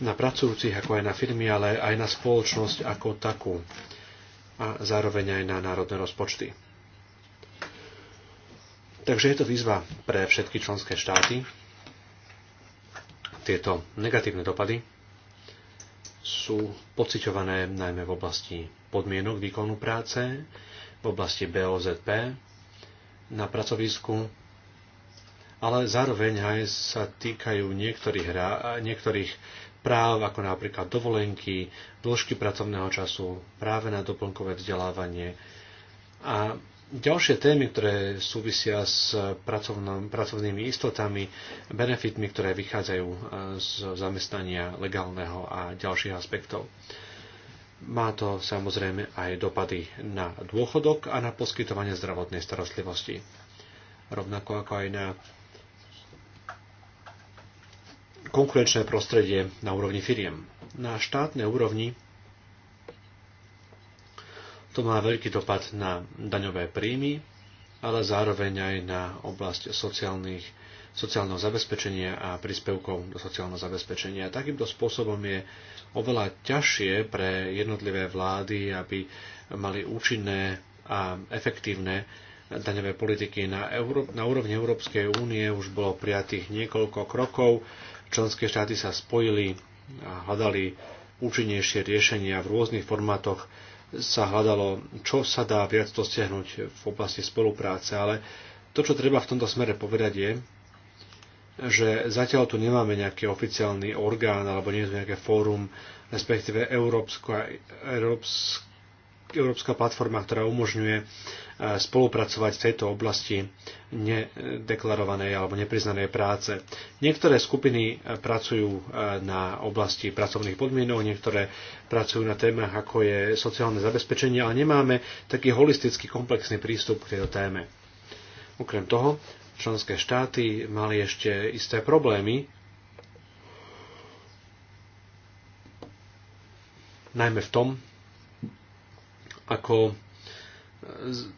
na pracujúcich, ako aj na firmy, ale aj na spoločnosť ako takú a zároveň aj na národné rozpočty. Takže je to výzva pre všetky členské štáty, tieto negatívne dopady sú pociťované najmä v oblasti podmienok výkonu práce, v oblasti BOZP, na pracovisku, ale zároveň aj sa týkajú niektorých, hra, niektorých práv, ako napríklad dovolenky, dĺžky pracovného času, práve na doplnkové vzdelávanie a Ďalšie témy, ktoré súvisia s pracovnými istotami, benefitmi, ktoré vychádzajú e, z zamestnania legálneho a ďalších aspektov. Má to samozrejme aj dopady na dôchodok a na poskytovanie zdravotnej starostlivosti. Rovnako ako aj na konkurenčné prostredie na úrovni firiem. Na štátnej úrovni to má veľký dopad na daňové príjmy, ale zároveň aj na oblasť sociálnych, sociálneho zabezpečenia a príspevkov do sociálneho zabezpečenia. Takýmto spôsobom je oveľa ťažšie pre jednotlivé vlády, aby mali účinné a efektívne daňové politiky. Na, Euró- na úrovni Európskej únie už bolo prijatých niekoľko krokov. Členské štáty sa spojili a hľadali účinnejšie riešenia v rôznych formátoch sa hľadalo, čo sa dá viac dosiahnuť v oblasti spolupráce, ale to, čo treba v tomto smere povedať je, že zatiaľ tu nemáme nejaký oficiálny orgán alebo nie je nejaké fórum, respektíve Európska, Európska európska platforma, ktorá umožňuje e, spolupracovať v tejto oblasti nedeklarovanej alebo nepriznanej práce. Niektoré skupiny e, pracujú e, na oblasti pracovných podmienok, niektoré pracujú na témach, ako je sociálne zabezpečenie, ale nemáme taký holistický komplexný prístup k tejto téme. Okrem toho, členské štáty mali ešte isté problémy najmä v tom, ako e,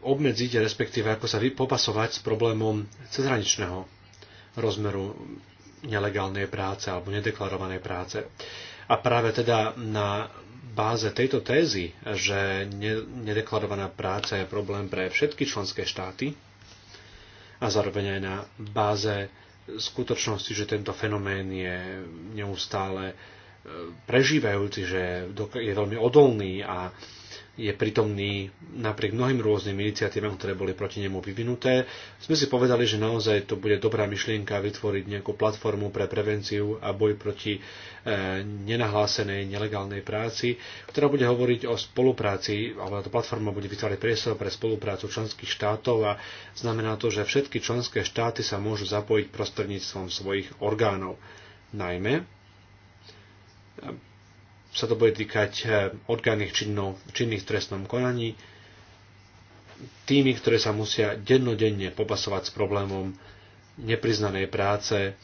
obmedziť, respektíve ako sa popasovať s problémom cezhraničného rozmeru nelegálnej práce alebo nedeklarovanej práce. A práve teda na báze tejto tézy, že nedeklarovaná práca je problém pre všetky členské štáty a zároveň aj na báze skutočnosti, že tento fenomén je neustále e, prežívajúci, že je veľmi odolný a je prítomný napriek mnohým rôznym iniciatívam, ktoré boli proti nemu vyvinuté. Sme si povedali, že naozaj to bude dobrá myšlienka vytvoriť nejakú platformu pre prevenciu a boj proti e, nenahlásenej nelegálnej práci, ktorá bude hovoriť o spolupráci, alebo táto platforma bude vytvárať priestor pre spoluprácu členských štátov a znamená to, že všetky členské štáty sa môžu zapojiť prostredníctvom svojich orgánov. Najmä sa to bude týkať eh, orgánnych činnov, činných v trestnom konaní, tými, ktoré sa musia dennodenne popasovať s problémom nepriznanej práce,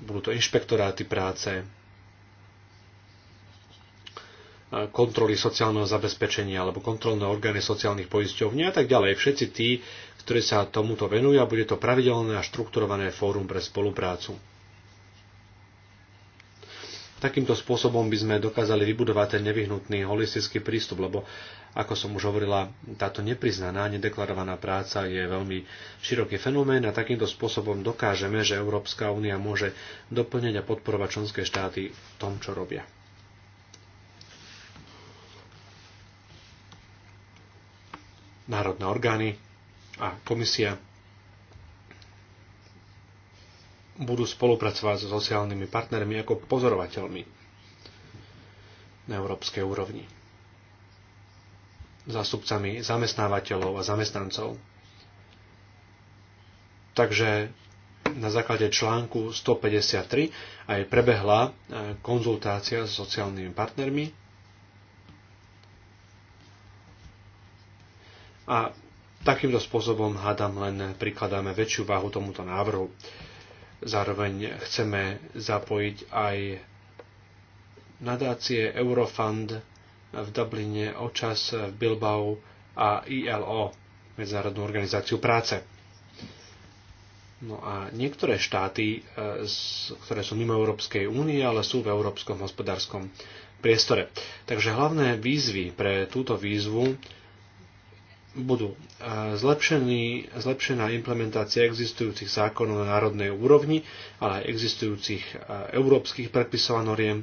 budú to inšpektoráty práce, eh, kontroly sociálneho zabezpečenia alebo kontrolné orgány sociálnych poisťovní a tak ďalej. Všetci tí, ktorí sa tomuto venujú a bude to pravidelné a štrukturované fórum pre spoluprácu. Takýmto spôsobom by sme dokázali vybudovať ten nevyhnutný holistický prístup, lebo ako som už hovorila, táto nepriznaná, nedeklarovaná práca je veľmi široký fenomén a takýmto spôsobom dokážeme, že Európska únia môže doplňať a podporovať členské štáty v tom, čo robia. Národné orgány a komisia budú spolupracovať so sociálnymi partnermi ako pozorovateľmi na európskej úrovni. Zástupcami zamestnávateľov a zamestnancov. Takže na základe článku 153 aj prebehla e, konzultácia s sociálnymi partnermi a takýmto spôsobom, hádam, len prikladáme väčšiu váhu tomuto návrhu. Zároveň chceme zapojiť aj nadácie Eurofund v Dubline, OČAS v Bilbao a ILO, Medzinárodnú organizáciu práce. No a niektoré štáty, e, ktoré sú mimo Európskej únie, ale sú v európskom hospodárskom priestore. Takže hlavné výzvy pre túto výzvu budú zlepšený, zlepšená implementácia existujúcich zákonov na národnej úrovni, ale aj existujúcich európskych predpisov a noriem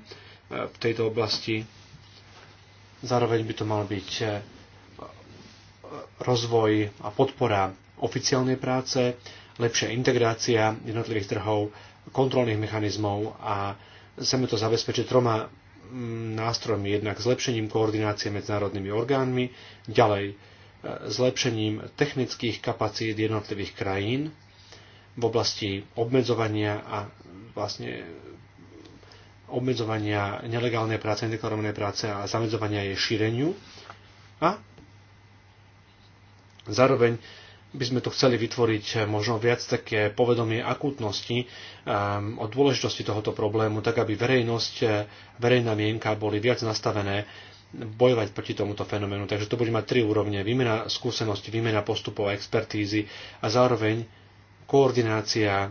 v tejto oblasti. Zároveň by to mal byť rozvoj a podpora oficiálnej práce, lepšia integrácia jednotlivých trhov, kontrolných mechanizmov a chceme to zabezpečiť troma nástrojmi, jednak zlepšením koordinácie medzi národnými orgánmi, ďalej zlepšením technických kapacít jednotlivých krajín v oblasti obmedzovania a vlastne obmedzovania nelegálnej práce, nedeklarovanej práce a zamedzovania jej šíreniu. A zároveň by sme tu chceli vytvoriť možno viac také povedomie akútnosti um, o dôležitosti tohoto problému, tak aby verejnosť, verejná mienka boli viac nastavené bojovať proti tomuto fenoménu. Takže to bude mať tri úrovne. Výmena skúsenosti, výmena postupov a expertízy a zároveň koordinácia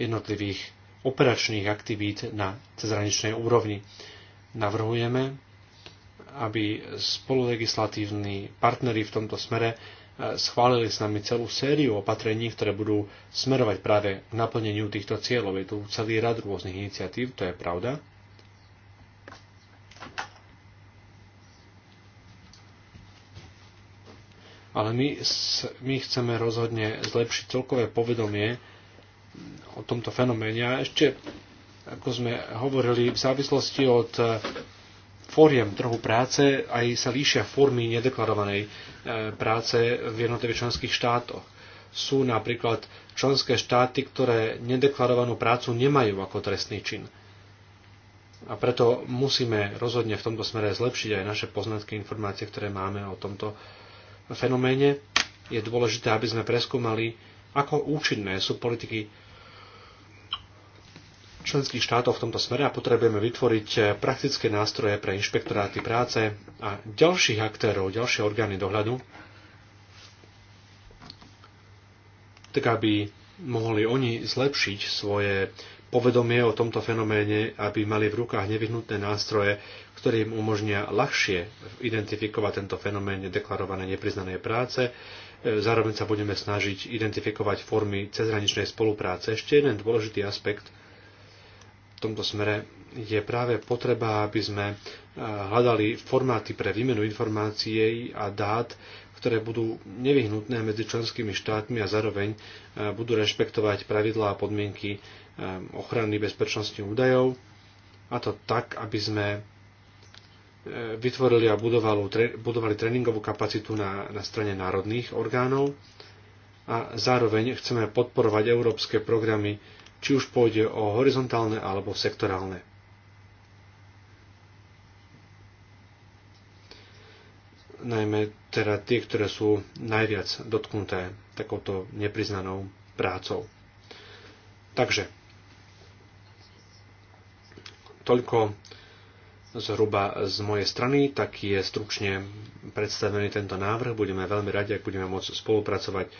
jednotlivých operačných aktivít na cezhraničnej úrovni. Navrhujeme, aby spolulegislatívni partnery v tomto smere eh, schválili s nami celú sériu opatrení, ktoré budú smerovať práve k naplneniu týchto cieľov. Je tu celý rad rôznych iniciatív, to je pravda, ale my, my chceme rozhodne zlepšiť celkové povedomie o tomto fenoméne. A ešte, ako sme hovorili, v závislosti od eh, fóriem trhu práce aj sa líšia formy nedeklarovanej eh, práce v jednotlivých členských štátoch. Sú napríklad členské štáty, ktoré nedeklarovanú prácu nemajú ako trestný čin. A preto musíme rozhodne v tomto smere zlepšiť aj naše poznatky, informácie, ktoré máme o tomto fenoméne, je dôležité, aby sme preskúmali, ako účinné sú politiky členských štátov v tomto smere a potrebujeme vytvoriť eh, praktické nástroje pre inšpektoráty práce a ďalších aktérov, ďalšie orgány dohľadu, tak aby mohli oni zlepšiť svoje povedomie o tomto fenoméne, aby mali v rukách nevyhnutné nástroje, ktoré im umožnia ľahšie identifikovať tento fenomén deklarovanej nepriznanej práce. E, zároveň sa budeme snažiť identifikovať formy cezhraničnej spolupráce. Ešte jeden dôležitý aspekt v tomto smere je práve potreba, aby sme e, hľadali formáty pre výmenu informácií a dát, ktoré budú nevyhnutné medzi členskými štátmi a zároveň e, budú rešpektovať pravidlá a podmienky Um, ochrany bezpečnosti údajov, a to tak, aby sme e, vytvorili a budovali, budovali tréningovú kapacitu na, na strane národných orgánov a zároveň chceme podporovať európske programy, či už pôjde o horizontálne alebo sektorálne. najmä teda tie, ktoré sú najviac dotknuté takouto nepriznanou prácou. Takže Toľko zhruba z mojej strany, tak je stručne predstavený tento návrh. Budeme veľmi radi, ak budeme môcť spolupracovať e,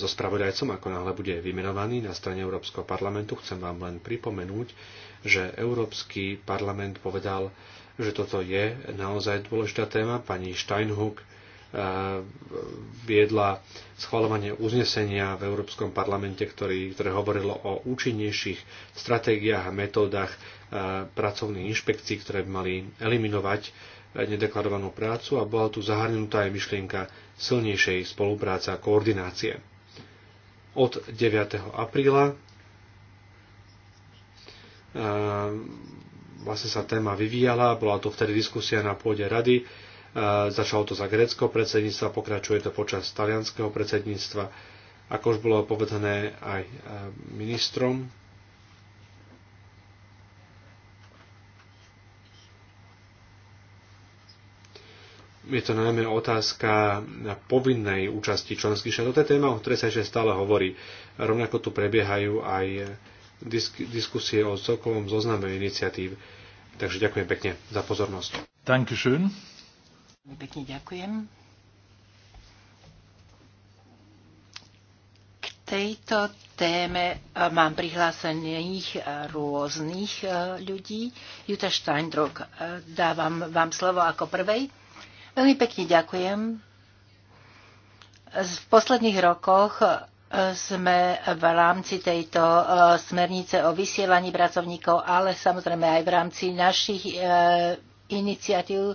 so spravodajcom, ako náhle bude vymenovaný na strane Európskeho parlamentu. Chcem vám len pripomenúť, že Európsky parlament povedal, že toto je naozaj dôležitá téma. Pani Steinhuk e, viedla schvalovanie uznesenia v Európskom parlamente, ktorý, ktoré hovorilo o účinnejších stratégiách a metódach pracovných inšpekcií, ktoré by mali eliminovať e, nedeklarovanú prácu a bola tu zahrnutá aj myšlienka silnejšej spolupráce a koordinácie. Od 9. apríla e, vlastne sa téma vyvíjala, bola to vtedy diskusia na pôde rady, e, začalo to za grécko predsedníctva, pokračuje to počas talianského predsedníctva, ako už bolo povedané aj ministrom je to najmä otázka na povinnej účasti členských štátov. To je téma, o ktorej sa ešte stále hovorí. Rovnako tu prebiehajú aj disk- diskusie o celkovom zozname iniciatív. Takže ďakujem pekne za pozornosť. Dankeschön. Pekne ďakujem. K tejto téme e, mám prihlásených e, rôznych e, ľudí. Juta Steindrock, dávam vám slovo ako prvej. Veľmi pekne ďakujem. V posledných rokoch e, sme v rámci tejto e, smernice o vysielaní pracovníkov, ale samozrejme aj v rámci našich e, iniciatív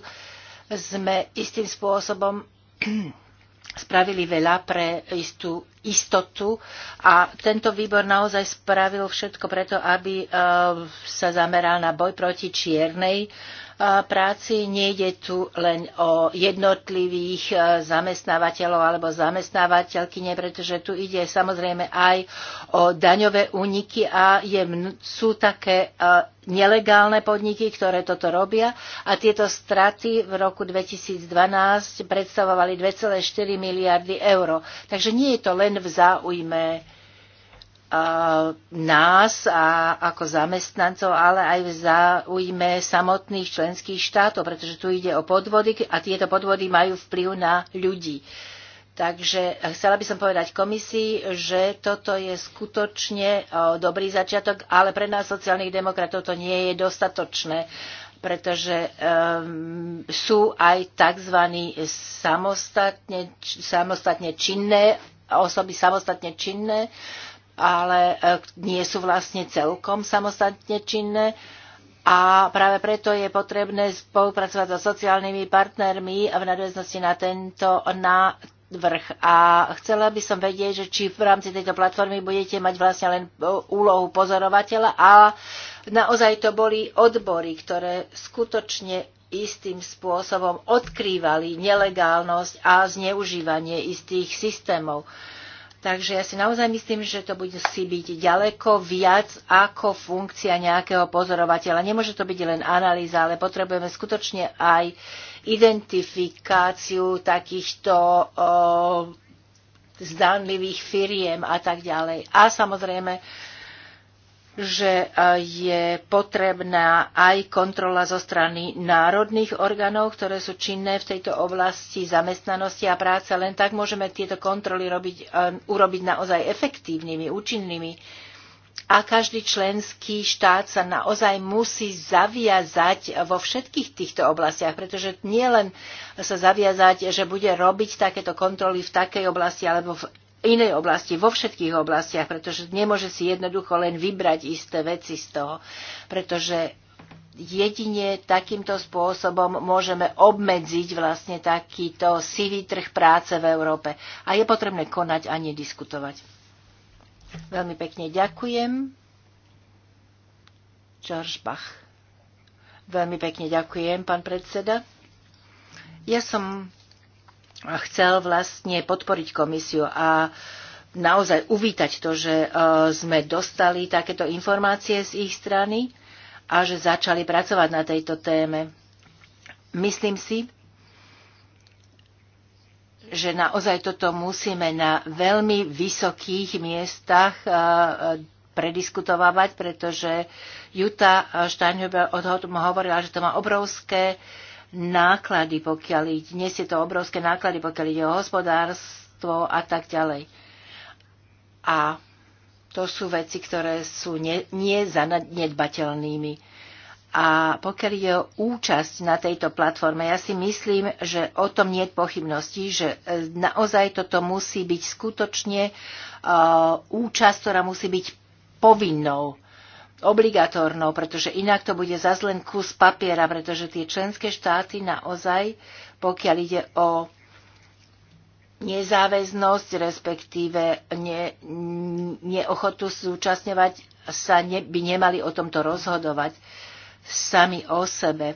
sme istým spôsobom spravili veľa pre istú istotu a tento výbor naozaj spravil všetko preto, aby sa zameral na boj proti čiernej práci. Nejde tu len o jednotlivých e, zamestnávateľov alebo zamestnávateľky, nie, pretože tu ide samozrejme aj o daňové úniky a je, sú také e, nelegálne podniky, ktoré toto robia a tieto straty v roku 2012 predstavovali 2,4 miliardy eur. Takže nie je to len v záujme Eh, nás a ako zamestnancov, ale aj v záujme samotných členských štátov, pretože tu ide o podvody a tieto podvody majú vplyv na ľudí. Takže chcela by som povedať komisii, že toto je skutočne eh, dobrý začiatok, ale pre nás sociálnych demokratov to nie je dostatočné, pretože um, sú aj tzv. Samostatne, samostatne činné osoby samostatne činné, uh, ale e, nie sú vlastne celkom samostatne činné. A práve preto je potrebné spolupracovať so sociálnymi partnermi v nadväznosti na tento na vrch. A chcela by som vedieť, že či v rámci tejto platformy budete mať vlastne len e, úlohu pozorovateľa a naozaj to boli odbory, ktoré skutočne istým spôsobom odkrývali nelegálnosť a zneužívanie istých systémov. Uh, Takže ja si naozaj myslím, že to bude si byť ďaleko viac ako funkcia nejakého pozorovateľa. Nemôže to byť len analýza, ale potrebujeme skutočne aj identifikáciu takýchto o, zdanlivých firiem a tak ďalej. A samozrejme že e, je potrebná aj kontrola zo strany národných orgánov, ktoré sú činné v tejto oblasti zamestnanosti a práce. Len tak môžeme tieto kontroly robiť, e, urobiť naozaj efektívnymi, účinnými. A každý členský štát sa naozaj musí zaviazať vo všetkých týchto oblastiach, pretože nielen sa zaviazať, že bude robiť takéto kontroly v takej oblasti alebo v inej oblasti, vo všetkých oblastiach, pretože nemôže si jednoducho len vybrať isté veci z toho, pretože jedine takýmto spôsobom môžeme obmedziť vlastne takýto sivý trh práce v Európe. A je potrebné konať a nediskutovať. Veľmi pekne ďakujem. George Bach. Veľmi pekne ďakujem, pán predseda. Ja som chcel vlastne podporiť komisiu a naozaj uvítať to, že e, sme dostali takéto informácie z ich strany a že začali pracovať na tejto téme. Myslím si, že naozaj toto musíme na veľmi vysokých miestach e, e, prediskutovať, pretože Juta Steinhuber o tom hovorila, že to má obrovské uh, náklady, pokiaľ ide, nesie to obrovské náklady, pokiaľ ide o hospodárstvo a tak ďalej. A to sú veci, ktoré sú nezanedbateľnými. A pokiaľ je o účasť na tejto platforme, ja si myslím, že o tom nie je pochybnosti, že e, naozaj toto musí byť skutočne uh, účasť, ktorá musí byť povinnou obligatórnou, pretože inak to bude zase len kus papiera, pretože tie členské štáty naozaj, pokiaľ ide o nezáväznosť, respektíve ne, neochotu súčasňovať, sa ne, by nemali o tomto rozhodovať sami o sebe.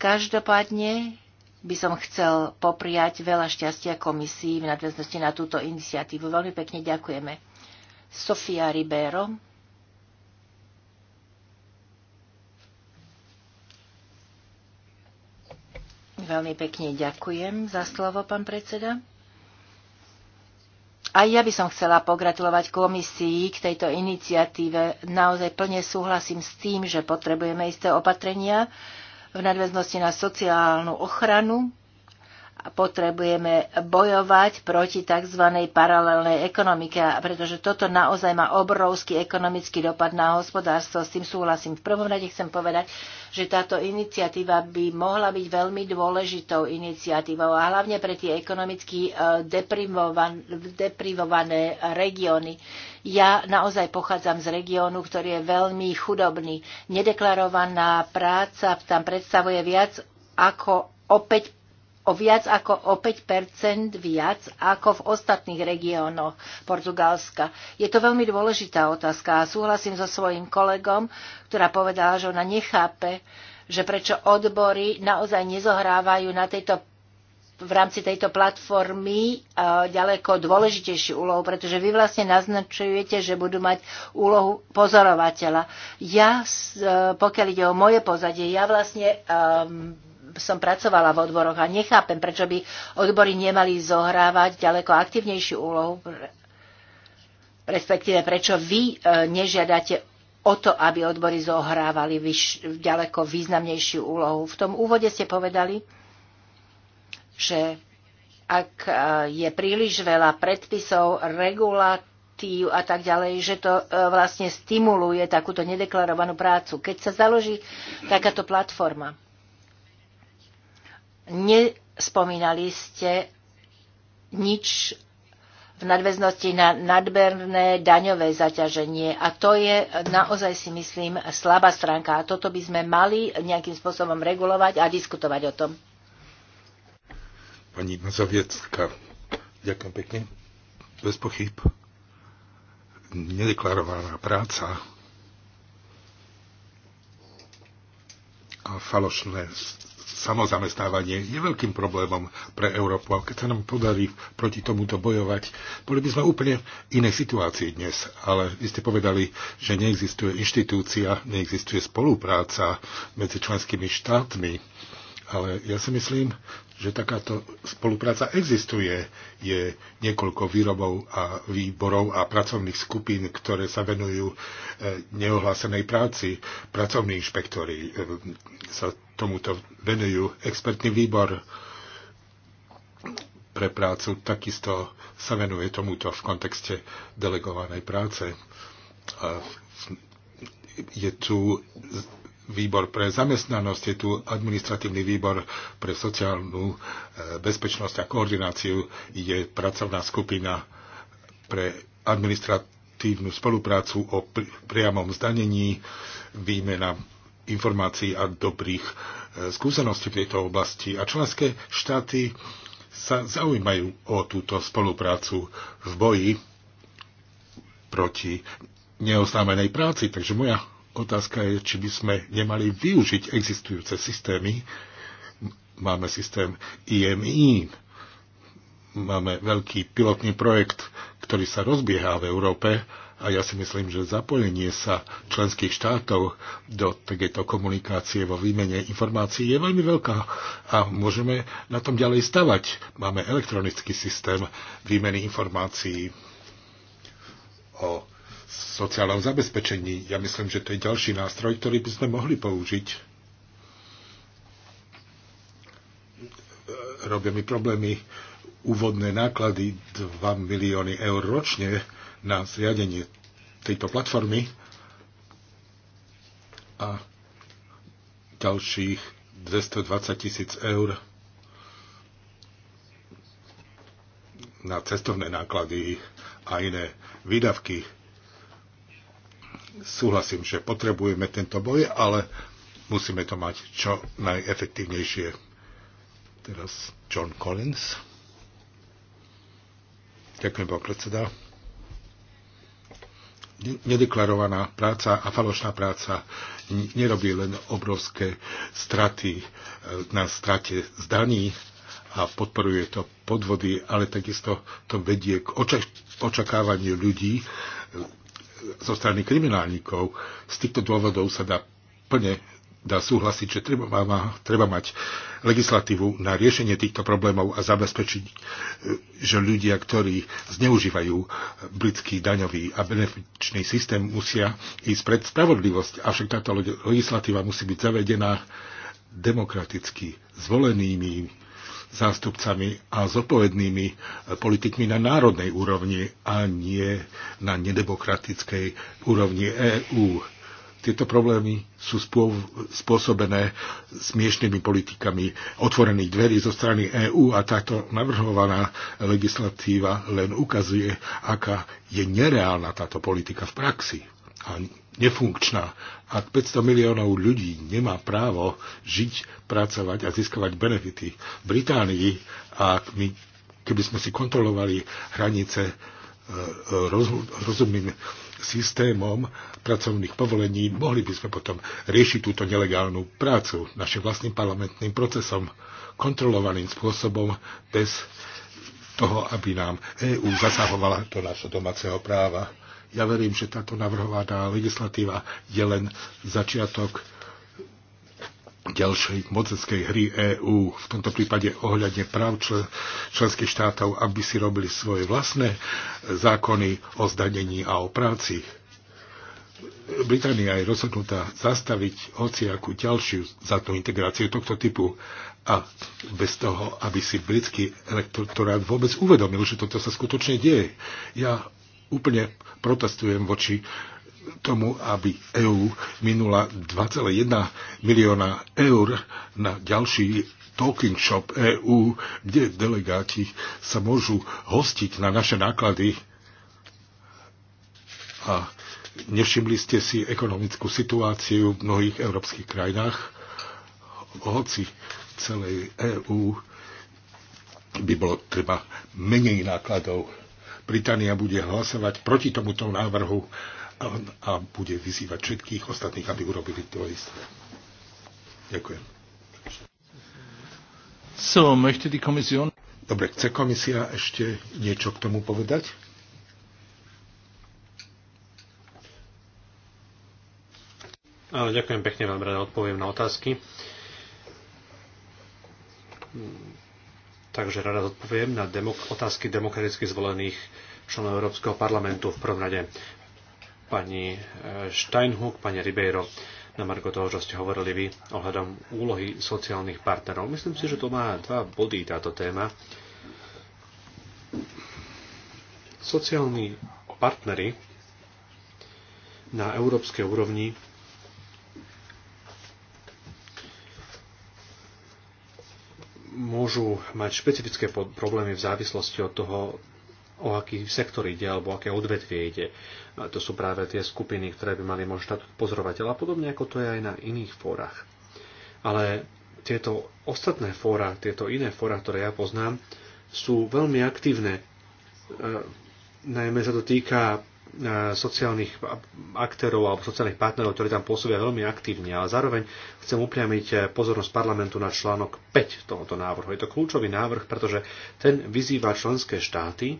Každopádne by som chcel popriať veľa šťastia komisii v nadväznosti na túto iniciatívu. Veľmi pekne ďakujeme. Sofia Ribeiro. Veľmi pekne ďakujem za slovo, pán predseda. A ja by som chcela pogratulovať komisii k tejto iniciatíve. Naozaj plne súhlasím s tým, že potrebujeme isté opatrenia v nadväznosti na sociálnu ochranu potrebujeme bojovať proti tzv. paralelnej ekonomike, pretože toto naozaj má obrovský ekonomický dopad na hospodárstvo. S tým súhlasím. V prvom rade chcem povedať, že táto iniciatíva by mohla byť veľmi dôležitou iniciatívou a hlavne pre tie ekonomicky e, deprivované, deprivované regióny. Ja naozaj pochádzam z regiónu, ktorý je veľmi chudobný. Nedeklarovaná práca tam predstavuje viac ako o o viac ako o 5 viac ako v ostatných regiónoch Portugalska. Je to veľmi dôležitá otázka a súhlasím so svojím kolegom, ktorá povedala, že ona nechápe, že prečo odbory naozaj nezohrávajú na tejto v rámci tejto platformy e, ďaleko dôležitejšiu úlohu, pretože vy vlastne naznačujete, že budú mať úlohu pozorovateľa. Ja, e, pokiaľ ide o moje pozadie, ja vlastne um, som pracovala v odboroch a nechápem, prečo by odbory nemali zohrávať ďaleko aktívnejšiu úlohu, respektíve prečo vy e, nežiadate o to, aby odbory zohrávali vyš, ďaleko významnejšiu úlohu. V tom úvode ste povedali, že ak e, je príliš veľa predpisov, regulatív a tak ďalej, že to e, vlastne stimuluje takúto nedeklarovanú prácu. Keď sa založí takáto platforma, Nespomínali ste nič v nadväznosti na nadberné daňové zaťaženie. A to je naozaj si myslím slabá stránka. A toto by sme mali nejakým spôsobom regulovať a diskutovať o tom. Pani Mazoviecka, ďakujem pekne. Bez pochyb nedeklarovaná práca a falošné samozamestnávanie je veľkým problémom pre Európu. A keď sa nám podarí proti tomuto bojovať, boli by sme úplne inej situácii dnes. Ale vy ste povedali, že neexistuje inštitúcia, neexistuje spolupráca medzi členskými štátmi ale ja si myslím, že takáto spolupráca existuje. Je niekoľko výrobov a výborov a pracovných skupín, ktoré sa venujú e, neohlásenej práci. Pracovní inšpektori e, sa tomuto venujú. Expertný výbor pre prácu takisto sa venuje tomuto v kontexte delegovanej práce. A je tu výbor pre zamestnanosť, je tu administratívny výbor pre sociálnu e, bezpečnosť a koordináciu, je pracovná skupina pre administratívnu spoluprácu o priamom zdanení, výmena informácií a dobrých e, skúseností v tejto oblasti. A členské štáty sa zaujímajú o túto spoluprácu v boji proti neoznámenej práci. Takže moja Otázka je, či by sme nemali využiť existujúce systémy. Máme systém IMI, máme veľký pilotný projekt, ktorý sa rozbieha v Európe a ja si myslím, že zapojenie sa členských štátov do takéto komunikácie vo výmene informácií je veľmi veľká a môžeme na tom ďalej stavať. Máme elektronický systém výmeny informácií o sociálnom zabezpečení. Ja myslím, že to je ďalší nástroj, ktorý by sme mohli použiť. Robia mi problémy úvodné náklady 2 milióny eur ročne na zriadenie tejto platformy a ďalších 220 tisíc eur na cestovné náklady a iné výdavky súhlasím, že potrebujeme tento boj, ale musíme to mať čo najefektívnejšie. Teraz John Collins. Ďakujem, pán predseda. Nedeklarovaná práca a falošná práca nerobí len obrovské straty e, na strate zdaní a podporuje to podvody, ale takisto to vedie k očakávaniu ľudí, zo strany kriminálnikov. Z týchto dôvodov sa dá plne dá súhlasiť, že treba, má, treba mať legislatívu na riešenie týchto problémov a zabezpečiť, e, že ľudia, ktorí zneužívajú britský daňový a benefičný systém, musia ísť pred spravodlivosť. Avšak táto legislatíva musí byť zavedená demokraticky zvolenými zástupcami a zodpovednými politikmi na národnej úrovni a nie na nedemokratickej úrovni EÚ. Tieto problémy sú spôsobené smiešnými politikami otvorených dverí zo strany EÚ a táto navrhovaná legislatíva len ukazuje, aká je nereálna táto politika v praxi a nefunkčná. Ak 500 miliónov ľudí nemá právo žiť, pracovať a získavať benefity v Británii, a ak my, keby sme si kontrolovali hranice e, e, rozumným systémom pracovných povolení, mohli by sme potom riešiť túto nelegálnu prácu našim vlastným parlamentným procesom kontrolovaným spôsobom bez toho, aby nám EÚ zasahovala do našho domáceho práva. Ja verím, že táto navrhovaná legislatíva je len začiatok ďalšej mocenskej hry EÚ, v tomto prípade ohľadne práv člen, členských štátov, aby si robili svoje vlastné zákony o zdanení a o práci. Británia je rozhodnutá zastaviť hociakú ďalšiu zadnú integráciu tohto typu a bez toho, aby si britský elektorát vôbec uvedomil, že toto sa skutočne deje. Ja úplne protestujem voči tomu, aby EÚ minula 2,1 milióna eur na ďalší Talking Shop EÚ, kde delegáti sa môžu hostiť na naše náklady. A nevšimli ste si ekonomickú situáciu v mnohých európskych krajinách, hoci celej EÚ by bolo treba menej nákladov Británia bude hlasovať proti tomuto návrhu a bude vyzývať všetkých ostatných, aby urobili to isté. Ďakujem. So, möchte die Kommission... Dobre, chce komisia ešte niečo k tomu povedať? Ďakujem pekne, veľmi rada odpoviem na otázky. Takže rada odpoviem na demok- otázky demokraticky zvolených členov Európskeho parlamentu v prvom rade. Pani e, Steinhuk, pani Ribeiro, na marko toho, čo ste hovorili vy ohľadom úlohy sociálnych partnerov. Myslím si, že to má dva body táto téma. Sociálni partnery na európskej úrovni môžu mať špecifické problémy v závislosti od toho, o aký sektor ide alebo aké odvetvie ide. A to sú práve tie skupiny, ktoré by mali možno štatút pozorovateľa, podobne ako to je aj na iných fórach. Ale tieto ostatné fóra, tieto iné fóra, ktoré ja poznám, sú veľmi aktívne. E, najmä sa to týka Eh, sociálnych aktérov alebo sociálnych partnerov, ktorí tam pôsobia veľmi aktívne, ale zároveň chcem upriamiť eh, pozornosť parlamentu na článok 5 tohoto návrhu. Je to kľúčový návrh, pretože ten vyzýva členské štáty,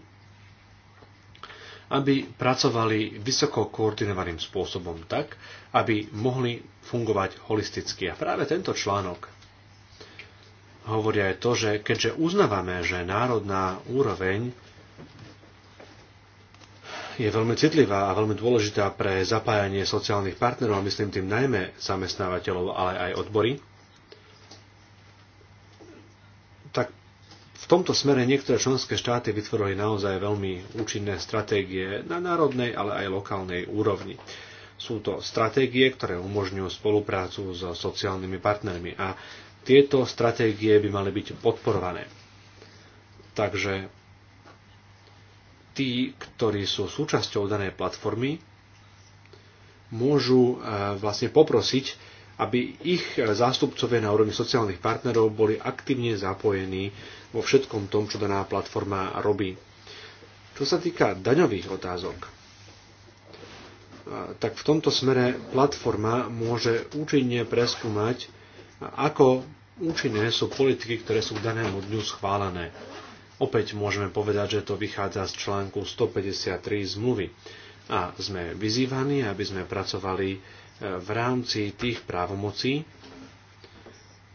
aby pracovali vysoko koordinovaným spôsobom tak, aby mohli fungovať holisticky. A práve tento článok hovorí aj to, že keďže uznávame, že národná úroveň je veľmi citlivá a veľmi dôležitá pre zapájanie sociálnych partnerov, a myslím tým najmä zamestnávateľov, ale aj odbory, tak v tomto smere niektoré členské štáty vytvorili naozaj veľmi účinné stratégie na národnej, ale aj lokálnej úrovni. Sú to stratégie, ktoré umožňujú spoluprácu so sociálnymi partnermi a tieto stratégie by mali byť podporované. Takže tí, ktorí sú súčasťou danej platformy, môžu e, vlastne poprosiť, aby ich e, zástupcovia na úrovni sociálnych partnerov boli aktívne zapojení vo všetkom tom, čo daná platforma robí. Čo sa týka daňových otázok, e, tak v tomto smere platforma môže účinne preskúmať, ako účinné sú politiky, ktoré sú k danému dňu schválené Opäť môžeme povedať, že to vychádza z článku 153 zmluvy a sme vyzývaní, aby sme pracovali e, v rámci tých právomocí,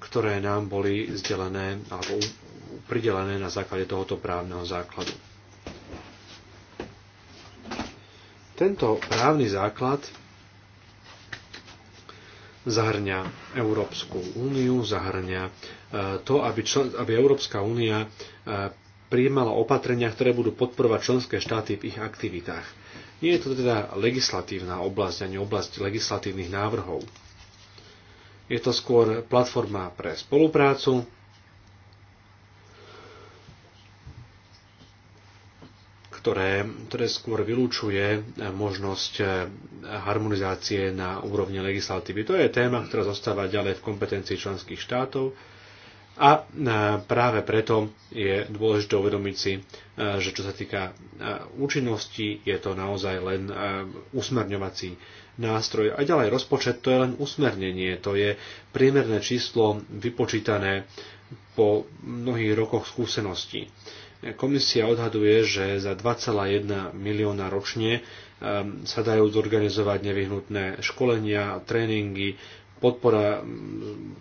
ktoré nám boli zdelené alebo pridelené na základe tohoto právneho základu. Tento právny základ zahrňa Európsku úniu, zahrňa e, to, aby, člen, aby Európska únia e, prijímala opatrenia, ktoré budú podporovať členské štáty v ich aktivitách. Nie je to teda legislatívna oblasť ani oblasť legislatívnych návrhov. Je to skôr platforma pre spoluprácu, ktoré, ktoré skôr vylúčuje možnosť harmonizácie na úrovni legislatívy. To je téma, ktorá zostáva ďalej v kompetencii členských štátov a e, práve preto je dôležité uvedomiť si, e, že čo sa týka e, účinnosti, je to naozaj len usmerňovací nástroj. A ďalej rozpočet to je len usmernenie, to je priemerné číslo vypočítané po mnohých rokoch skúseností. Komisia odhaduje, že za 2,1 milióna ročne sa dajú zorganizovať nevyhnutné školenia, tréningy, podpora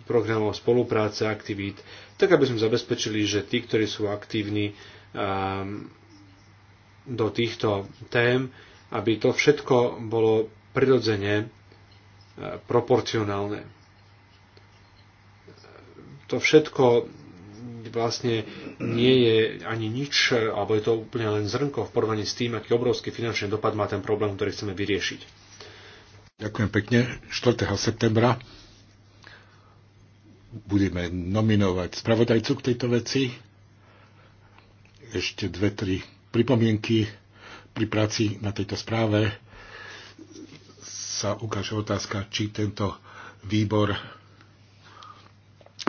programov spolupráce aktivít, tak aby sme zabezpečili, že tí, ktorí sú aktívni ehm, do týchto tém, aby to všetko bolo prirodzene e, proporcionálne. To všetko vlastne nie je ani nič, alebo je to úplne len zrnko v porovnaní s tým, aký obrovský finančný dopad má ten problém, ktorý chceme vyriešiť. Ďakujem pekne. 4. septembra budeme nominovať spravodajcu k tejto veci. Ešte dve, tri pripomienky pri práci na tejto správe sa ukáže otázka, či tento výbor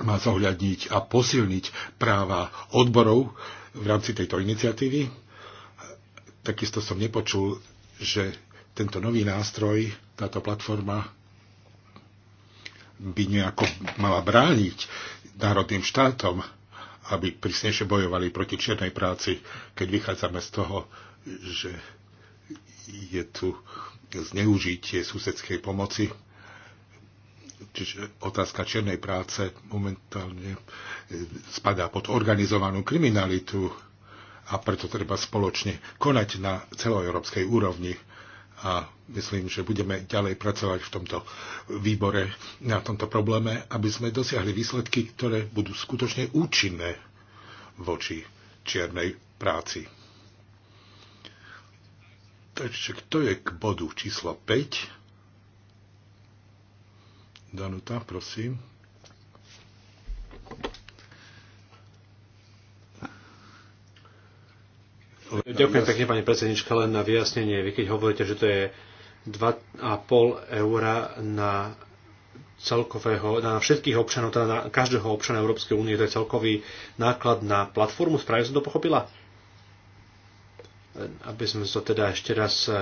má zohľadniť a posilniť práva odborov v rámci tejto iniciatívy. Takisto som nepočul, že tento nový nástroj, táto platforma by nejako mala brániť národným štátom, aby prísnejšie bojovali proti čiernej práci, keď vychádzame z toho, že je tu zneužitie susedskej pomoci. Čiže otázka čiernej práce momentálne spadá pod organizovanú kriminalitu a preto treba spoločne konať na celoeurópskej úrovni a myslím, že budeme ďalej pracovať v tomto výbore na tomto probléme, aby sme dosiahli výsledky, ktoré budú skutočne účinné voči čiernej práci. Takže kto je k bodu číslo 5? Danuta, prosím. Ďakujem pekne, pani predsednička, len na vyjasnenie. Vy keď hovoríte, že to je 2,5 eura na celkového, na všetkých občanov, teda na každého občana Európskej únie, to je celkový náklad na platformu. Správne som to pochopila? Aby sme to teda ešte raz e, e,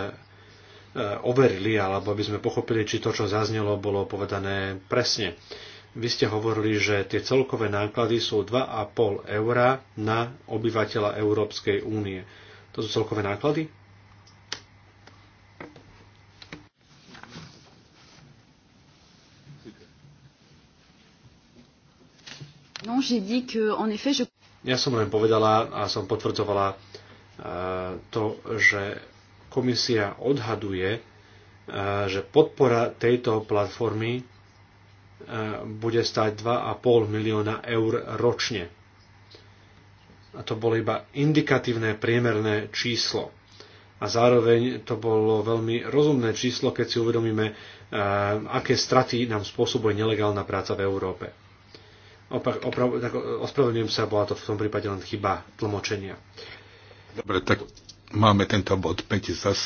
overili, alebo aby sme pochopili, či to, čo zaznelo, bolo povedané presne. Vy ste hovorili, že tie celkové náklady sú 2,5 eur na obyvateľa Európskej únie. To sú celkové náklady? Non, j'ai dit que, en effet, je... Ja som len povedala a som potvrdzovala e, to, že komisia odhaduje, e, že podpora tejto platformy E, bude stať 2,5 milióna eur ročne. A to bolo iba indikatívne priemerné číslo. A zároveň to bolo veľmi rozumné číslo, keď si uvedomíme, e, aké straty nám spôsobuje nelegálna práca v Európe. Opak, oprav, tak ospravedlňujem sa, bola to v tom prípade len chyba tlmočenia. Dobre, tak máme tento bod 5 za,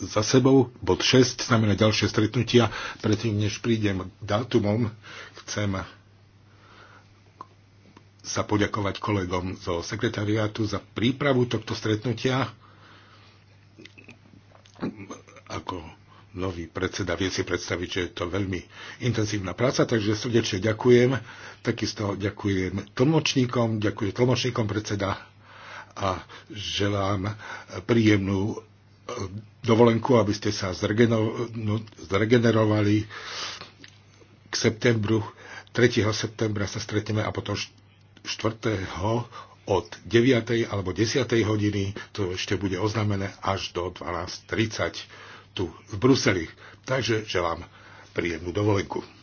za sebou. Bod 6 znamená ďalšie stretnutia. Predtým, než prídem dátumom, chcem sa poďakovať kolegom zo sekretariátu za prípravu tohto stretnutia. Ako nový predseda vie si predstaviť, že je to veľmi intenzívna práca, takže srdečne ďakujem. Takisto ďakujem tlmočníkom, ďakujem tlmočníkom predseda a želám príjemnú dovolenku, aby ste sa no, zregenerovali k septembru. 3. septembra sa stretneme a potom 4. od 9. alebo 10. hodiny, to ešte bude oznamené až do 12.30 tu v Bruseli. Takže želám príjemnú dovolenku.